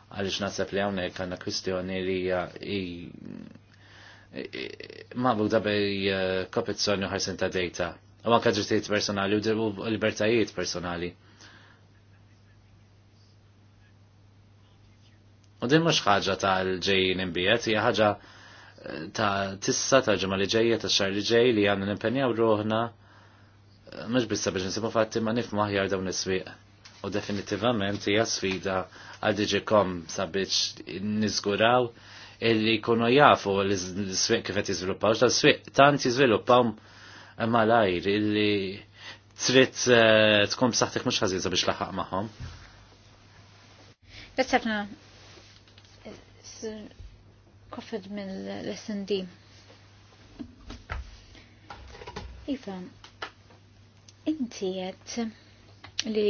Għaliex naħseb li hawnhekk għandna kwistjoni li hija ma' bugda bej eh, kopizzjoni u ħarsin ta' data. U għanka drittijiet personali u libertajiet personali. U din mhux ħaġa tal-ġejjin imbiet, hija ħaġa eh, ta' tissa ta' ġimgħa li ġejja ta' xar li ġej li għandna nimpenjaw ruħna eh, mhux bissa biex nsibu fatti ma nifhmu aħjar dawn is-swieq. U definitivament hija sfida għal diġikom sabiex niżguraw illi jkunu jafu l swieq kif qed jiżviluppaw, tal swieq tant jiżviluppaw malajr illi trid eh, tkun b'saħħtek mhux ħażiża biex laħaq magħhom. Kofed mill-SND. Iva, inti li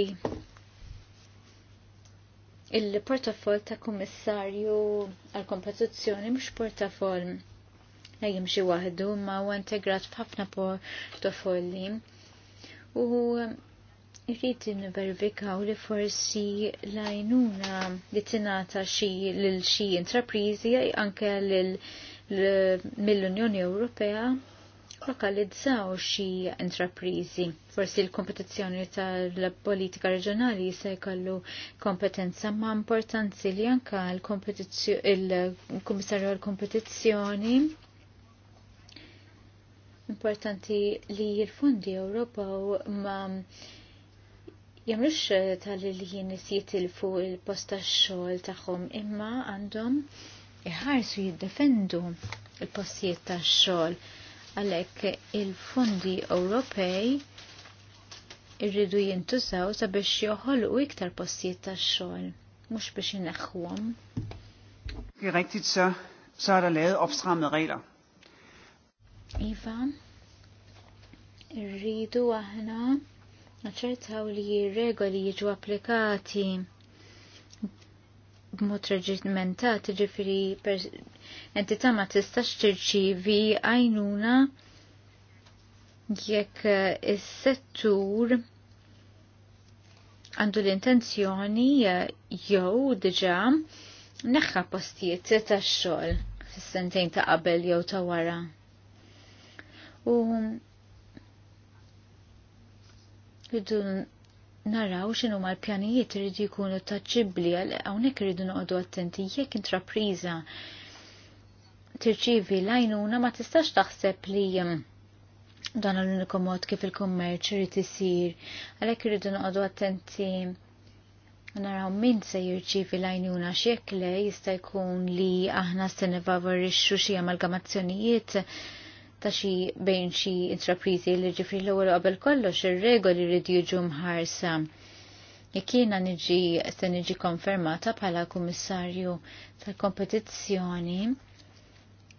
il-portafol ta' kummissarju għal-kompetizzjoni mhux portafol la jimxi wahdu ma huwa integrat f'ħafna portafolli. U Irrid u li forsi lajnuna li tinata xi lil xi intrapriżi anke lil mill-Unjoni Ewropea lokalizzaw xi intrapriżi. Forsi l-kompetizzjoni tal-politika reġjonali se jkollu kompetenza ma' importanzi li anka l-Kummissarju għall-Kompetizzjoni importanti li l-fondi Ewropew ma' jemrux eh, tal-li jien fu il-posta xogħol tagħhom imma għandhom iħarsu jiddefendu il-postijiet ta' xogħol għalhekk il-fondi Ewropej irridu jintużaw sabiex joħolqu iktar postijiet ta' xogħol, mhux biex ineħħuhom. Rigtigt sa så er lavet opstrammede regler. Iva, irridu aħna naċertaw li regoli jiġu applikati b'mod reġimentat, ġifiri entità ma tistax tirċivi għajnuna jekk eh, is-settur għandu l-intenzjoni eh, jew diġà neħħa postijiet tax-xogħol fis-sentejn ta' qabel jew ta' wara. U Rridu naraw ma l pjanijiet irridu jkunu għal hawnhekk irridu noqogħdu attenti jekk intrapriża tirċivi lajnuna ma tistax taħseb li um, dan l-uniku mod kif il-kummerċ irid isir għalhekk irridu noqogħdu attenti naraw min se jirċivi lajnuna x'jekk le jista' jkun li aħna se nevavorixxu xi amalgamazzjonijiet ta' xi bejn xi intraprizi li ġifri l-ewwel qabel kollox ir-regoli rridu jiġu mħarsa. Jekk jiena niġi se niġi konfermata bħala kummissarju tal-kompetizzjoni,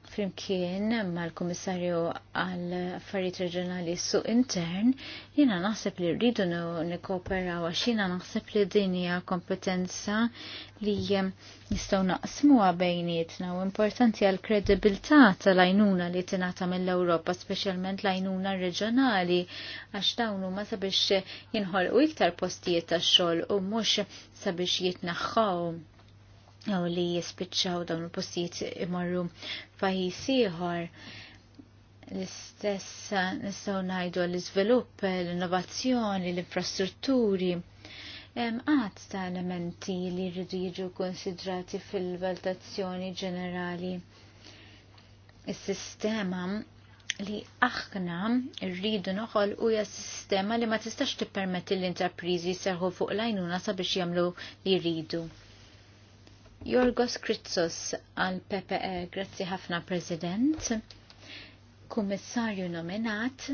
flimkien mal-Komissarju għal affarijiet Reġjonali suq intern, jiena naħseb li rridu nikkooperaw għax jiena naħseb li din hija kompetenza li nistgħu naqsmuha bejnietna u importanti għal kredibilità tal-għajnuna li tingħata mill-Ewropa, speċjalment l-għajnuna reġjonali għax dawn huma sabiex jinħolqu iktar postijiet tax-xogħol u mhux sabiex jitnaħħaw jew li jispiċċaw dawn il-postijiet imorru pajjiż ieħor l-istess nistgħu ngħidu l-iżvilupp, l-innovazzjoni, l-infrastrutturi. Għad ta' elementi li rridu jiġu konsidrati fil-valutazzjoni ġenerali. Is-sistema li aħna rridu noħol u sistema li ma tistax tippermetti l-intrapriżi serħu fuq lajnuna sabiex jagħmlu li jridu. Jorgos Kritsos għal PPE, grazzi ħafna President. Kummissarju nominat,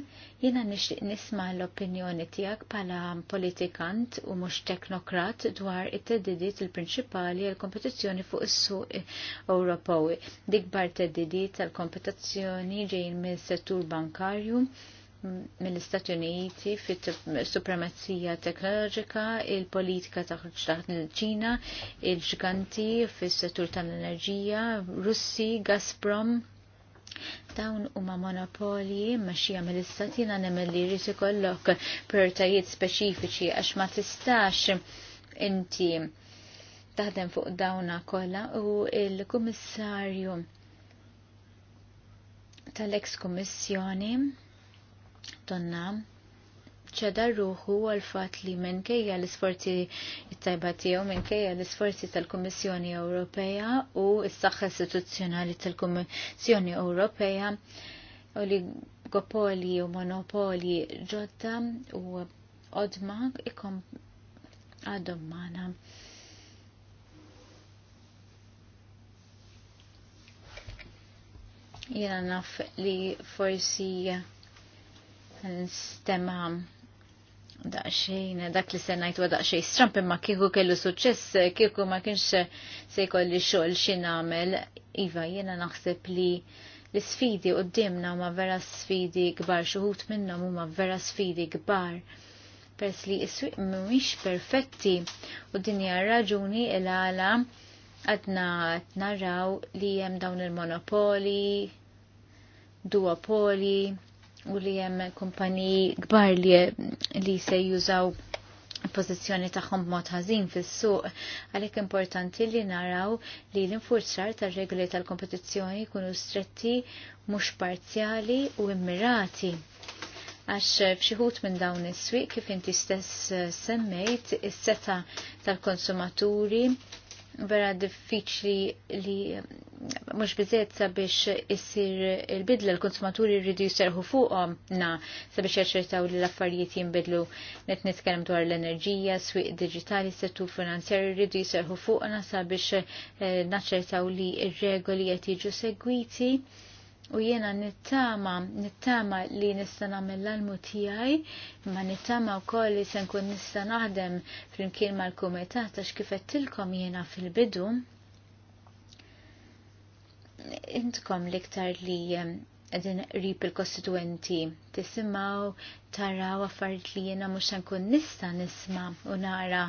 jena nixtieq nisma' l-opinjoni tiegħek bħala politikant u mhux teknokrat dwar it-teddidiet il-prinċipali għal kompetizzjoni fuq is-suq Ewropew. Dikbar teddidiet tal kompetizzjoni ġejjin mis-settur bankarju, mill-Istati Uniti fit-supremazija teknoloġika, il-politika ta' taħt il-ċina, il-ġganti fis-settur tal-enerġija, Russi, Gazprom. Dawn huma monopoli mexxija mill-Istati jiena li jrid ikollok prioritajiet speċifiċi għax ma tistax inti taħdem fuq dawna kollha u il-Kummissarju tal-ex Kummissjoni Donna, ċedar ruħu għal fat li minkejja l-isforzi t-tajba tiegħu minkejja l-isforzi tal-Kummissjoni Ewropea u s-saħħa istituzzjonali tal-Kummissjoni Ewropea u li gopoli u monopoli ġodda u odma ikom għadhom magħna. Jena naf li forsi nistema daqxejn, dak li sennajt wa daqxej stramp imma kieku kellu suċċess, kieku ma kienx se jkolli xogħol xin nagħmel. Iva, jiena naħseb li l-sfidi qoddimna ma vera sfidi kbar, xuħut minnhom huma vera sfidi kbar. Pers li s-swiq mhuwiex perfetti u dinja raġuni il-għala għadna naraw li hemm dawn il-monopoli, duopoli, u li hemm kumpaniji gbar li, li se jużaw pożizzjoni tagħhom b'mod ħażin fis-suq, għalhekk importanti li naraw li l-infurzar tar-regoli tal-kompetizzjoni jkunu stretti mhux parzjali u immirati għax fxieħut minn dawn is-swieq kif inti stess semmejt is-seta tal-konsumaturi vera diffiċli li mhux biżiet sabiex issir il-bidla l-konsumaturi jridu jserħu fuqhom na sabiex jaċċertaw li l-affarijiet jinbidlu qed nitkellem dwar l-enerġija, swieq diġitali, settur finanzjarju jridu jserħu fuqna sabiex eh, naċċertaw li r-regoli qed jiġu segwiti u jiena nittama, nittama li nista nagħmel l-almu tiegħi, ma nittama wkoll li se nkun nista naħdem flimkien mal-kumitat għax kif qedtilkom jiena fil-bidu. Intkom liktar li edin rip il-kostituenti. Tisimaw taraw affarijiet li jena mux nkun nista nisma u nara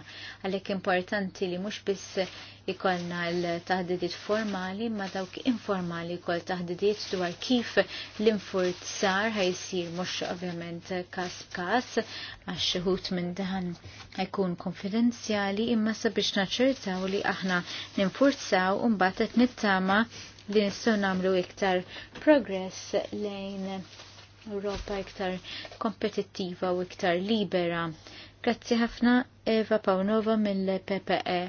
għalek importanti li mux biss ikolna l-taħdidiet formali ma dawk informali kol taħdidiet dwar kif l-infurzar ħajsir mux ovvjament kas kas għax ħut minn dan ħajkun konfidenzjali imma sabiex naċertaw li aħna ninfurzaw un batet nittama li nistgħu nagħmlu iktar progress lejn Ewropa iktar kompetittiva u iktar libera. Grazzi ħafna Eva Pawnova mill-PPE.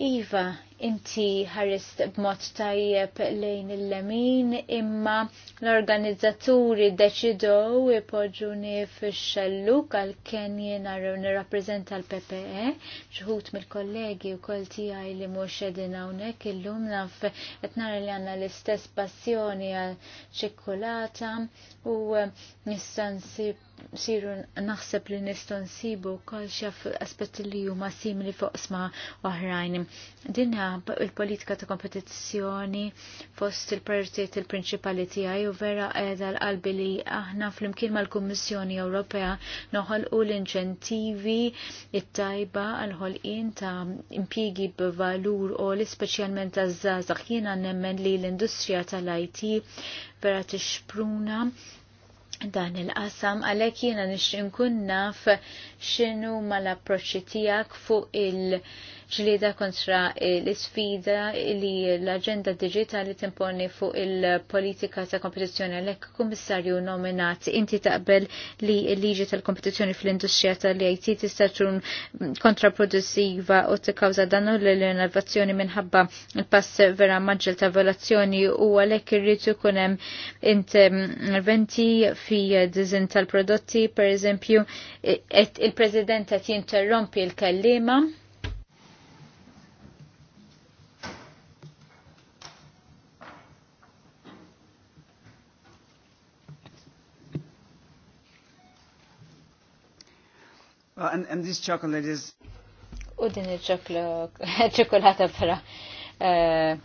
Iva, inti ħarist b'mod tajjeb lejn il-lemin, imma l-organizzaturi deċidow ipoġuni fix-xellu għal kien jiena nirrappreżenta l-PPE, ġħut mill-kollegi u kol tiegħi li mhux qegħdin hawnhekk illum naf qed nara li għandna l-istess passjoni għal ċikkulata u nista' nsib siru naħseb li nistgħu nsibu wkoll xi aspetti li huma simili fuq sma oħrajn. Dinha il-politika ta' kompetizzjoni fost il-prioritiet il-prinċipali tiegħi u vera qiegħda l-qalbi li aħna flimkien mal-Kummissjoni Ewropea noħolqu l-inċentivi it-tajba għal ħolqien ta' impjiegi b'valur u li speċjalment taż-żgħażagħ jiena nemmen li l-industrija tal-IT vera tixpruna dan il-qasam għalhekk jiena nix nkun naf x'inhu mal-approċċi tiegħek fuq il- ġlida kontra l-isfida li l-agenda digitali timponi fuq il-politika ta' kompetizzjoni għalek kummissarju nominat inti taqbel li l-liġi tal-kompetizzjoni fl-industrija tal-IT tista' tkun kontraproduttiva u tikkawża dannu l-innovazzjoni minħabba l-pass vera maġġel ta' violazzjoni u għalek irritu kunem hemm interventi fi dizin tal-prodotti, per eżempju, e- il-President qed jinterrompi l-kellima Uh, and, and this chocolate is... U din il-ċokolata [LAUGHS] vera eh,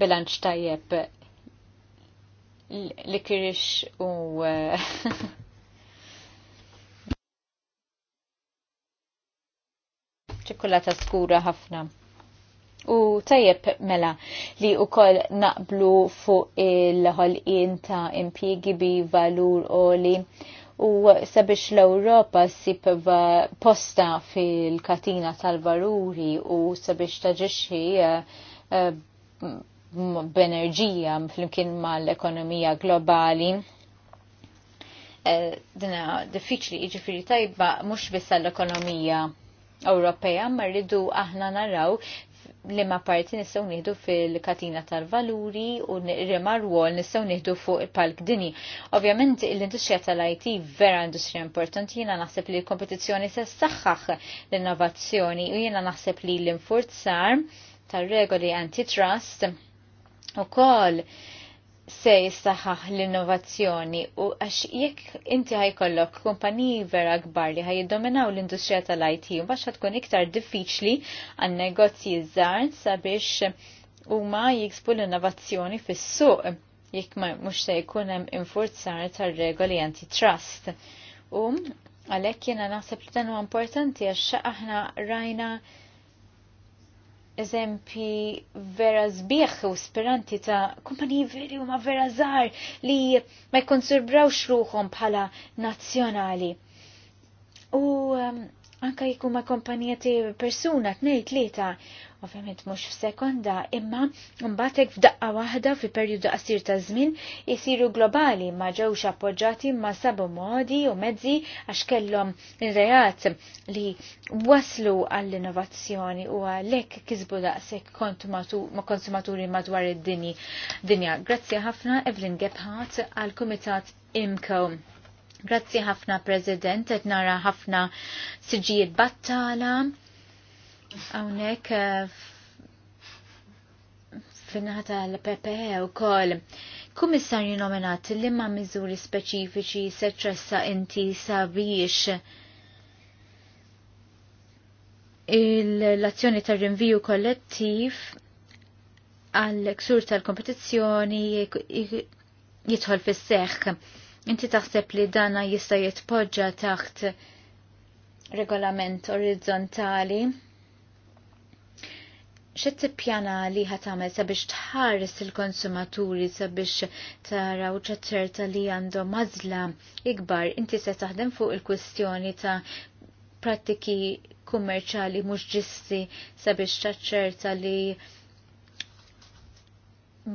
bilanċ tajjeb li kirix u eh, ċokolata skura ħafna. U tajjeb mela li u koll naqblu fuq il-ħolqin ta' impiegi bi valur oli. li u sabiex l-Ewropa ssib posta fil-katina tal-valuri u sabiex taġixxi eh, eh, b'enerġija flimkien mal-ekonomija globali. Eh, dina diffiċli iġifiri tajba mhux biss l-ekonomija Ewropea ma rridu aħna naraw li ma parti nistaw nieħdu fil-katina tal-valuri u rima rwol nistaw nieħdu fuq il-palk dini. Ovvjament l-industrija tal-IT vera industrija importanti jiena naħseb li l-kompetizzjoni se saħħaħ l-innovazzjoni u jiena naħseb li l-infurzar tal-regoli antitrust u koll se jistaħħaħ l-innovazzjoni u għax jekk inti ħajkollok kumpaniji vera kbar li ħajiddominaw l-industrija tal-IT u għax tkun iktar diffiċli għan negozji żgħar sabiex huma jiksbu l-innovazzjoni fis-suq jekk ma mhux se jkun hemm infurzar tar-regoli antitrust. U għalhekk jiena naħseb li dan huwa importanti għax aħna rajna eżempi vera zbieħ u speranti ta' kumpaniji veri u ma' vera zar li ma' jkonsurbrawx xruħom bħala nazzjonali. U um, anka jkun ma' kompanija persuna, tnej, tlieta, ovvjament mhux f'sekonda, imma mbagħadek f'daqqa waħda fi perjodu qasir ta' żmien isiru globali ma ġewx appoġġati ma sabu modi u mezzi għax kellhom reat li waslu għall-innovazzjoni u għalhekk kisbu daqshekk ma' konsumaturi madwar id-dinji. Dinja, grazzi ħafna Evelyn Gebhardt għal-Kumitat IMCO. Grazzi ħafna President, qed nara ħafna siġijiet battala Għawnek eh, finnaħata l-PPE u kum Kummissarju nominat li ma' miżuri speċifiċi seċessa inti sabiex l-azzjoni tar rinviju kollettiv għal-ksur tal-kompetizzjoni jitħol fis seħħ Inti taħseb li dana jista' jitpoġġa taħt regolament orizzontali xe tippjana li ħatamel sabiex tħares il-konsumaturi sabiex taraw ċaċerta li għandhom mażla ikbar inti se taħdem fuq il-kwestjoni ta' prattiki kummerċali mhux ġisti sabiex ċaċerta li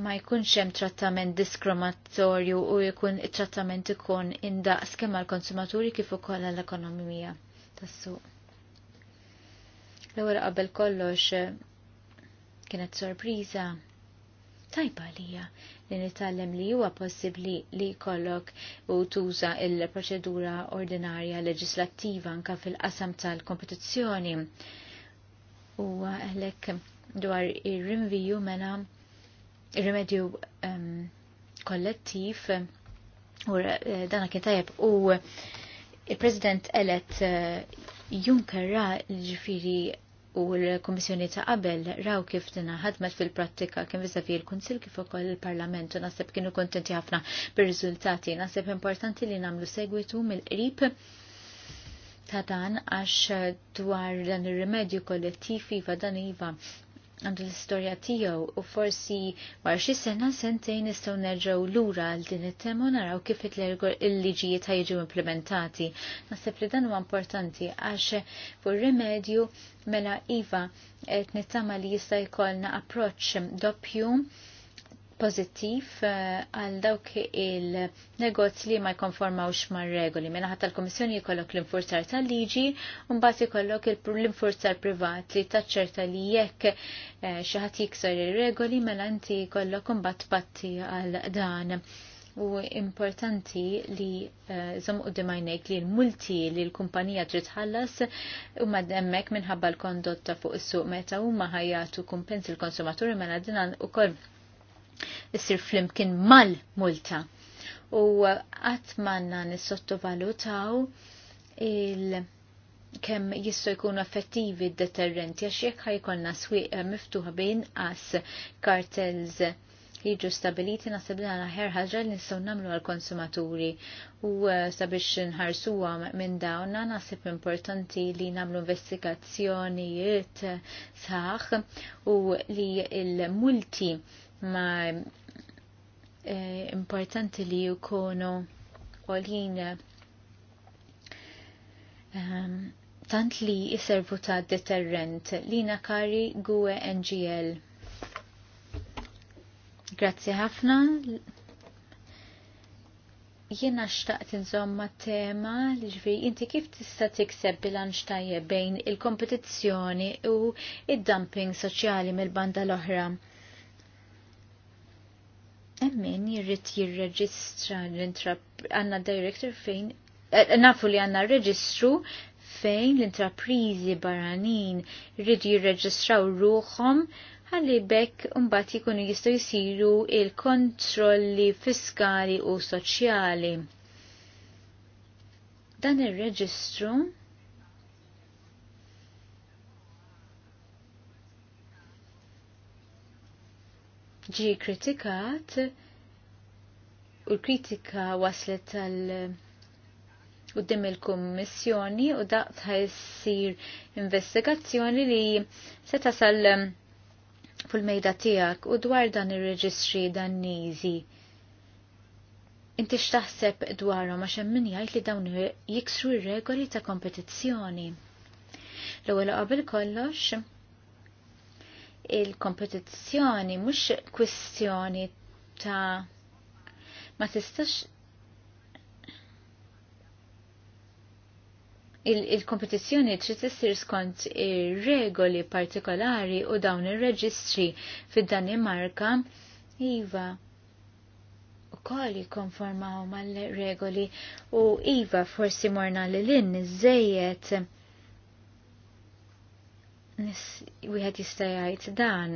ma jkunx hemm trattament diskriminatorju u jkun it-trattament ikun indaqs kemm għall-konsumaturi kif ukoll għall-ekonomija tas-suq. L-ewwel qabel kollox kienet sorpriża tajba għalija li nitallem li huwa possibbli li kollok u tuża il-proċedura ordinarja leġislattiva anka fil-qasam tal-kompetizzjoni. U għalek dwar ir-rinviju mela ir-remedju um, ehm, kollettiv u eh, dana kien tajab u il-President elet uh, eh, Juncker ra ġifiri u l-Komissjoni ta' qabel raw kif tina ħadmet fil-prattika kien fi l-Kunsil kif ukoll il-Parlament u naħseb kienu kontenti ħafna bir-riżultati. Naħseb importanti li nagħmlu segwitu mill-qrib ta' dan għax dwar dan ir-rimedju kollettiv iva dan iva għandu l-istorja tiegħu u forsi wara sena sentejn nistgħu l lura għal din it-tema naraw kif il-liġijiet ħajġu implementati. Naħseb li dan huwa importanti għax fuq rimedju mela iva qed nittama li jista' jkollna approċċ doppju pozittiv eh, għal dawk il-negozji li ma jkonformawx mar regoli. Mena ħatta l-Komissjoni jkollok l-infurzar tal-liġi, mbagħad jkollok l-infurzar privat li taċċerta li jekk eh, xi ħadd jiksar ir-regoli mela inti jkollok bat patti għal dan. U importanti li zom eh, u dimajnejk li l-multi li l-kumpanija trid ħallas u maddemmek minħabba l-kondotta fuq is-suq meta u maħajatu kumpens il-konsumaturi mela dinan u kol issir flimkien mal-multa. U għatmanna nissottovalutaw il- kemm jistgħu jkunu effettivi d-deterrenti għax jekk ħajkonna swieq miftuħa bejn as kartels jiġu stabiliti naħseb li għana ħer ħagġa li nistgħu nagħmlu għall-konsumaturi u eh, sabiex nħarsuha minn dawn naħseb importanti li nagħmlu investigazzjonijiet saħ u li l-multi ma eh, importanti li jkunu għolin um, ehm, tant li jiservu ta' deterrent li nakari guwe NGL. Grazzi ħafna. Jiena xtaqt insomma tema li ġviri inti kif tista tikseb bilanċ tajjeb bejn il kompetizzjoni u id-dumping soċjali mill-banda l-oħra emmen jirrit jirreġistra l għanna director fejn eh, nafu li għanna reġistru fejn l-intraprizi barranin rridu jirreġistraw ruħom għalli bekk umbat jikunu jistu jisiru il-kontrolli fiskali u soċjali. Dan il-reġistru ġi kritikat u l-kritika waslet tal dim il-kummissjoni u daqt ħajsir investigazzjoni li se tasal um, fil-mejda tiegħek u dwar dan ir-reġistri Danniżi. Inti x'taħseb dwarhom għax hemm min jgħid li dawn jiksru r-regoli ta' kompetizzjoni. L-ewwel qabel kollox, il-kompetizzjoni mhux kwistjoni ta' ma tistax il-kompetizzjoni trid issir skont ir-regoli partikolari u dawn ir-reġistri fid-Danimarka iva ukoll jikkonformaw mal-regoli u iva forsi morna lil in iżejjed wieħed jista' jgħid dan.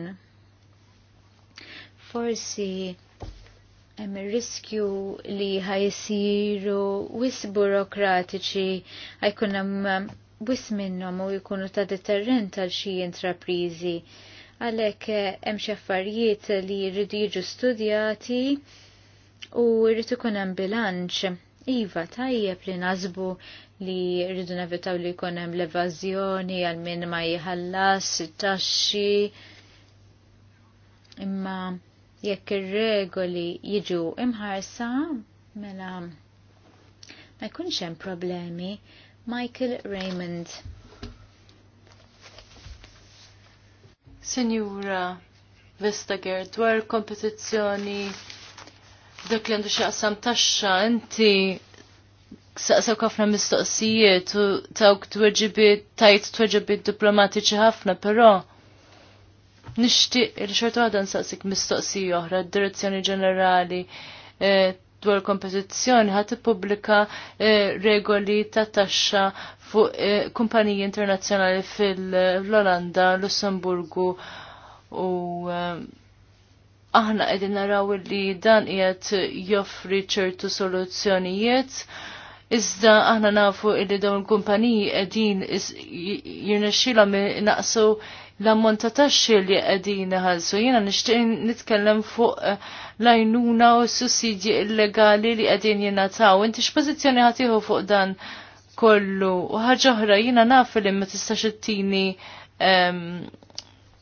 Forsi hemm ir-riskju li ħajsiru wis burokratiċi ħajkun hemm um, wis minnhom u jkunu ta' deterrent għal xi intrapriżi. Għalhekk eh, hemm xi affarijiet li jridu jiġu studjati u jrid ikun hemm bilanċ Iva, tajjeb li nazbu li rridu nevitaw li hemm l-evazjoni għal min ma jħallas, taxxi. Imma jekk ir-regoli jiġu imħarsa, mela ma jkunx hemm problemi. Michael Raymond. Sinjura Vestager dwar kompetizzjoni dak li għandu xaqsam taxxa inti saqsaw ħafna mistoqsijiet u tawk tweġibiet tajt tweġibiet diplomatiċi ħafna, però nixtieq li xortu għadan saqsik mistoqsija oħra d-direzzjoni ġenerali eh, dwar kompetizzjoni ħat ippubblika eh, regoli ta' taxxa fuq eh, kumpaniji internazzjonali fil-Olanda, Lussemburgu u aħna qegħdin naraw li dan qiegħed joffri ċertu soluzzjonijiet. Iżda aħna nafu illi dawn il-kumpaniji qegħdin jirnexxilhom naqsu l-ammont ta' taxxi li qegħdin iħallsu. Jiena nixtieq nitkellem fuq eh, lajnuna u sussidji illegali li qegħdin jingħataw. Inti x-pozizjoni ħadd fuq dan kollu? U ħaġa oħra jiena li ma tistax ittini ehm,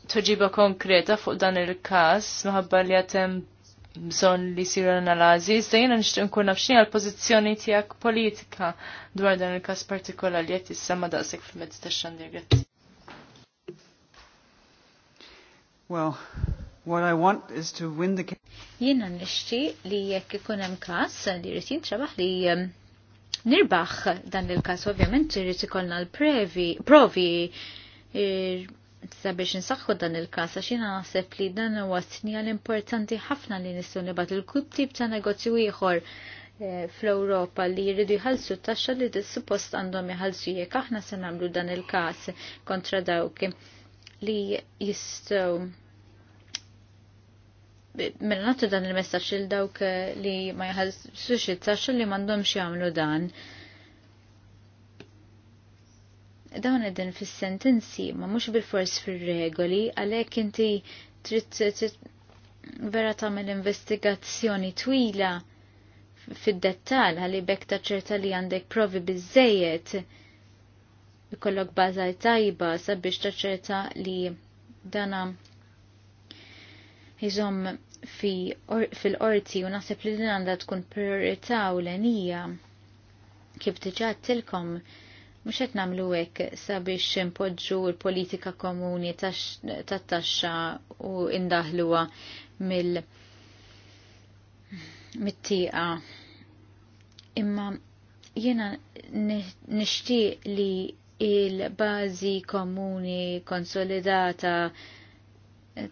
toġiba konkreta fuq dan il-kas, maħabba li għatem bżon li siru analazi, iżda jena nishtu nkun nafxin għal-pozizjoni tijak politika dwar dan il-kas partikolari għet sama daqsek fil-medz ta' Well, what I want is to win the case. Jena nishti li jekk ikun hemm kas li rrit jintrabaħ li um, nirbaħ dan il-kas, ovvjament rrit ikollna l-provi, sabiex nsaxħu dan il-kas għax jiena naħseb li dan huwa sinjal importanti ħafna li nistgħu nibgħat il-kull tip ta' negozju ieħor eh, fl-Europa li jridu jħalsu taxxa li suppost għandhom jħalsu jekk aħna se nagħmlu dan il-każ kontra dawk li jistgħu Mela nagħtu dan il messaċ il dawk eh, li ma jħallsux it li m'għandhomx jagħmlu dan dawn edin fis-sentenzi ma mhux bil-fors fir-regoli għalhekk inti trid vera tagħmel investigazzjoni twila fid-dettall għalli bekk ċerta li għandek provi biżejjed ikollok baża tajba sabiex taċċerta li dana jizom fil-qorti u naħseb li din għandha tkun priorità l-enija kif diġà tilkom Mux qed nagħmlu hekk sabiex impoġġu l-politika komuni tat-taxxa u indahluwa mill mit-tieqa. Imma jiena nixtieq li il-bażi komuni konsolidata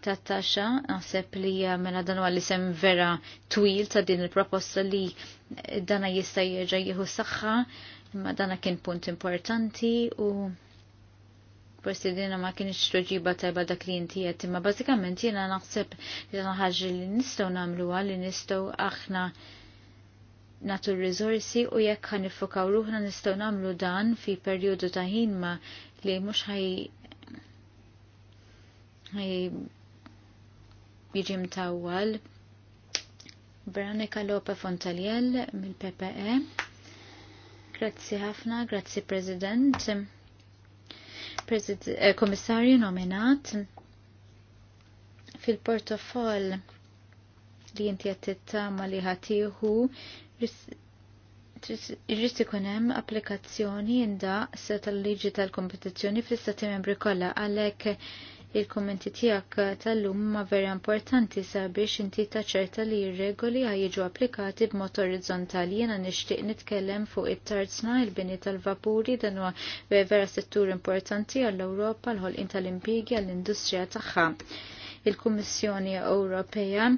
ta' taxxa naħseb li mela dan għalli sem vera twil ta' din il-proposta li dana jista' jerġa' jieħu saħħa ma dana kien punt importanti u forsi dina ma kienx toġiba tajba dak li inti qed imma bażikament jiena naħseb li dan ħaġa li nistgħu nagħmluha li nistgħu aħna natu r u jekk ħanifokaw ruħna nistgħu nagħmlu dan fi perjodu ta' ħin ma li mhux ħaj ħaj jiġi mtawwal Veronika Lope Fontaliel mill-PPE. Grazzi ħafna, grazzi President. President eh, komissarju nominat fil-portofoll li inti tittama li ħatiħu irrid ikun hemm applikazzjoni indaqs tal-liġi tal-kompetizzjoni fl-istati membri kollha għalhekk il-kommenti tijak tal-lum ma vera importanti sabiex inti taċerta li regoli għajġu applikati b'mod orizzontali jena nixtieq nitkellem fuq it-tarzna il-bini tal-vapuri dan huwa vera settur importanti għall-Ewropa l-ħolqin tal-impjegi għall-industrija tagħha. Il-Kummissjoni Ewropea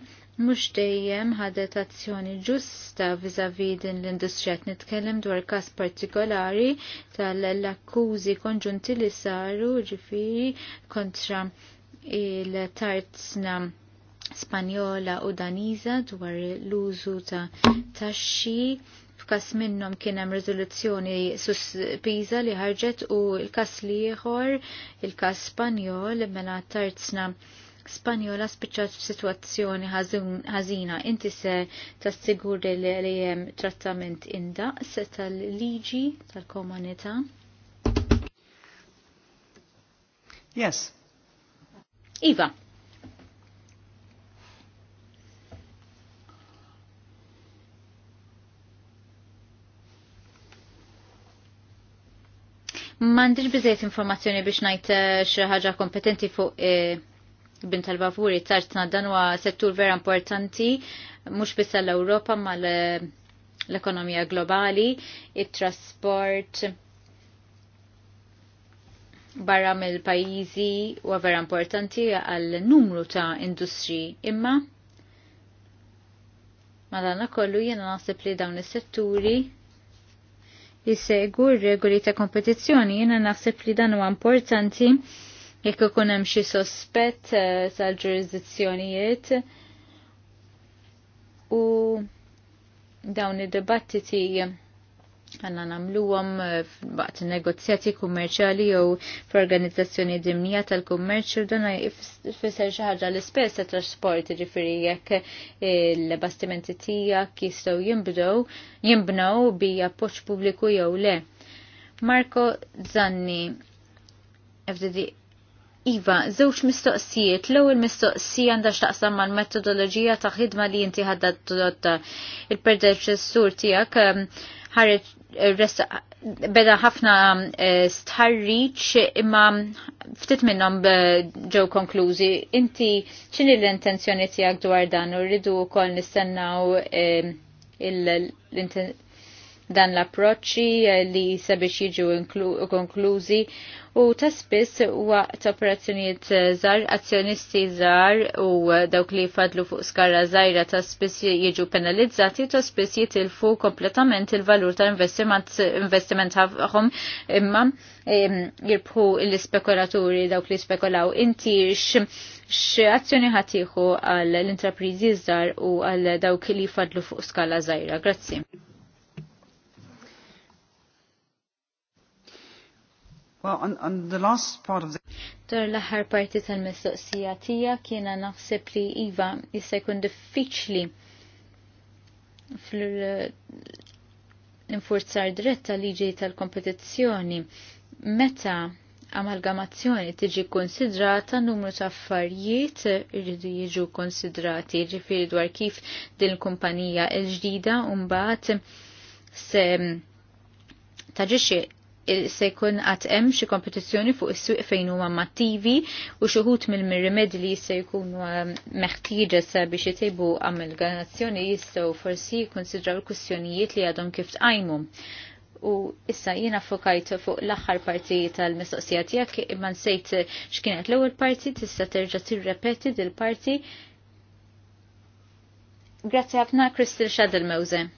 mhux dejjem ħadet azzjoni ġusta viżavi din l-industrija qed nitkellem dwar każ partikolari tal-akkużi konġunti li saru ġifieri kontra il-tartsna Spanjola u Daniza dwar l-użu ta' taxxi f'kas minnhom kien hemm riżoluzzjoni suspiża li ħarġet u l-kas liħor, il-kas Spanjol mela tarzna Spanjola spiċċat situazzjoni ħażina inti se tassigur li hemm trattament indaqs tal-liġi tal-komunità. Yes. Iva. Mandiġ bizzejt informazzjoni biex najt eh, xi ħaġa kompetenti fuq eh, bin tal-vapuri tartna dan huwa settur vera importanti mhux biss l-Ewropa ma l-ekonomija globali, it-trasport barra mill-pajjiżi huwa vera importanti għal numru ta' industri imma madana kollu jiena naħseb li dawn is-setturi jissegur regoli ta' kompetizzjoni jiena naħseb li dan huwa importanti jekk ikun hemm xi sospett eh, tal-ġurisdizzjonijiet u dawn id-dibattiti għanna namluwam baqt eh, negozjati kummerċali jew f'organizzazzjoni dimnija tal-kummerċ u dan jfisser xi ħaġa l-ispess ta' trasport ġifieri jekk il-bastimenti tiegħek jistgħu jinbdew jinbnew bi appoġġ pubbliku jew le. Marco Zanni, FDD Iva, żewġ mistoqsijiet, l-ewwel mistoqsija għandha x'taqsam mal-metodoloġija ta' ħidma li inti ħadda dotta il-predeċessur tiegħek um, ħareġ uh, beda ħafna uh, stħarriċ imma ftit minnom uh, ġew konklużi. Inti x'inhi l-intenzjoni tijak dwar dan u rridu kol nistennaw um, l-intenzjoni dan l-approċċi eh, li sabiex jiġu konklużi u ta' spiss waqt operazzjonijiet eh, żgħar, azzjonisti żgħar u eh, dawk li fadlu fuq skarra żgħira ta' spiss jiġu penalizzati u ta' spiss jitilfu kompletament il-valur ta' investiment tagħhom imma jirbħu l-ispekulaturi dawk li spekulaw inti x'azzjoni ħatiħu għall l-intrapriżi żgħar u għal dawk li fadlu fuq skala żgħira. Grazzi. Well, on, on the last part of the... Dor l-aħħar parti tal-mistoqsija tija kiena naħseb li Iva jista' jkun diffiċli fl-infurzar diretta liġi tal-kompetizzjoni meta amalgamazzjoni tiġi konsidrata numru ta' affarijiet irridu jiġu konsidrati ġifiri dwar kif din kumpanija l-ġdida mbagħad se taġixxi se jkun għat hemm xi kompetizzjoni fuq is-suq fejn huma mattivi u xi wħud mill-rimedi li se jkunu ehm, meħtieġa biex jitejbu amalgamazzjoni jistgħu forsi jikkunsidraw l kwistjonijiet li għadhom kif tqajmu. U issa jiena fokajt fuq l-aħħar parti tal-mistoqsija tiegħek imma nsejt x'kienet l-ewwel parti tista' terġa' tirrepeti dil-parti. Grazzi ħafna Kristel Schadel Mewze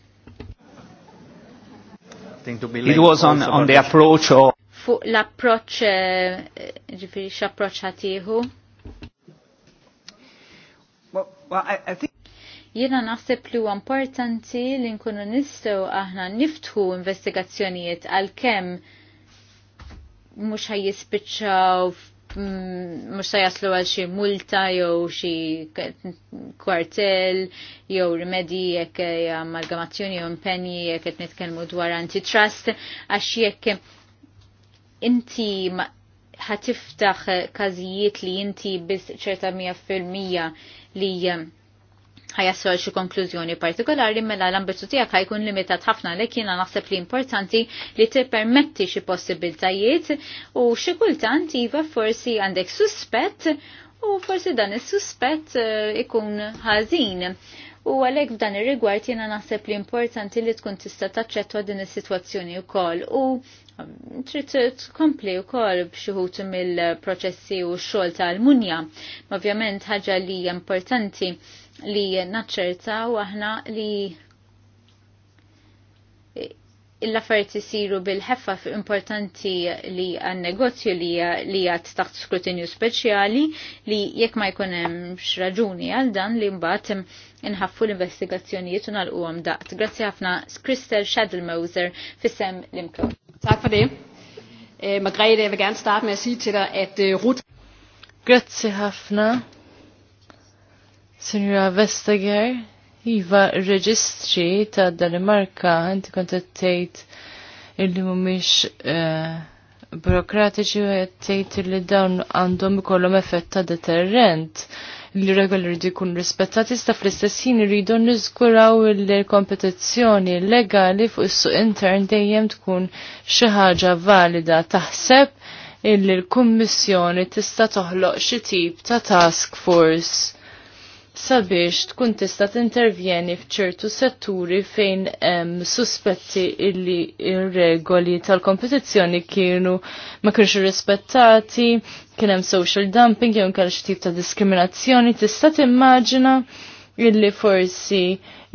something to be It was on, on the approach or Fuq l-approċ, eh, ġifiri x-approċ ħatiħu? Jena naħseb li huwa importanti li nkunu nistgħu aħna niftħu investigazzjonijiet għal kemm mhux ħajjispiċċaw mux mm, sajaslu jaslu għal xie multa jew xie kwartel jew rimedi jekk amalgamazzjoni jew impenji jekk qed nitkellmu dwar antitrust għax jekk inti ħatiftaħ każijiet li inti biss ċerta mija fil-mija li ħajassol xi konklużjoni partikolari mela l-ambitu tiegħek ħajkun limitat ħafna li jiena naħseb li importanti li tippermetti xi possibiltajiet u xi kultant iva forsi għandek suspett u forsi dan is-suspett eh, ikun ħażin. U għalhekk f'dan ir-rigward jiena naħseb li importanti li tkun tista' taċċetta din is-sitwazzjoni wkoll u um, trid tkompli wkoll b'xi mill-proċessi u x-xogħol tal-munja. Ovvjament ħaġa li hija importanti li naċċertaw aħna li l-affarijiet isiru bil-ħeffa importanti li għan negozju li li għad taħt skrutinju speċjali li jekk ma jkun hemm raġuni għal dan li mbagħad inħaffu l-investigazzjonijiet u nagħlquhom daqt. Grazzi ħafna Kristel Shadelmoser fissem l-imkom. Tak for det. Eh, Margrethe, jeg vil gerne starte med at sige til dig, at eh, Ruth... Grazie, Sinjura Vestager, Iva, reġistri ta' Danimarka, inti kontattejt illi mumiex uh, eh, burokratiċi u għettejt li dawn għandhom ikollhom effett ta' deterrent li regoli rridu jkun rispettati sta fl-istess rridu nizguraw niżguraw il-kompetizzjoni legali fuq is-suq intern dejjem tkun xi ħaġa valida taħseb illi l-Kummissjoni tista' toħloq xi tip ta' task force sabiex tkun tista' tintervjeni f'ċertu setturi fejn hemm suspetti illi ir-regoli tal-kompetizzjoni kienu ma kienx irrispettati, kien hemm social dumping jew inkella tip ta' diskriminazzjoni, tista' timmaġina illi forsi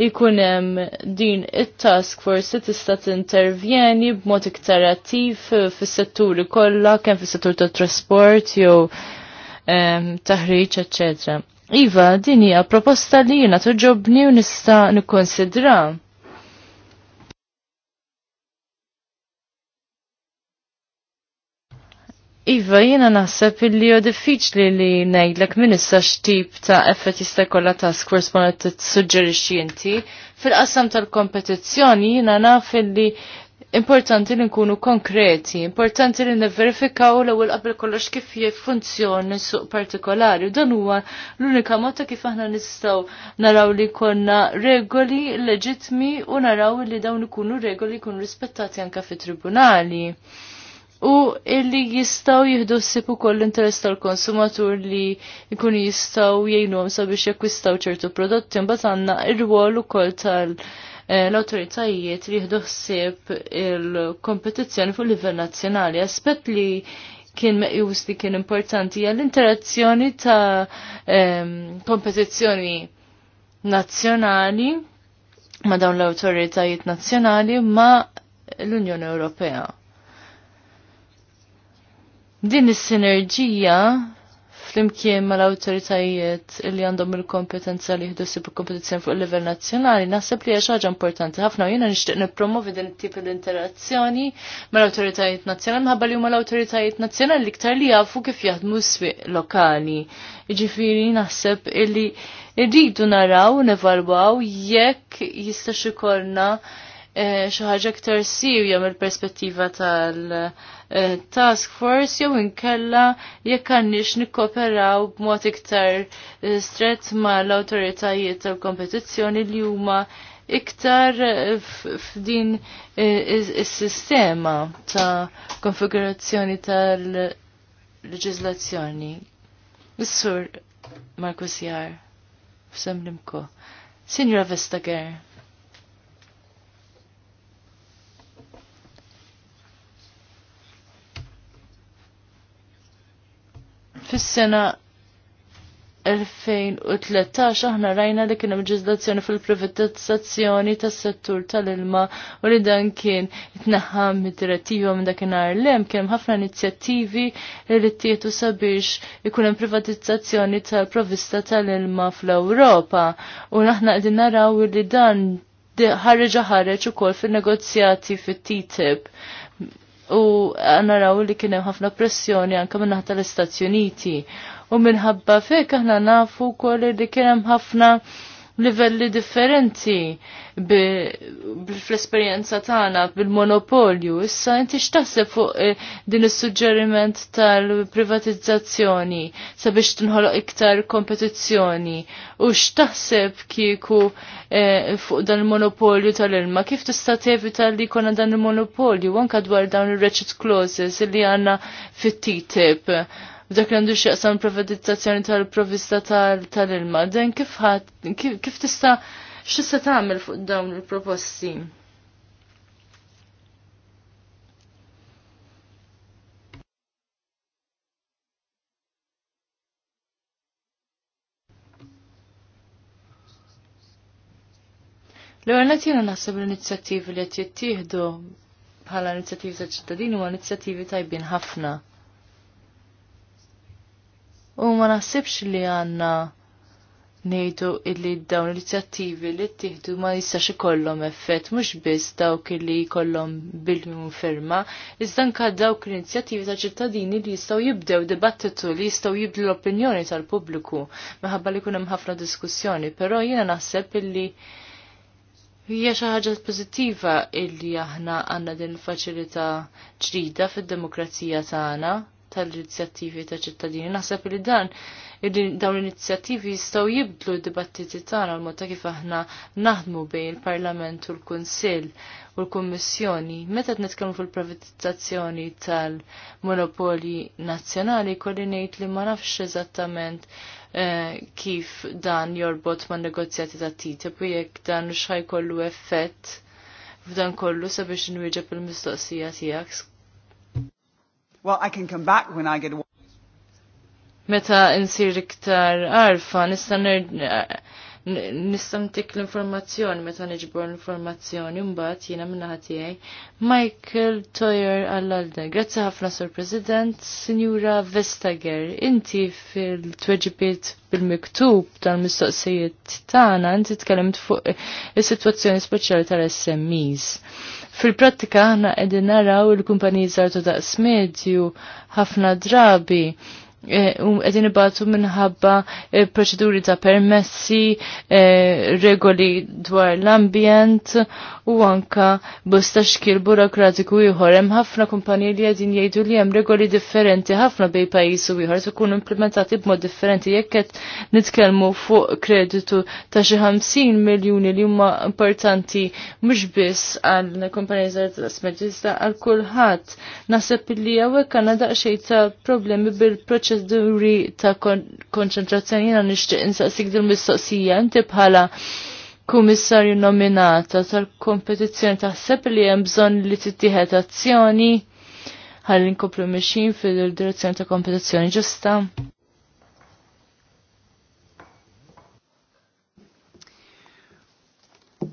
jkun hemm din it-task forsi tista' tintervjeni b'mod iktar attiv fis-setturi kollha kemm fis-settur tat-trasport jew ehm, taħriġ, eċċetera. Iva, din hija proposta li jiena toġobni u nista' nikkonsidra. Iva, jiena naħseb illi hu diffiċli li ngħidlek min issa x'tip ta' effett jista' jkollha task force ma tissuġġerixxi inti. Fil-qasam tal-kompetizzjoni jiena naf illi importanti li nkunu konkreti, importanti li nverifikaw l ewwel qabel kollox kif jiffunzjoni suq partikolari. Dan huwa l-unika mota kif aħna nistgħu naraw li konna regoli leġitmi u naraw li dawn ikunu regoli jkunu rispettati anke fit-tribunali. U illi jistaw jihdu s ukoll u koll interess tal-konsumatur li jkun jistaw jgħinom sabiex jakwistaw ċertu prodotti, mbagħad għandna r rwol ukoll tal- Eh, l-autoritajiet li jihdu il-kompetizzjoni fuq livell nazzjonali. Aspett li kien meqjus li kien importanti għall interazzjoni ta' ehm, kompetizzjoni nazzjonali ma' dawn l-autoritajiet nazzjonali ma' l-Unjoni Ewropea. Din is-sinerġija flimkien mal awtoritajiet li għandhom il-kompetenza li jihdu sibu kompetizzjoni fuq il-livell nazzjonali, naħseb li hija ħaġa importanti ħafna jiena nixtieq nippromovi din it-tip l-interazzjoni mal awtoritajiet nazzjonali minħabba li huma l-awtoritajiet nazzjonali iktar li jafu kif jaħdmu s-swieq lokali. Jiġifieri naħseb illi rridu naraw, nevalwaw jekk jistax korna Eh, xi ħaġa aktar sirja mill-perspettiva tal-task eh, force jew inkella jekk għandniex nikkoperaw b'mod iktar eh, strett mal-awtoritajiet tal-kompetizzjoni li huma iktar f'din is-sistema ta' konfigurazzjoni tal-leġiżlazzjoni. Is-sur Markus Jar, f'Semlimko. Signora Vestager. fis-sena 2013 aħna rajna li kienem ġizdazzjoni fil-privatizzazzjoni tas settur tal-ilma u li dan kien itnaħam mid-direttiva minn dakinhar lem kien ħafna inizjattivi li tietu sabiex ikun hemm privatizzazzjoni tal-provista tal-ilma fl-Ewropa u aħna għedin naraw li dan ħareġa ħareġ ukoll fin-negozjati fit-TTIP u naraw li kien hemm ħafna pressjoni anke minna naħta l-Istati Uniti. U minħabba fek aħna nafu kol li kien hemm ħafna livelli differenti fl-esperjenza tagħna bil-monopolju. Issa inti x'taħseb fuq eh, din is-suġġeriment tal-privatizzazzjoni sabiex tinħoloq iktar kompetizzjoni u x'taħseb kieku eh, fuq dan il-monopolju tal-ilma kif tista' tevita li jkollna dan il-monopolju anke dwar dawn ir-reċit clauses li għandna fit-TTIP f'dak li għandu xieqsan privatizzazzjoni tal-provista tal-ilma. Den kif tista' x'issa tagħmel fuq dawn il-proposti? L-għan għet jena nasib l-inizjattivi li għet jittieħdu bħala inizjativi ta' ċittadini u inizjattivi tajbin ħafna. U ma naħsibx li għanna nejdu illi dawn l-inizjattivi li t-tihdu ma jistax ikollhom effett mhux biss dawk li jkollhom bil-mum ferma, iżda nka dawk l-inizjattivi ta' ċittadini li jistgħu jibdew dibattitu li jistgħu jibdu l-opinjoni tal-pubbliku minħabba li jkun hemm ħafna diskussjoni, però jiena naħseb illi Hija xi ħaġa pożittiva illi aħna għandna din faċilità ġdida fid-demokrazija tagħna tal-inizjattivi ta' ċittadini. Naħseb li dan dawn l-inizjattivi jistgħu jibdlu d-dibattiti tagħna l-mod ta' kif aħna naħdmu bejn il-Parlament u l-Kunsill u l-Kummissjoni. Meta nitkellmu fil-privatizzazzjoni tal-monopoli nazzjonali, kolli ngħid li ma nafx eżattament eh, kif dan jorbot ma' negozjati ta' TTIP u jekk dan x'ħajkollu effett f'dan kollu sabiex nwieġeb il-mistoqsija tiegħek Well, I can come back when I get Meta insir iktar arfa, nistan nistantik l-informazzjoni meta neġbor l-informazzjoni mbagħad jiena minnaħa tiegħi. Michael Toyer għall-Alden. Grazzi ħafna Sur President, Sinjura Vestager, inti fil-tweġibiet bil-miktub tal-mistoqsijiet tagħna inti tkellimt fuq is-sitwazzjoni speċjali tal-SMEs. Fil-prattika aħna qegħdin naraw il-kumpaniji żgħar ta' daqs medju ħafna drabi għedin e, um, ibatu minħabba e, proċeduri ta' permessi, e, regoli dwar l-ambjent u anka bosta xkil burokratiku ieħor hemm ħafna kumpanji li għedin jgħidu li hemm regoli differenti ħafna bej pajis u ieħor tkun implementati b'mod differenti jekk qed nitkellmu fuq kreditu ta' xi 50 miljuni li huma importanti mhux biss għal kumpaniji żgħar għal kulħadd. Naħseb li hawnhekk għandna daqsxejn ta' problemi bil-proċeduri ta' konċentrazzjoni jiena nixtieq insaqsik dil-mistoqsija inti bħala kummissarju nominata tal-kompetizzjoni taħseb li hemm bżonn li tittieħed azzjoni ħalli nkomplu mixin fil-direzzjoni ta' kompetizzjoni ġusta.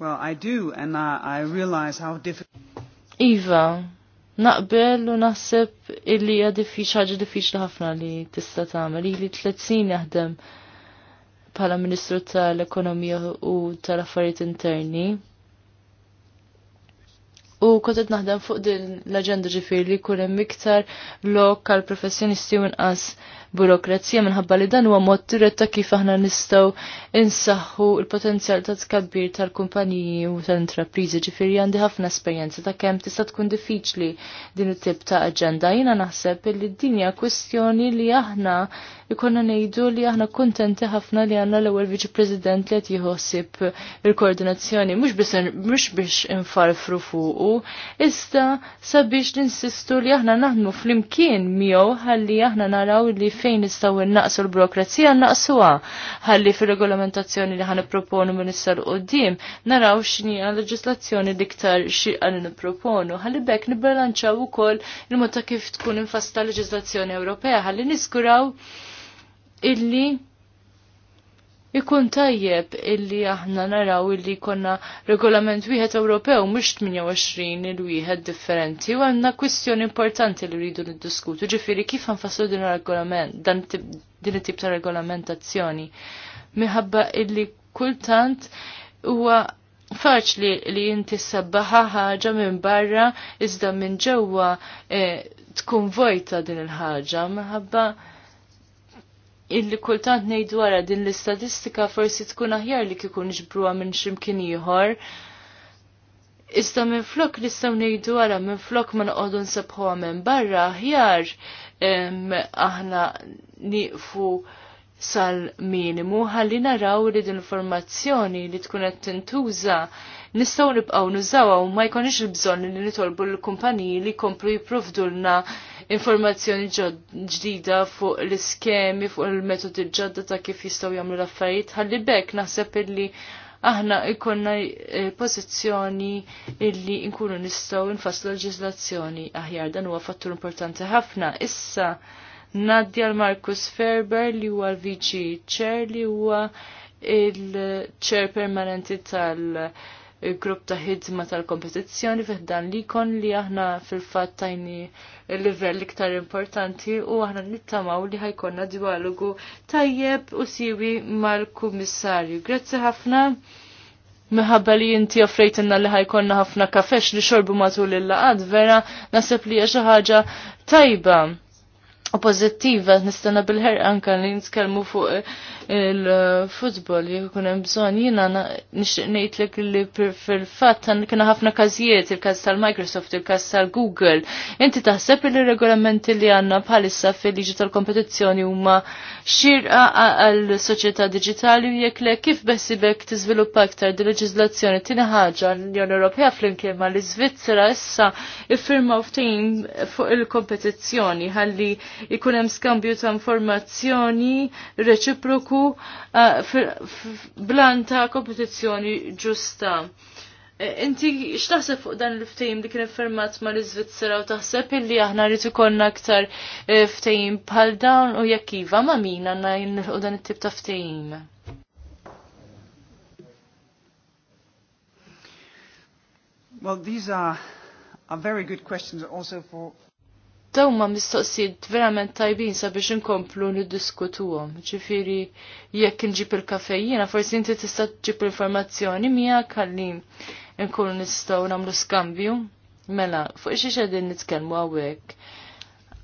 Well, I do, and I, I realize how difficult. Iva, naqbel u naħseb illi hija diffiċ ħaġa diffiċli ħafna li tista' tagħmel. Ili tliet sin jaħdem bħala Ministru tal-Ekonomija u tal-Affarijiet Interni. U kontet naħdem fuq din l-aġenda ġifieri li jkun hemm iktar lok għal professjonisti u nqas burokrazija minħabba li dan huwa mod diretta kif aħna nistgħu insaħħu l-potenzjal ta' tkabbir tal-kumpaniji u tal-intrapriżi ġifieri għandi ħafna esperjenza ta' kemm tista' tkun diffiċli din it-tip ta' aġenda. Jiena naħseb li dinja kwestjoni li aħna ikonna ngħidu li aħna kuntenti ħafna li għandna l-ewwel Viċi President li qed jħossib il-koordinazzjoni mhux biex biex infarfru fuqu, iżda sabiex ninsistu li aħna naħdmu flimkien miegħu ħalli aħna naraw li fejn nistgħu naqsu l-burokrazija naqsuha ħalli fir-regolamentazzjoni li ħana proponu minn issa l-qoddim naraw l leġislazzjoni diktar iktar xieqa li nipproponu ħalli bekk nibbalanċaw ukoll il-mod ta' kif tkun infasta leġislazzjoni Ewropea ħalli niskuraw illi ikun tajjeb illi aħna naraw illi konna regolament wieħed Ewropew mhux 28 il wieħed differenti u għandna kwistjoni importanti li rridu niddiskutu. Ġifieri kif ħanfasslu din regolament dan din it-tip ta' regolamentazzjoni. Minħabba illi kultant huwa faċli li inti sabbaħa ħaġa minn barra iżda minn ġewwa eh, tkun vojta din il-ħaġa minħabba illi kultant nejdu għara din l-istatistika forsi tkun aħjar li kikun ġbruwa minn x'imkien ieħor. Iżda minn flok nistgħu nejdu għara minn flok ma noqogħdu nsebħuha minn barra aħjar aħna nieqfu sal-minimu ħalli naraw li din informazzjoni li tkun qed tintuża nistgħu nibqgħu nużawha u ma jkunx il-bżonn li nitolbu l-kumpaniji li jkomplu jipprovdulna informazzjoni ġdida fuq l-iskemi, fuq il-metodi ġodda ta' kif jistaw jagħmlu l-affarijiet. Ħalli bekk naħseb illi aħna ikonna eh, pożizzjoni illi nkunu nistgħu nfasslu ġizlazzjoni aħjar dan huwa fattur importanti ħafna. Issa Nadja l-Markus Ferber li huwa l-VG Chair li huwa il-ċer permanenti tal- il-grupp ta' ħidma tal-kompetizzjoni fiħdan li kon li aħna fil-fat tajni il-livell iktar importanti u aħna nittamaw li ħajkonna dialogu tajjeb u siwi mal-kummissarju. Grazzi ħafna. Meħabba li inti offrejtinna li ħajkonna ħafna kafex li xorbu matul il-laqad, vera nasib li xi ħaġa tajba u pozittiva nistana bil-ħer anka li nitkellmu fuq il-futbol jekun hemm bżonn jiena nixtieq ngħidlek li fil-fatt kienu ħafna każijiet il-każ tal-Microsoft, il-każ tal-Google. Inti taħseb li regolamenti li għandna bħalissa fil-liġi tal-kompetizzjoni huma xirqa għal-soċjetà diġitali u jekk le kif beħsibek tiżviluppa aktar di leġiżlazzjoni tieni ħaġa l-Unjoni Ewropea flimkien ma l-Iżvizzera issa iffirmaw ftehim fuq il-kompetizzjoni ħalli jkun hemm skambju ta' informazzjoni reċiproku Eh, blan ta' kompetizzjoni ġusta. Eh, inti x'taħseb fuq dan il-ftehim li kien fermat mal iżvizzera u taħseb illi aħna rritu ikollna aktar eh, ftehim bħal dawn u jekk iva ma' min għandna jinħu dan it-tip ta' ftehim. Well, these are, are very good questions also for, Dawma ma mistoqsijiet verament tajbin sabiex inkomplu niddiskutuhom. Ġifieri jekk inġib il-kafejjina, forsi inti tista' tġib l-informazzjoni miegħek ħalli nkunu nistgħu nagħmlu skambju. Mela, fuq xi qegħdin nitkellmu hawnhekk.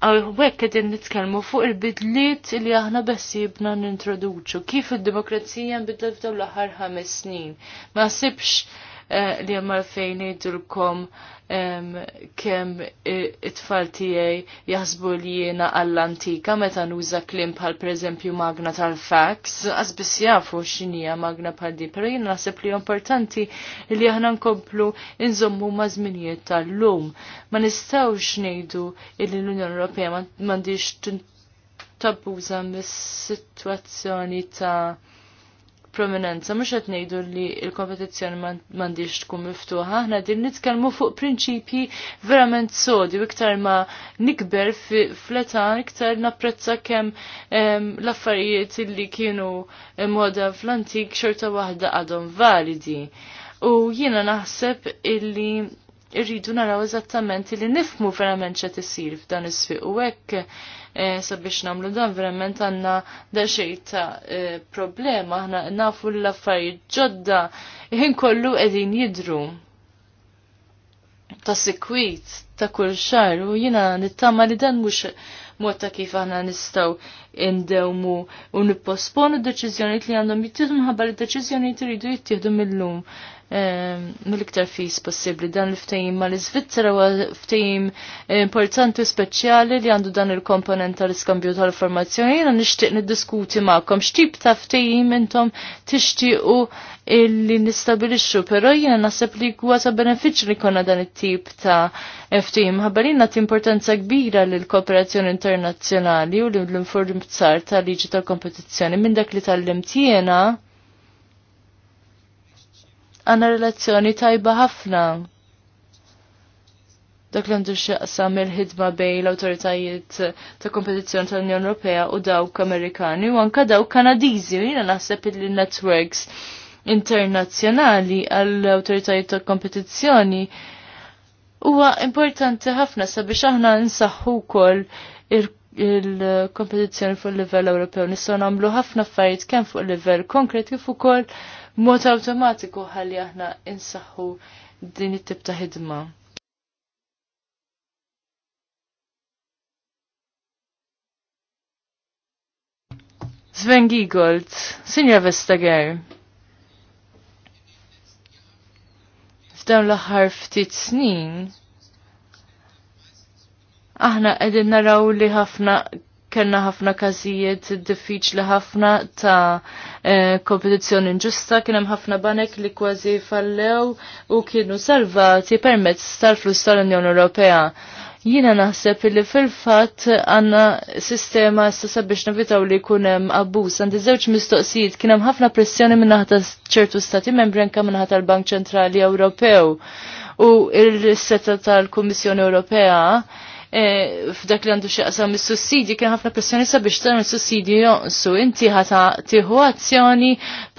Hawnhekk qegħdin nitkellmu fuq il-bidliet li aħna bessibna nintroduċu. Kif id-demokrazija nbidlet f'dawn l-aħħar ħames snin. Ma sibx Eh, li għamma fejn jidulkom kem it-tfal tijaj jazbu li jena għall-antika meta nuża klim bħal per eżempju magna tal-fax, għazbis jafu xinija magna bħal di, pero jena nasib li importanti li aħna nkomplu nżommu mażminijiet tal-lum. Ma nistawx nejdu illi l-Unjoni Ewropea mandiġ tabbuża mis-situazzjoni ta' prominenza, mux għet nejdu li il-kompetizjoni mandiġ tkun miftuħa, ħna din nitkelmu fuq prinċipji verament sodi, iktar ma nikber fl-etan, iktar napprezza kem l-affarijiet li kienu moda fl-antik xorta wahda għadhom validi. U jiena naħseb illi irridu naraw eżattament li nifmu verament x'għed isir f'dan is-sfiq u hekk eh, sabiex namlu dan verament għandna da ta' eh, problema aħna nafu l-affarijiet ġodda ħin kollu qegħdin jidru ta' sikwit, ta' kull xar u jiena nittama li dan mhux mod ta' kif aħna nistgħu indewmu u nipposponu d-deċizjoni li għandhom jittieħdu minħabba li d-deċizjoni jridu jittieħdu mill-lum ehm, mill-iktar fis possibli dan l-ftejim ma l-Svizzera u ftejim importanti u speċjali li għandu dan il-komponent tal-iskambju tal-formazzjoni jena nishtiq niddiskuti ma'kom xtib ta' ftejim intom tixtiequ illi nistabilixxu, però jiena naħseb li huwa ta' benefiċċju li konna dan it-tip ta' ftehim ħabbarin nagħti importanza kbira lill kooperazzjoni internazzjonali u l-inform l tal-liġi tal-kompetizzjoni minn dak li tal-limt jiena għanna relazzjoni tajba ħafna. Dak li għandu xaqsam il-ħidma bej l-autoritajiet ta' kompetizzjoni tal-Unjoni Ewropea u dawk Amerikani u anka dawk Kanadiżi u jiena naħseb il-networks internazzjonali għall-autoritajiet ta' kompetizzjoni huwa importanti ħafna sabiex aħna nsaħħu wkoll il-kompetizzjoni fuq il-livell Ewropew nistgħu nagħmlu ħafna affarijiet kemm fuq il-livell konkret kif ukoll mod awtomatiku ħalli aħna insaħħu din it-tip ta' ħidma. Sven Giegold, Sinja Vestager. F'dawn l-aħħar ftit snin, Aħna qegħdin naraw li ħafna kellna ħafna każijiet diffiċli ħafna ta' kompetizjoni eh, kompetizzjoni inġusta, kien hemm ħafna banek li kważi fallew u kienu salvati permezz tal-flus tal-Unjoni Ewropea. Jina naħseb li fil-fatt għanna sistema stessa biex navitaw li kunem abbuż. Għandi żewġ mistoqsijiet kien hemm ħafna pressjoni minn ħata ċertu stati membri anke minna ħata l-Bank Ċentrali Ewropew u il-setta tal-Kummissjoni Ewropea Eh, f'dak li għandu xieqsa mis-sussidji kien ħafna pressjoni sabiex dan mis sussidji jonqsu. Inti ħata tieħu azzjoni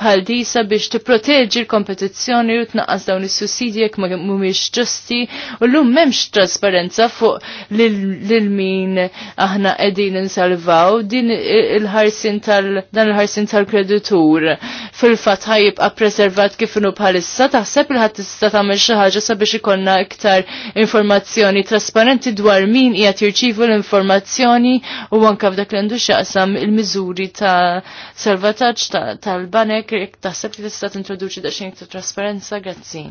bħal di sabiex t-proteġi l-kompetizzjoni u tnaqqas dawn is-sussidji jekk ma mhumiex ġusti u lum m'hemmx trasparenza fuq lil min aħna qegħdin insalvaw din il-ħarsin tal dan il-ħarsin tal-kreditur fil-fatt ħajibqa' preservat kif bħalissa taħseb il ħadd tista' tagħmel xi ħaġa sabiex ikonna iktar informazzjoni trasparenti dwar min din qiegħed jirċievu l-informazzjoni u anke f'dak li għandu x'jaqsam il-miżuri ta' salvataġġ tal-banek jekk taħseb li tista' tintroduċi daqsxejn ta' trasparenza, grazzi.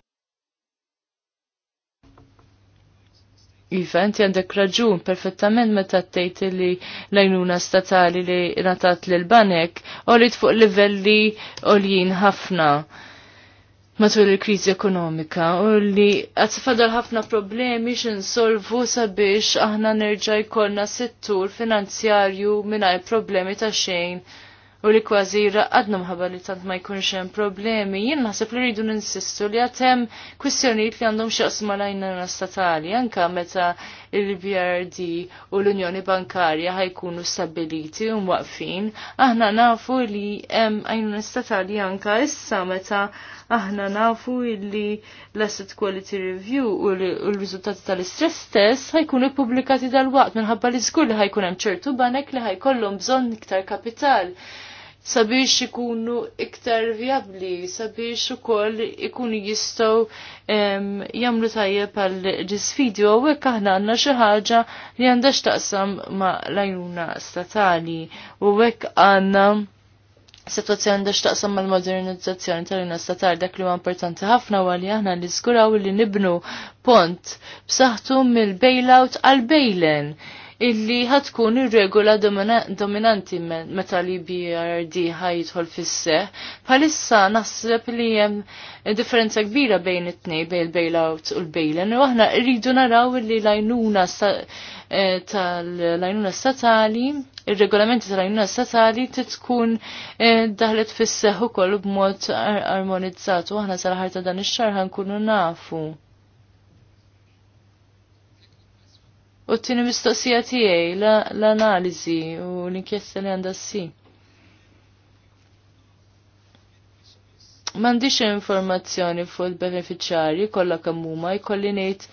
Iva, inti għandek raġun perfettament meta tgħid li l-għajnuna statali li natat l-banek u li tfuq livelli oljin ħafna matul il-krizi ekonomika u li għatfadal ħafna problemi xinsolvu sabiex aħna nerġa' jkollna settur finanzjarju mingħajr problemi ta' xejn u li kważi raqqadna mħabba li tant ma jkunx hemm problemi. Jien naħseb li rridu ninsistu li għad hemm kwistjonijiet li għandhom x'jaqsmu l-għajnuna statali anke meta il-BRD u l-Unjoni Bankarja ħajkunu stabiliti u mwaqfin. Aħna nafu li hemm għajnuna statali anke issa meta Aħna nafu illi l-asset quality review u l-riżultati tal-istress test ħajkunu publikati dal-waqt minħabba li żgur li ħajkun hemm ċertu banek li ħajkollhom bżonn iktar kapital sabiex ikunu iktar vjabli, sabiex ukoll ikunu jistgħu jagħmlu tajjeb għal ġisfidi u għek aħna għandna xi ħaġa li għandha x'taqsam ma' lajuna statali u għek għandna situazzjoni da xtaqsam mal modernizzazzjoni tal-Unjoni Statar dak li huwa importanti ħafna huwa li aħna niskuraw li nibnu pont b'saħħtu mill-bailout għal bailen illi ħatkun ir-regola dominanti meta li BRD ħajdħol fis-seħ. Bħalissa naħseb li hemm differenza kbira bejn it-tnej bejn il-bailout u l-bail-in u aħna rridu naraw li lajnuna eh, tal-lajnuna statali il-regolamenti tal-għajnuna statali titkun eh, daħlet fis-seħ ukoll b'mod armonizzat u aħna sal-ħarta dan ix xarħan kunu nafu. U t-tini mistoqsija tiegħi l-analiżi u l-inkjesta li għandha si. M'għandix informazzjoni fuq il benefiċjarji kollha kemm huma jkolli ngħid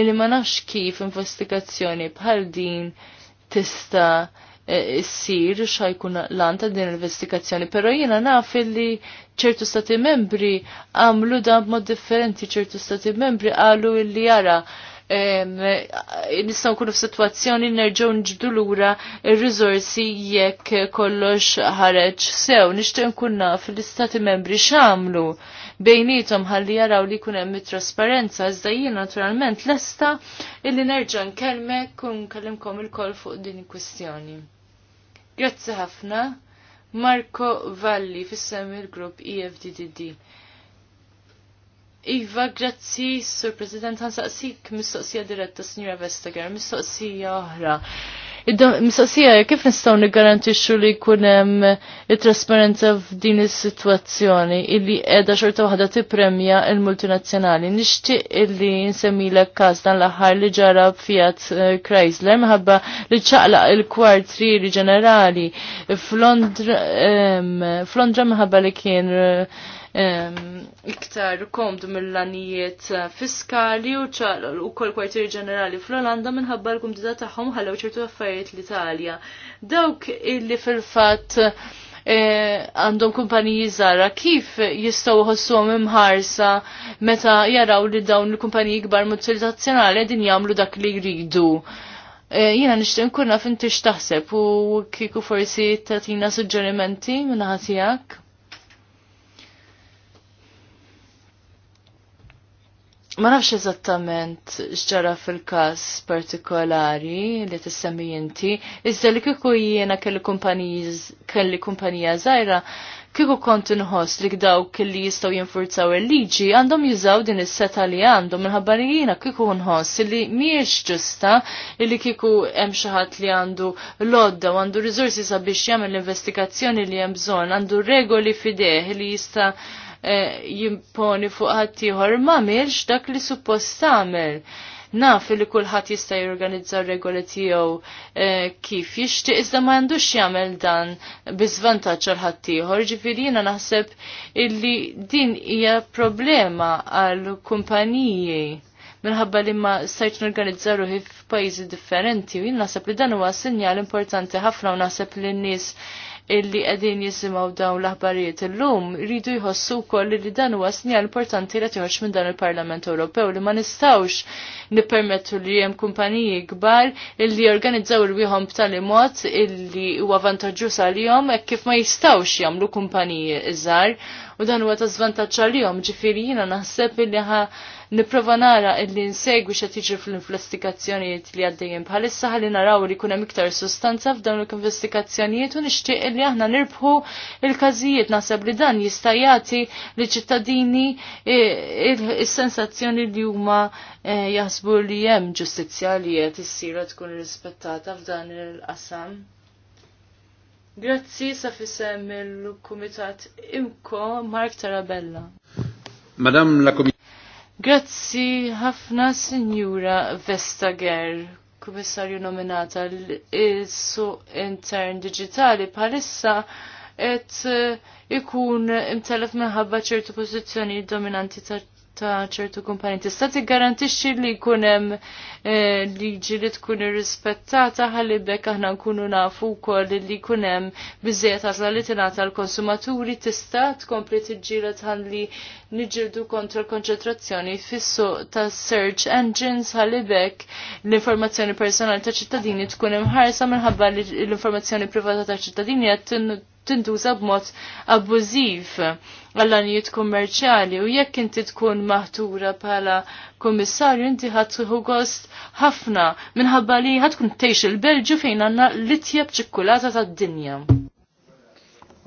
illi ma nafx kif investigazzjoni bħal din tista' e, issir xajkun lanta din l-investigazzjoni, pero jina naf illi ċertu stati membri għamlu dan b'mod differenti, ċertu stati membri għalu illi jara nistgħu nkunu f'sitwazzjoni nerġgħu nġbdu lura il rizorsi jekk kollox ħareġ sew. Nixtieq nkun naf l-istati membri x'għamlu bejnietom ħalli jaraw li kunem hemm trasparenza iżda jien naturalment lesta illi nerġaw nkellmek kun kellimkom il kol fuq din il-kwistjoni. Grazzi ħafna. Marco Valli fissem il-grupp EFDDD. Iva, grazzi, Sur President, għansaqsik mistoqsija diretta, Signora Vestager, mistoqsija oħra. Mistoqsija, kif nistaw nigarantixxu li kunem il-trasparenza f'din is-sitwazzjoni illi qiegħda xorta waħda tippremja il-multinazzjonali. Nixtieq illi nsemmilek każ dan l-aħħar li ġara Fiat eh, Chrysler minħabba li ċaqlaq il-kwartri ġenerali f'Londra minħabba li kien iktar komdu mill-lanijiet eh, fiskali u ċal u kol kwartier ġenerali fl-Olanda minħabba l-kumdita tagħhom ħallew ċertu affarijiet l-Italja. Dawk illi fil-fatt eh, għandhom kumpaniji żara kif jistgħu ħossuhom imħarsa meta jaraw li dawn il-kumpaniji kbar multinazzjonali din jagħmlu dak li jridu eh, jina nishtin kunna fin tix taħseb u kiku forsi tatina suġġerimenti minna ħatijak? Ma nafx eżattament xġara fil-kas partikolari li tissemmi inti, iżda li kiku jiena kelli kumpanija zaħira, kiku kont nħoss li gdaw kelli jistaw jinfurzaw il-liġi, għandhom jizaw din is-seta li għandhom minħabba li jiena kiku nħoss li miex ġusta li kiku hemm xi ħadd li għandu lodda u għandu rizorsi sabiex jagħmel l-investigazzjoni li hemm bżonn, għandu regoli fideħ li jista' E, jimponi fuq ħaddieħor m'għamilx dak li suppost tagħmel naf li kulħadd jista' jorganizza regoli tiegħu e, kif jixtieq iżda ma għandux jagħmel dan biżvantaġġ żvantaġġ għal ħaddieħor. Ġifieri jiena naħseb illi din hija problema għal kumpaniji minħabba li ma stajt norganizza ruħi f'pajjiżi differenti u jien naħseb li dan huwa sinjal importanti ħafna u naħseb li n-nies illi qegħdin jisimgħu dawn l-aħbarijiet illum rridu jħossu wkoll li dan huwa sinjal importanti li joħroġ minn dan il-Parlament Ewropew li ma nistawx nippermettu li hemm kumpaniji kbar illi jorganizzaw wihom b'tali mod illi huwa vantaġġuż jom hekk kif ma jistgħux jagħmlu kumpaniji iżgħar u dan huwa ta' żvantaġġ jom ġifieri jiena naħseb illi ħa Nipprova nara illi nsegwi xa tiġri fl-investigazzjonijiet li għaddejjem bħalissa ħalli naraw li kuna miktar sustanza f'dawn l-investigazzjonijiet u nixtieq illi aħna nirbħu il-każijiet naħseb li dan jista' jagħti li ċittadini il-sensazzjoni li huma eh, jaħsbu li hemm ġustizzja li qed issira tkun rispettata f'dan il-qasam. Grazzi sa fissem il-Kumitat Imko Mark Tarabella. Madam la Comit Grazzi ħafna Sinjura Vestager, Kummissarju nominata l su Intern Digitali palissa et eh, ikun imtelef minħabba ċertu pozizjoni dominanti ta' ta' ċertu komponenti. Tista' tiggarantixxi li jkun hemm eh, ġilit li tkun irrispettata ħalli bekk aħna nkunu nafu wkoll li jkun hemm biżejjed għażla li tingħata l-konsumaturi tista' tkompli tiġġieled ħalli nġildu kontra l-konċentrazzjoni fis-suq ta' search engines ħalli bekk l-informazzjoni personali ta' ċittadini tkun imħarsa minħabba li l-informazzjoni privata ta' ċittadini qed tintuża b'mod abbużiv għall-anijiet kummerċali u jekk inti tkun maħtura pala kummissarju inti ħadħu gost ħafna minħabba li ħad tkun tgħix il belġju fejn għandna l ittjeb ċikkulata tad-dinja.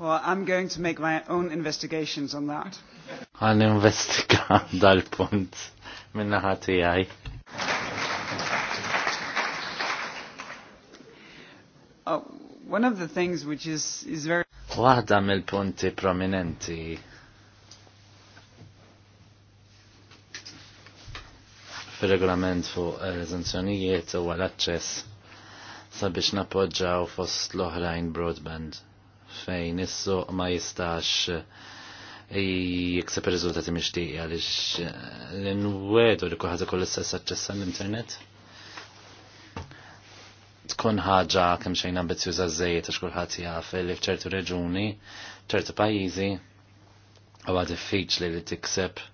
Well, I'm going to make my own investigations on that. Għan investiga [LAUGHS] dal-punt minna ħati għaj. Oh, one of the things which is, is very... Waħda mill-punti prominenti fil-regolament fuq rezenzjonijiet u għal-access sabiex napoġġaw fost l-oħrajn broadband fejn issu ma jistax jikseb il-rizultati mixtieqa għaliex l-nwedu li kuħad kull l-istess aċċess għall-internet tkun ħaġa kemm xejn ambizjuża żejjed għax kulħadd jaf li f'ċertu reġuni, ċertu pajjiżi huwa diffiċli li tikseb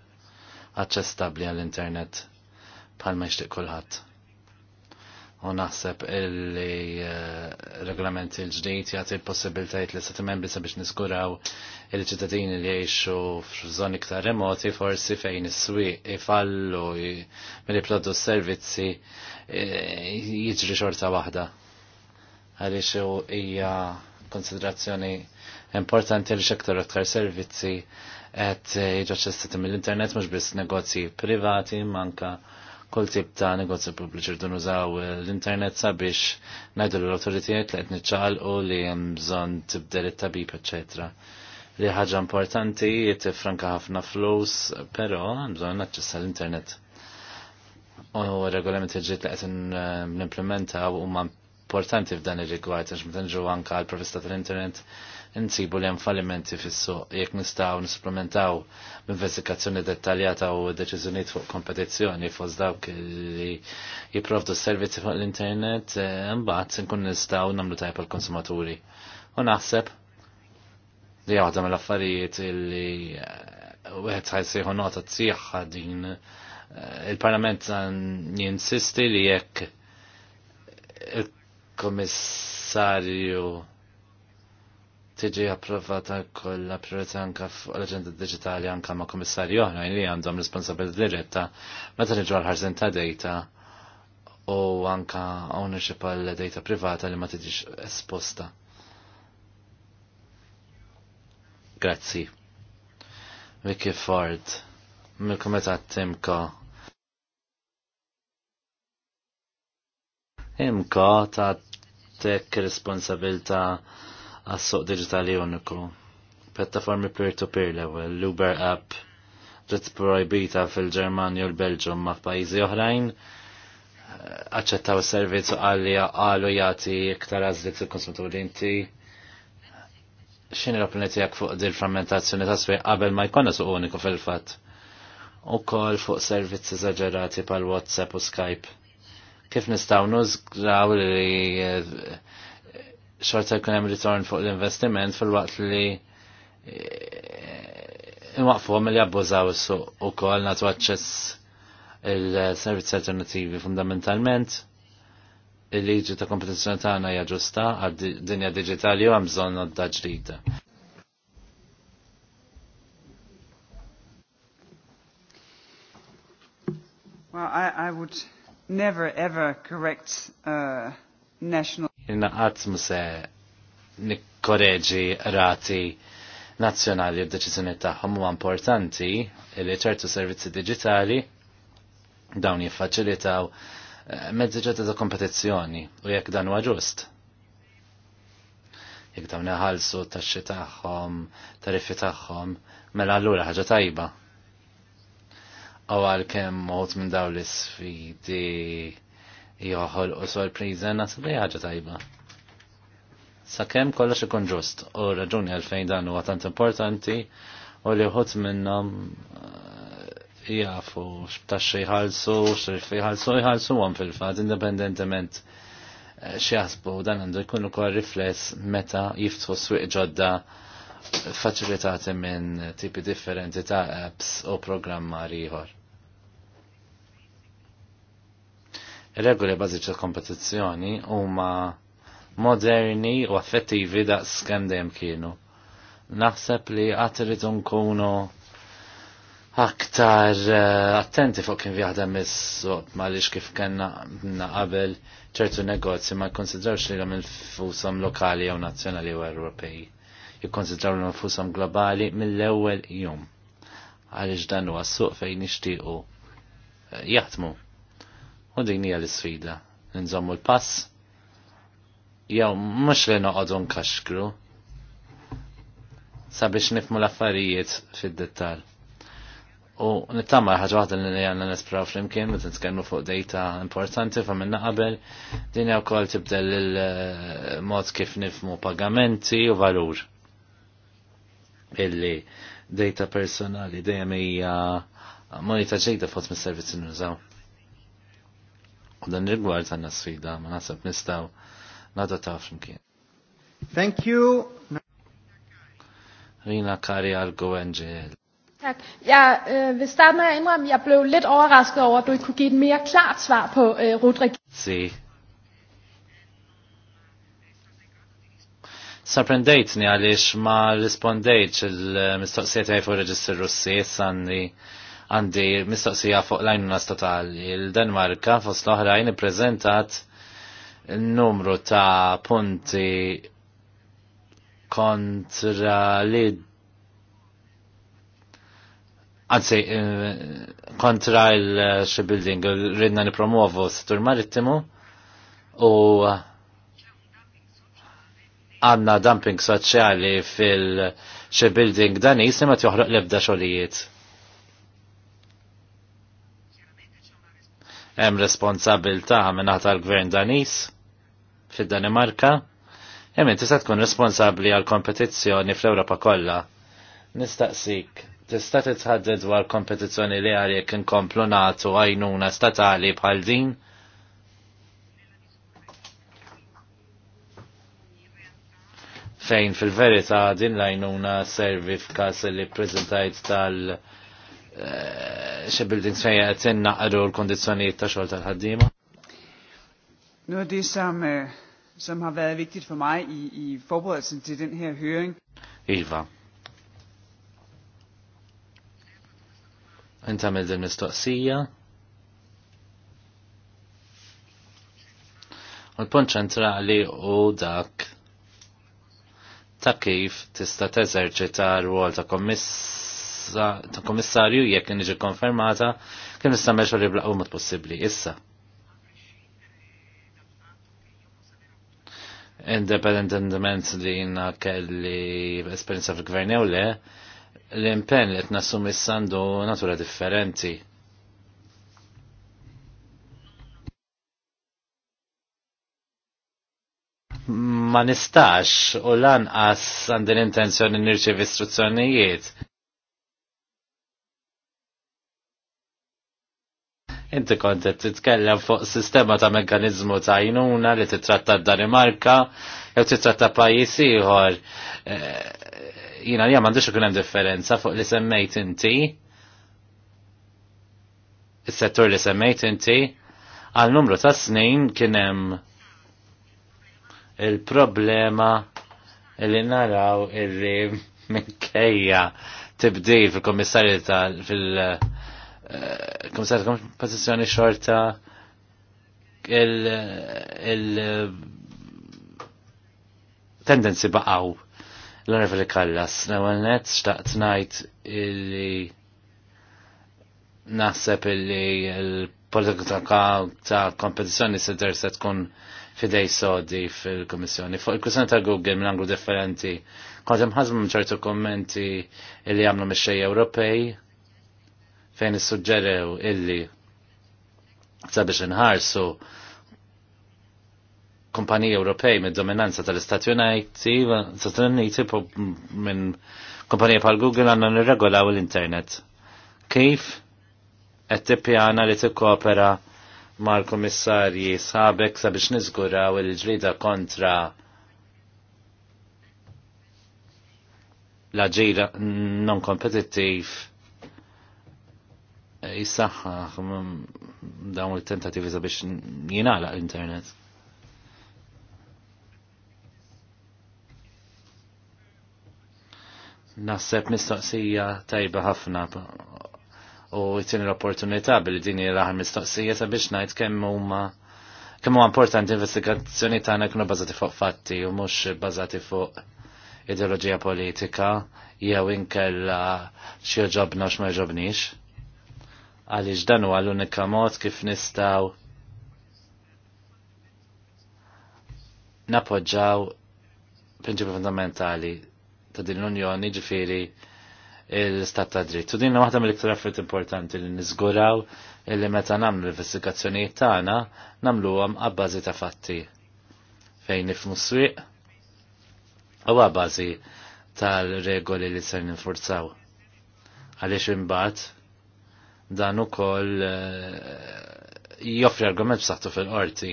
aċċestabbli għall-internet bħalma jixtieq kulħadd u naħseb illi eh, regolament il-ġdijt jgħati possibiltajt li sati membri sabiex niskuraw il-ċittadini li jiexu f'żoni iktar remoti forsi fejn is-swi ifallu mill s servizzi eh, jiġri xorta waħda. Għaliex hija konsiderazzjoni importanti li xektar iktar servizzi qed jiġu ċessati mill-internet mhux biss negozji privati manka kull tip ta' negozju pubbliċi rridu nużaw eh, l-internet sabiex ngħidu l-awtoritajiet li qed u li hemm bżonn tibdel it-tabib, eċetera. Li ħaġa importanti tifranka ħafna flus, però hemm bżonn naċċessa l-internet. U regolamenti ġiet li qed nimplementaw huma importanti f'dan ir-rigward għax meta nġu anke għall provista tal-internet nsibu li hemm fallimenti fis-suq jekk nistgħu nisplementaw b'investigazzjoni dettaljata u deċiżjonijiet fuq kompetizzjoni fost dawk li jipprovdu s-servizzi fuq l-internet imbagħad eh, nkun nistgħu nagħmlu tajb għall-konsumaturi. U naħseb li għadam l affarijiet li eh, wieħed ħajsieħu nota tsieħħa din eh, il-Parlament jinsisti li jekk il-Komissarju tiġi approvata kollha priorità anke fuq l-aġenda digitali anke ma' kummissarju oħrajn li għandhom responsabilità diretta meta tiġu għal-ħarżin ta' data u anke ownership għal data privata li ma tiġix esposta. Grazzi. Vicky Ford, mill-Kumitat Timko. Imko ta' tek responsabilta' għas digitali uniku. Pettaformi peer-to-peer l l-Uber app, ġiet projbita fil-Ġermanja u l-Belġum ma' f'pajjiżi oħrajn, aċċettaw servizzu għalli għalu jagħti iktar għażliet il-konsumaturi inti. X'inhi l-opinjoni għak fuq din frammentazzjoni ta' swieq qabel ma jkollna suq uniku fil-fatt. kol fuq servizzi zaġerati pal WhatsApp u Skype. Kif nistgħu nużgraw li xorta jkun hemm ritorn fuq l-investiment fil-waqt li eh, imwaqfuhom li jabbużaw is-suq ukoll nagħtu aċċess il-servizzi alternattivi fundamentalment il-liġi ta' kompetizzjoni tagħna hija ġusta għad-dinja diġitali u hemm bżonn għadda ġdida. Well, I, I would never ever correct uh, national. Innaqat mse nikkoreġi rati nazzjonali b'deċiżjoni tagħhom huwa importanti li ċertu servizzi diġitali dawn jiffaċilitaw eh, mezzi ġodda ta' kompetizzjoni u jekk dan huwa ġust. Jekk dawn iħallsu taxxi tagħhom, tariffi tagħhom, mela allura ħaġa tajba. U għalkemm uħut minn dawn l-isfidi joħol u prizen nasib li ħagġa tajba. Sakemm kollox ikun ġust u raġuni għalfejn dan huwa tant importanti u li uħut minnhom eh, jafu x'tax xi jħallsu x'rif jħallsu jħallsu għom fil-fatt indipendentement eh, x'jaħsbu dan għandu jkun ukoll rifless meta jiftħu swieq ġodda faċilitati minn tipi differenti ta' apps u programmar ieħor regoli bażiċi kompetizzjoni huma moderni u affettivi daqs skem dejjem kienu. Naħseb li qatt irid nkunu aktar eh, attenti fuq kien jaħdem is-sob għaliex kif kellna qabel ċertu negozji ma jkonsidrawx li għamil fusom lokali jew nazzjonali u Ewropej. Jikkonsidraw li fusom globali mill-ewwel jum. Għaliex dan huwa suq fejn nixtiequ eh, jaħdmu. U din hija l-isfida. Nżommu l-pass. Jew mhux li noqogħdu nkaxkru sabiex nifmu l-affarijiet fid-dettal. U nittama ħagħa waħda li għanna nespraw flimkien, meta nitkellmu fuq data importanti fa' minna qabel, din hija wkoll tibdel il-mod kif nifmu pagamenti u valur. Illi data personali dejjem hija moneta ġejda fost mis-servizzi nużaw. Dan il-rigward għanna sfida, ma nasab nistaw nada ta' flimkien. Thank you. Rina Kari Argo-NGL. Tak. Jeg øh, vil starte med at indrømme, at jeg blev lidt overrasket over, at du ikke kunne give et mere klart svar på øh, eh, Rodrik. Si. Sorprendejtni għaliex ma rispondejtx il-mistoqsijiet għaj fuq reġistru s-siet sanni għandi mistoqsija fuq l-għajnuna statali. Il-Denmarka fost l-oħrajn prezentat numru ta' punti kontra li Anzi, eh, kontra il-shipbuilding, ridna nipromuovu s-settur marittimu u għanna dumping soċjali fil-shipbuilding dani jisima l lebda xolijiet hemm responsabilta minna tal-gvern danis fid-Danimarka, hemm tista' tkun responsabbli għal kompetizzjoni fl-Ewropa kollha. Nistaqsik, tista' titħaddid dwar kompetizzjoni li jekk inkomplu nagħtu għajnuna statali bħal din? fejn fil verità din l-għajnuna servi f'każ li ppreżentajt tal- Eh, xe bil-din fejja għetenna għadu l-kondizjoniet ta' xol tal-ħaddima? Nu det er som, eh, som har været vigtigt for mig i, i forberedelsen til den her høring. Iva. Inta mill din mistoqsija. U l-punt ċentrali u dak ta' kif tista' teżerċita r-rwol ta' kommiss ta' komissarju jekk niġi konfermata kien nista' meċa li mod possibbli issa. Independentement li jina kelli esperienza fil-gvern jew le, l-impenn li t-nassum sandu natura differenti. ma nistax u lanqas għandi l-intenzjoni nirċiv istruzzjonijiet. Inti kont qed titkellem fuq sistema ta' mekkaniżmu ta' jnuna li titratta d-Danimarka jew titratta pajjiż ieħor. Eh, jiena li għamandu ikun hemm differenza fuq li semmejt inti. Is-settur li semmejt inti għal numru ta' snin kien hemm il-problema li naraw minn kejja tibdil fil-komissarju tal fil-, -komissarju Eh, kum pozizjoni xorta il-tendenzi baqaw l-onorevoli Kallas. L-għalnet xtaqt najt illi naħseb illi il politika ta' kompetizjoni se se tkun fidej sodi fil-Komissjoni. Fuq il-kwissjoni ta' Google minn angu differenti, kont imħazmu ċertu kommenti illi għamlu mix-xej Ewropej fejn issuġġerew illi sabiex inħarsu kumpaniji Ewropej mid-dominanza tal-Istati Uniti, Stati Uniti minn kumpanija pal Google għandna nirregolaw l-internet. Kif qed tippjana li tikkopera mal-kummissarji sabek sabiex niżguraw il-ġlida kontra l-ġira non kompetittiv jissaxħa dawn il-tentativi sabiex jinala l-internet. Naħseb mistoqsija tajba ħafna u jtini l-opportunità billi din l-aħħar mistoqsija sabiex ngħid kemm huma kemm huwa importanti investigazzjoni tagħna kienu bażati fuq fatti u mhux bażati fuq ideoloġija politika jew inkella xi joġobna x'ma joġobnix għaliex dan huwa l-unika mod kif nistgħu napoġġaw prinċipi fundamentali ta' din l-Unjoni ġifiri l-istat ta' dritt. U din waħda mill-iktar affarijiet importanti li niżguraw illi meta nagħmlu l-investigazzjonijiet tagħna nagħmluhom għabbażi ta' fatti fejn nifmu s-swieq u għabbażi tal-regoli li se ninfurzaw. Għaliex imbagħad dan ukoll eh, joffri argument b'saħħtu fil-qorti.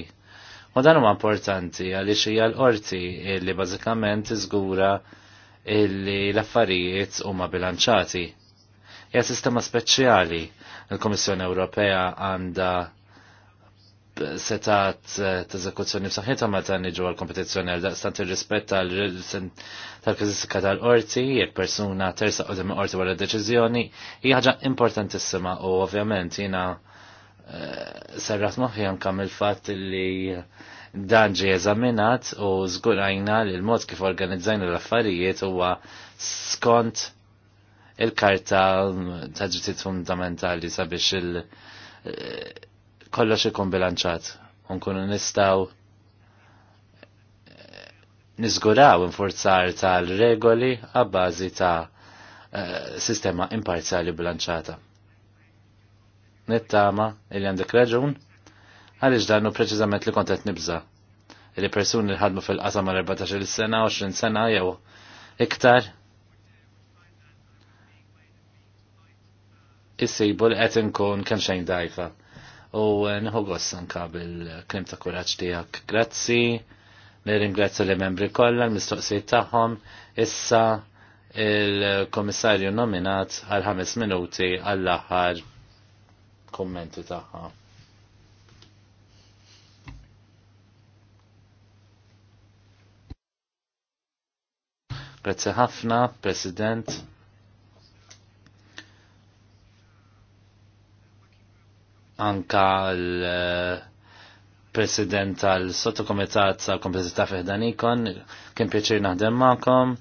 U dan huwa importanti għaliex hija l-qorti li bażikament iżgura illi l-affarijiet huma bilanċati. Hija sistema speċjali. Il-Komissjoni Ewropea għandha setat eh, ta' eżekuzzjoni b'saħħitha meta niġu għal kompetizzjoni għal daqstant ir-rispett tal-kazistika tal-qorti, jekk persuna tersa qudiem qorti wara deċiżjoni, hija ħaġa importantissima u ovvjament jiena eh, serrat moħħi ankam il-fatt li dan ġie eżaminat u żgurajna li l-mod kif organizzajna l-affarijiet huwa skont il-karta ta' ġitit fundamentali sabiex il- eh, kollox ikun bilanċat. Unkunu nistaw eh, nizguraw infurzar tal-regoli għabbażi ta' eh, sistema imparzjali bilanċata. Nittama il għandek raġun għaliex dannu preċiżament li kontet nibża. Li persuni li ħadmu fil-qasam għal 14 sena, 20 sena jew iktar issibu li qed inkun kemm xejn dajfa u eh, nħogos anka bil-klim ta' kuraċ tijak. Grazzi, nirringrazzja li membri kollha l-mistoqsijiet tagħhom, issa il-komissarju nominat għal ħames minuti għall-aħħar kummenti tagħha. Grazie ħafna, President. anka l-president tal-sottokomitat tal-kompetita fiħdanikon, kien pjaċir naħdem ma'kom,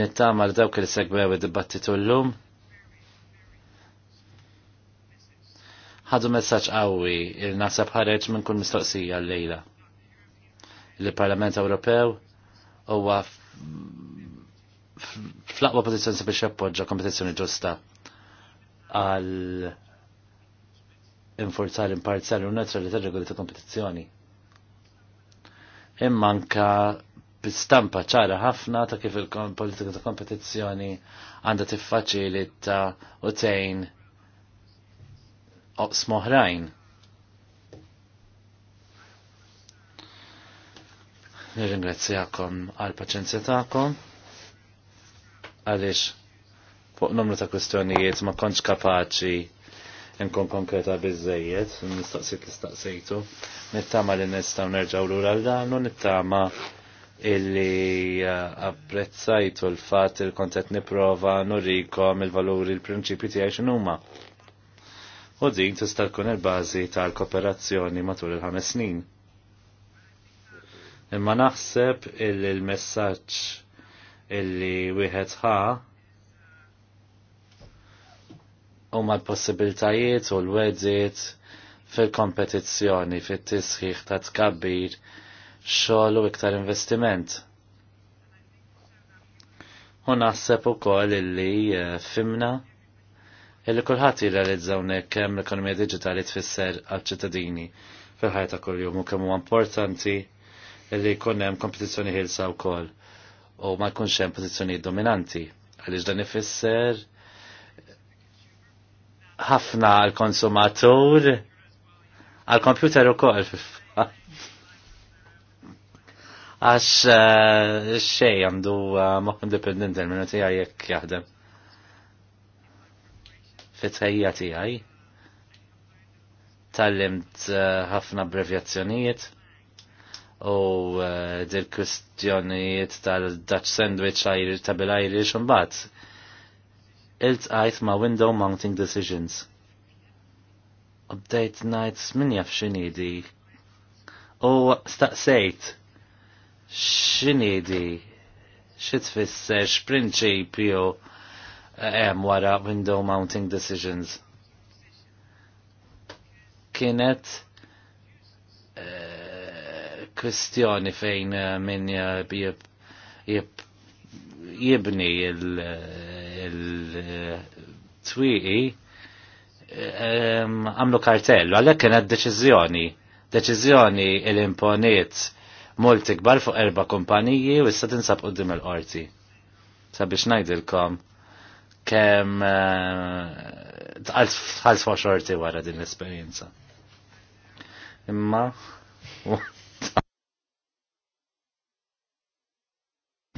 nittama għal dawk li segwew id-dibattitu l-lum. ħadu messaċ qawwi il-nasab ħareġ minn kull mistoqsija l-lejla. l parlament Ewropew huwa fl-aqwa pozizjoni sabiex jappoġġa kompetizzjoni ġusta għal infurzar imparzjali u neutrali li regoli ta' kompetizzjoni. Imma anka bistampa ċara ħafna ta' kif il-politika ta' kompetizzjoni għandha tiffaċilita u tgħin oqsm oħrajn. Nirringrazzjakom għal paċenzja tagħkom għaliex fuq numru ta' kwistjonijiet ma kontx kapaċi nkun konkreta bizzejiet, nistaqsik istaqsejtu, nittama li nistaw nerġaw l-ura l-danu, nittama illi eh, apprezzajtu l-fat il-kontet niprofa nurikom il-valuri l-prinċipju tiegħi x'inhuma. U din tista' tkun il-bażi tal-kooperazzjoni matul il-ħames snin. Imma naħseb il-messaġġ illi wieħed ħa u ma l-possibiltajiet u l-wedziet fil-kompetizzjoni, fil-tisħiħ ta' tkabbir xogħol u iktar investiment. U naħseb ukoll illi eh, fimna illi kulħadd jirrealizzawnek kemm l-ekonomija diġitali tfisser għal-ċittadini fil-ħajta kuljum u kemm huwa importanti illi jkun hemm kompetizzjoni ħilsa wkoll u ma jkunx hemm pożizzjonijiet dominanti għaliex dan ifisser ħafna għal konsumatur għal kompjuter u kol [LAUGHS] għax eh, xej għandu eh, moħ independent il-minu tijaj jek jahdem fitħajja tijaj tallimt eh, ħafna abbreviazzjonijiet u dil-kustjonijiet tal-Dutch sandwich ta' irish un-bat il-tqajt ma' Window Mounting Decisions. Update nights min jaf xinidi. U staqsejt, xinidi, xit fisser, x'prinċipju eh, em wara Window Mounting Decisions. Kienet eh, kwestjoni fejn eh, minn jibni il- il-twiqi għamlu kartellu, għalhekk kienet deċiżjoni, deċiżjoni il-imponiet multi kbar fuq erba' kumpaniji u issa tinsab qudiem il-qorti. Sabiex ngħidilkom kemm tqalt ħalsfa xorti wara din l-esperjenza. Imma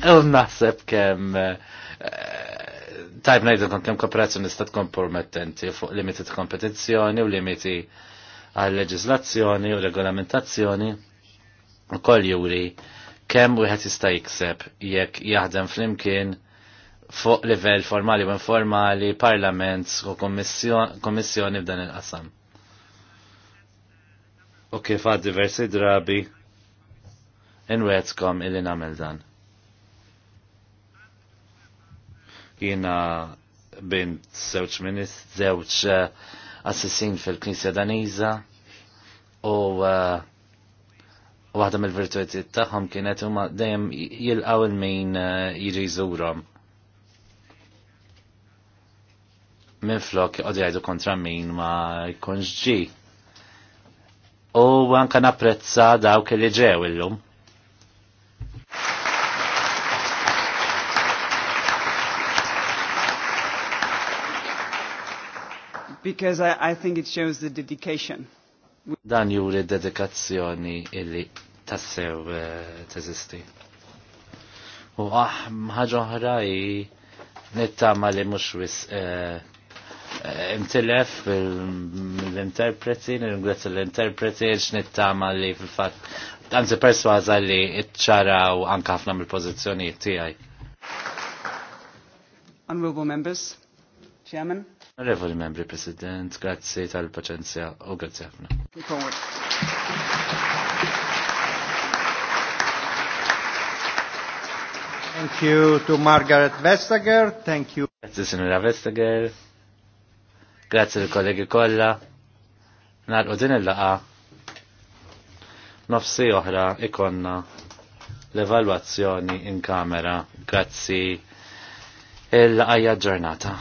Naħseb kem eh, tajb kon kem kooperazzjoni stat kompromettenti fuq limiti ta' kompetizzjoni u limiti għal leġislazzjoni u regolamentazzjoni u koll juri kem u jħet jista' jikseb jekk jaħdem flimkien fuq livell formali u informali, parlament u kommissjoni f'dan il-qasam. U kif għad diversi drabi inwetkom il-li namel dan. Jina bint zewċ minist, zewċ eh, assessin fil-Knisja Daniza u eh, waħda mill-virtueti tagħhom kienet huma dejjem jilqgħu il-min eh, jiġi jżurhom. Minn flok qogħdu jgħidu kontra min ma jkunx ġi. U anka napprezza dawk li ġew illum. because I, I think it shows the dedication. Dan ju li dedikazzjoni illi tassew eh, tazisti. U ah, ħaġa oħra ħraji nittama li mhux wis eh, eh, imtilef l-interpreti, nirringrazzja l-interpreti, nittama li fil fat għanzi persważa li iċċaraw u għankafna mil-pozizjoni tijaj. Honorable members, Chairman. Onorevoli membri President, grazie tal-paċenzja u grazie ħafna. Thank you to Margaret Vestager, thank you. Grazie signora Vestager, grazie l-kollegi kolla, narqu din il-laqa, nofsi oħra ikonna l-evaluazzjoni in kamera, grazzi il laqa ġurnata.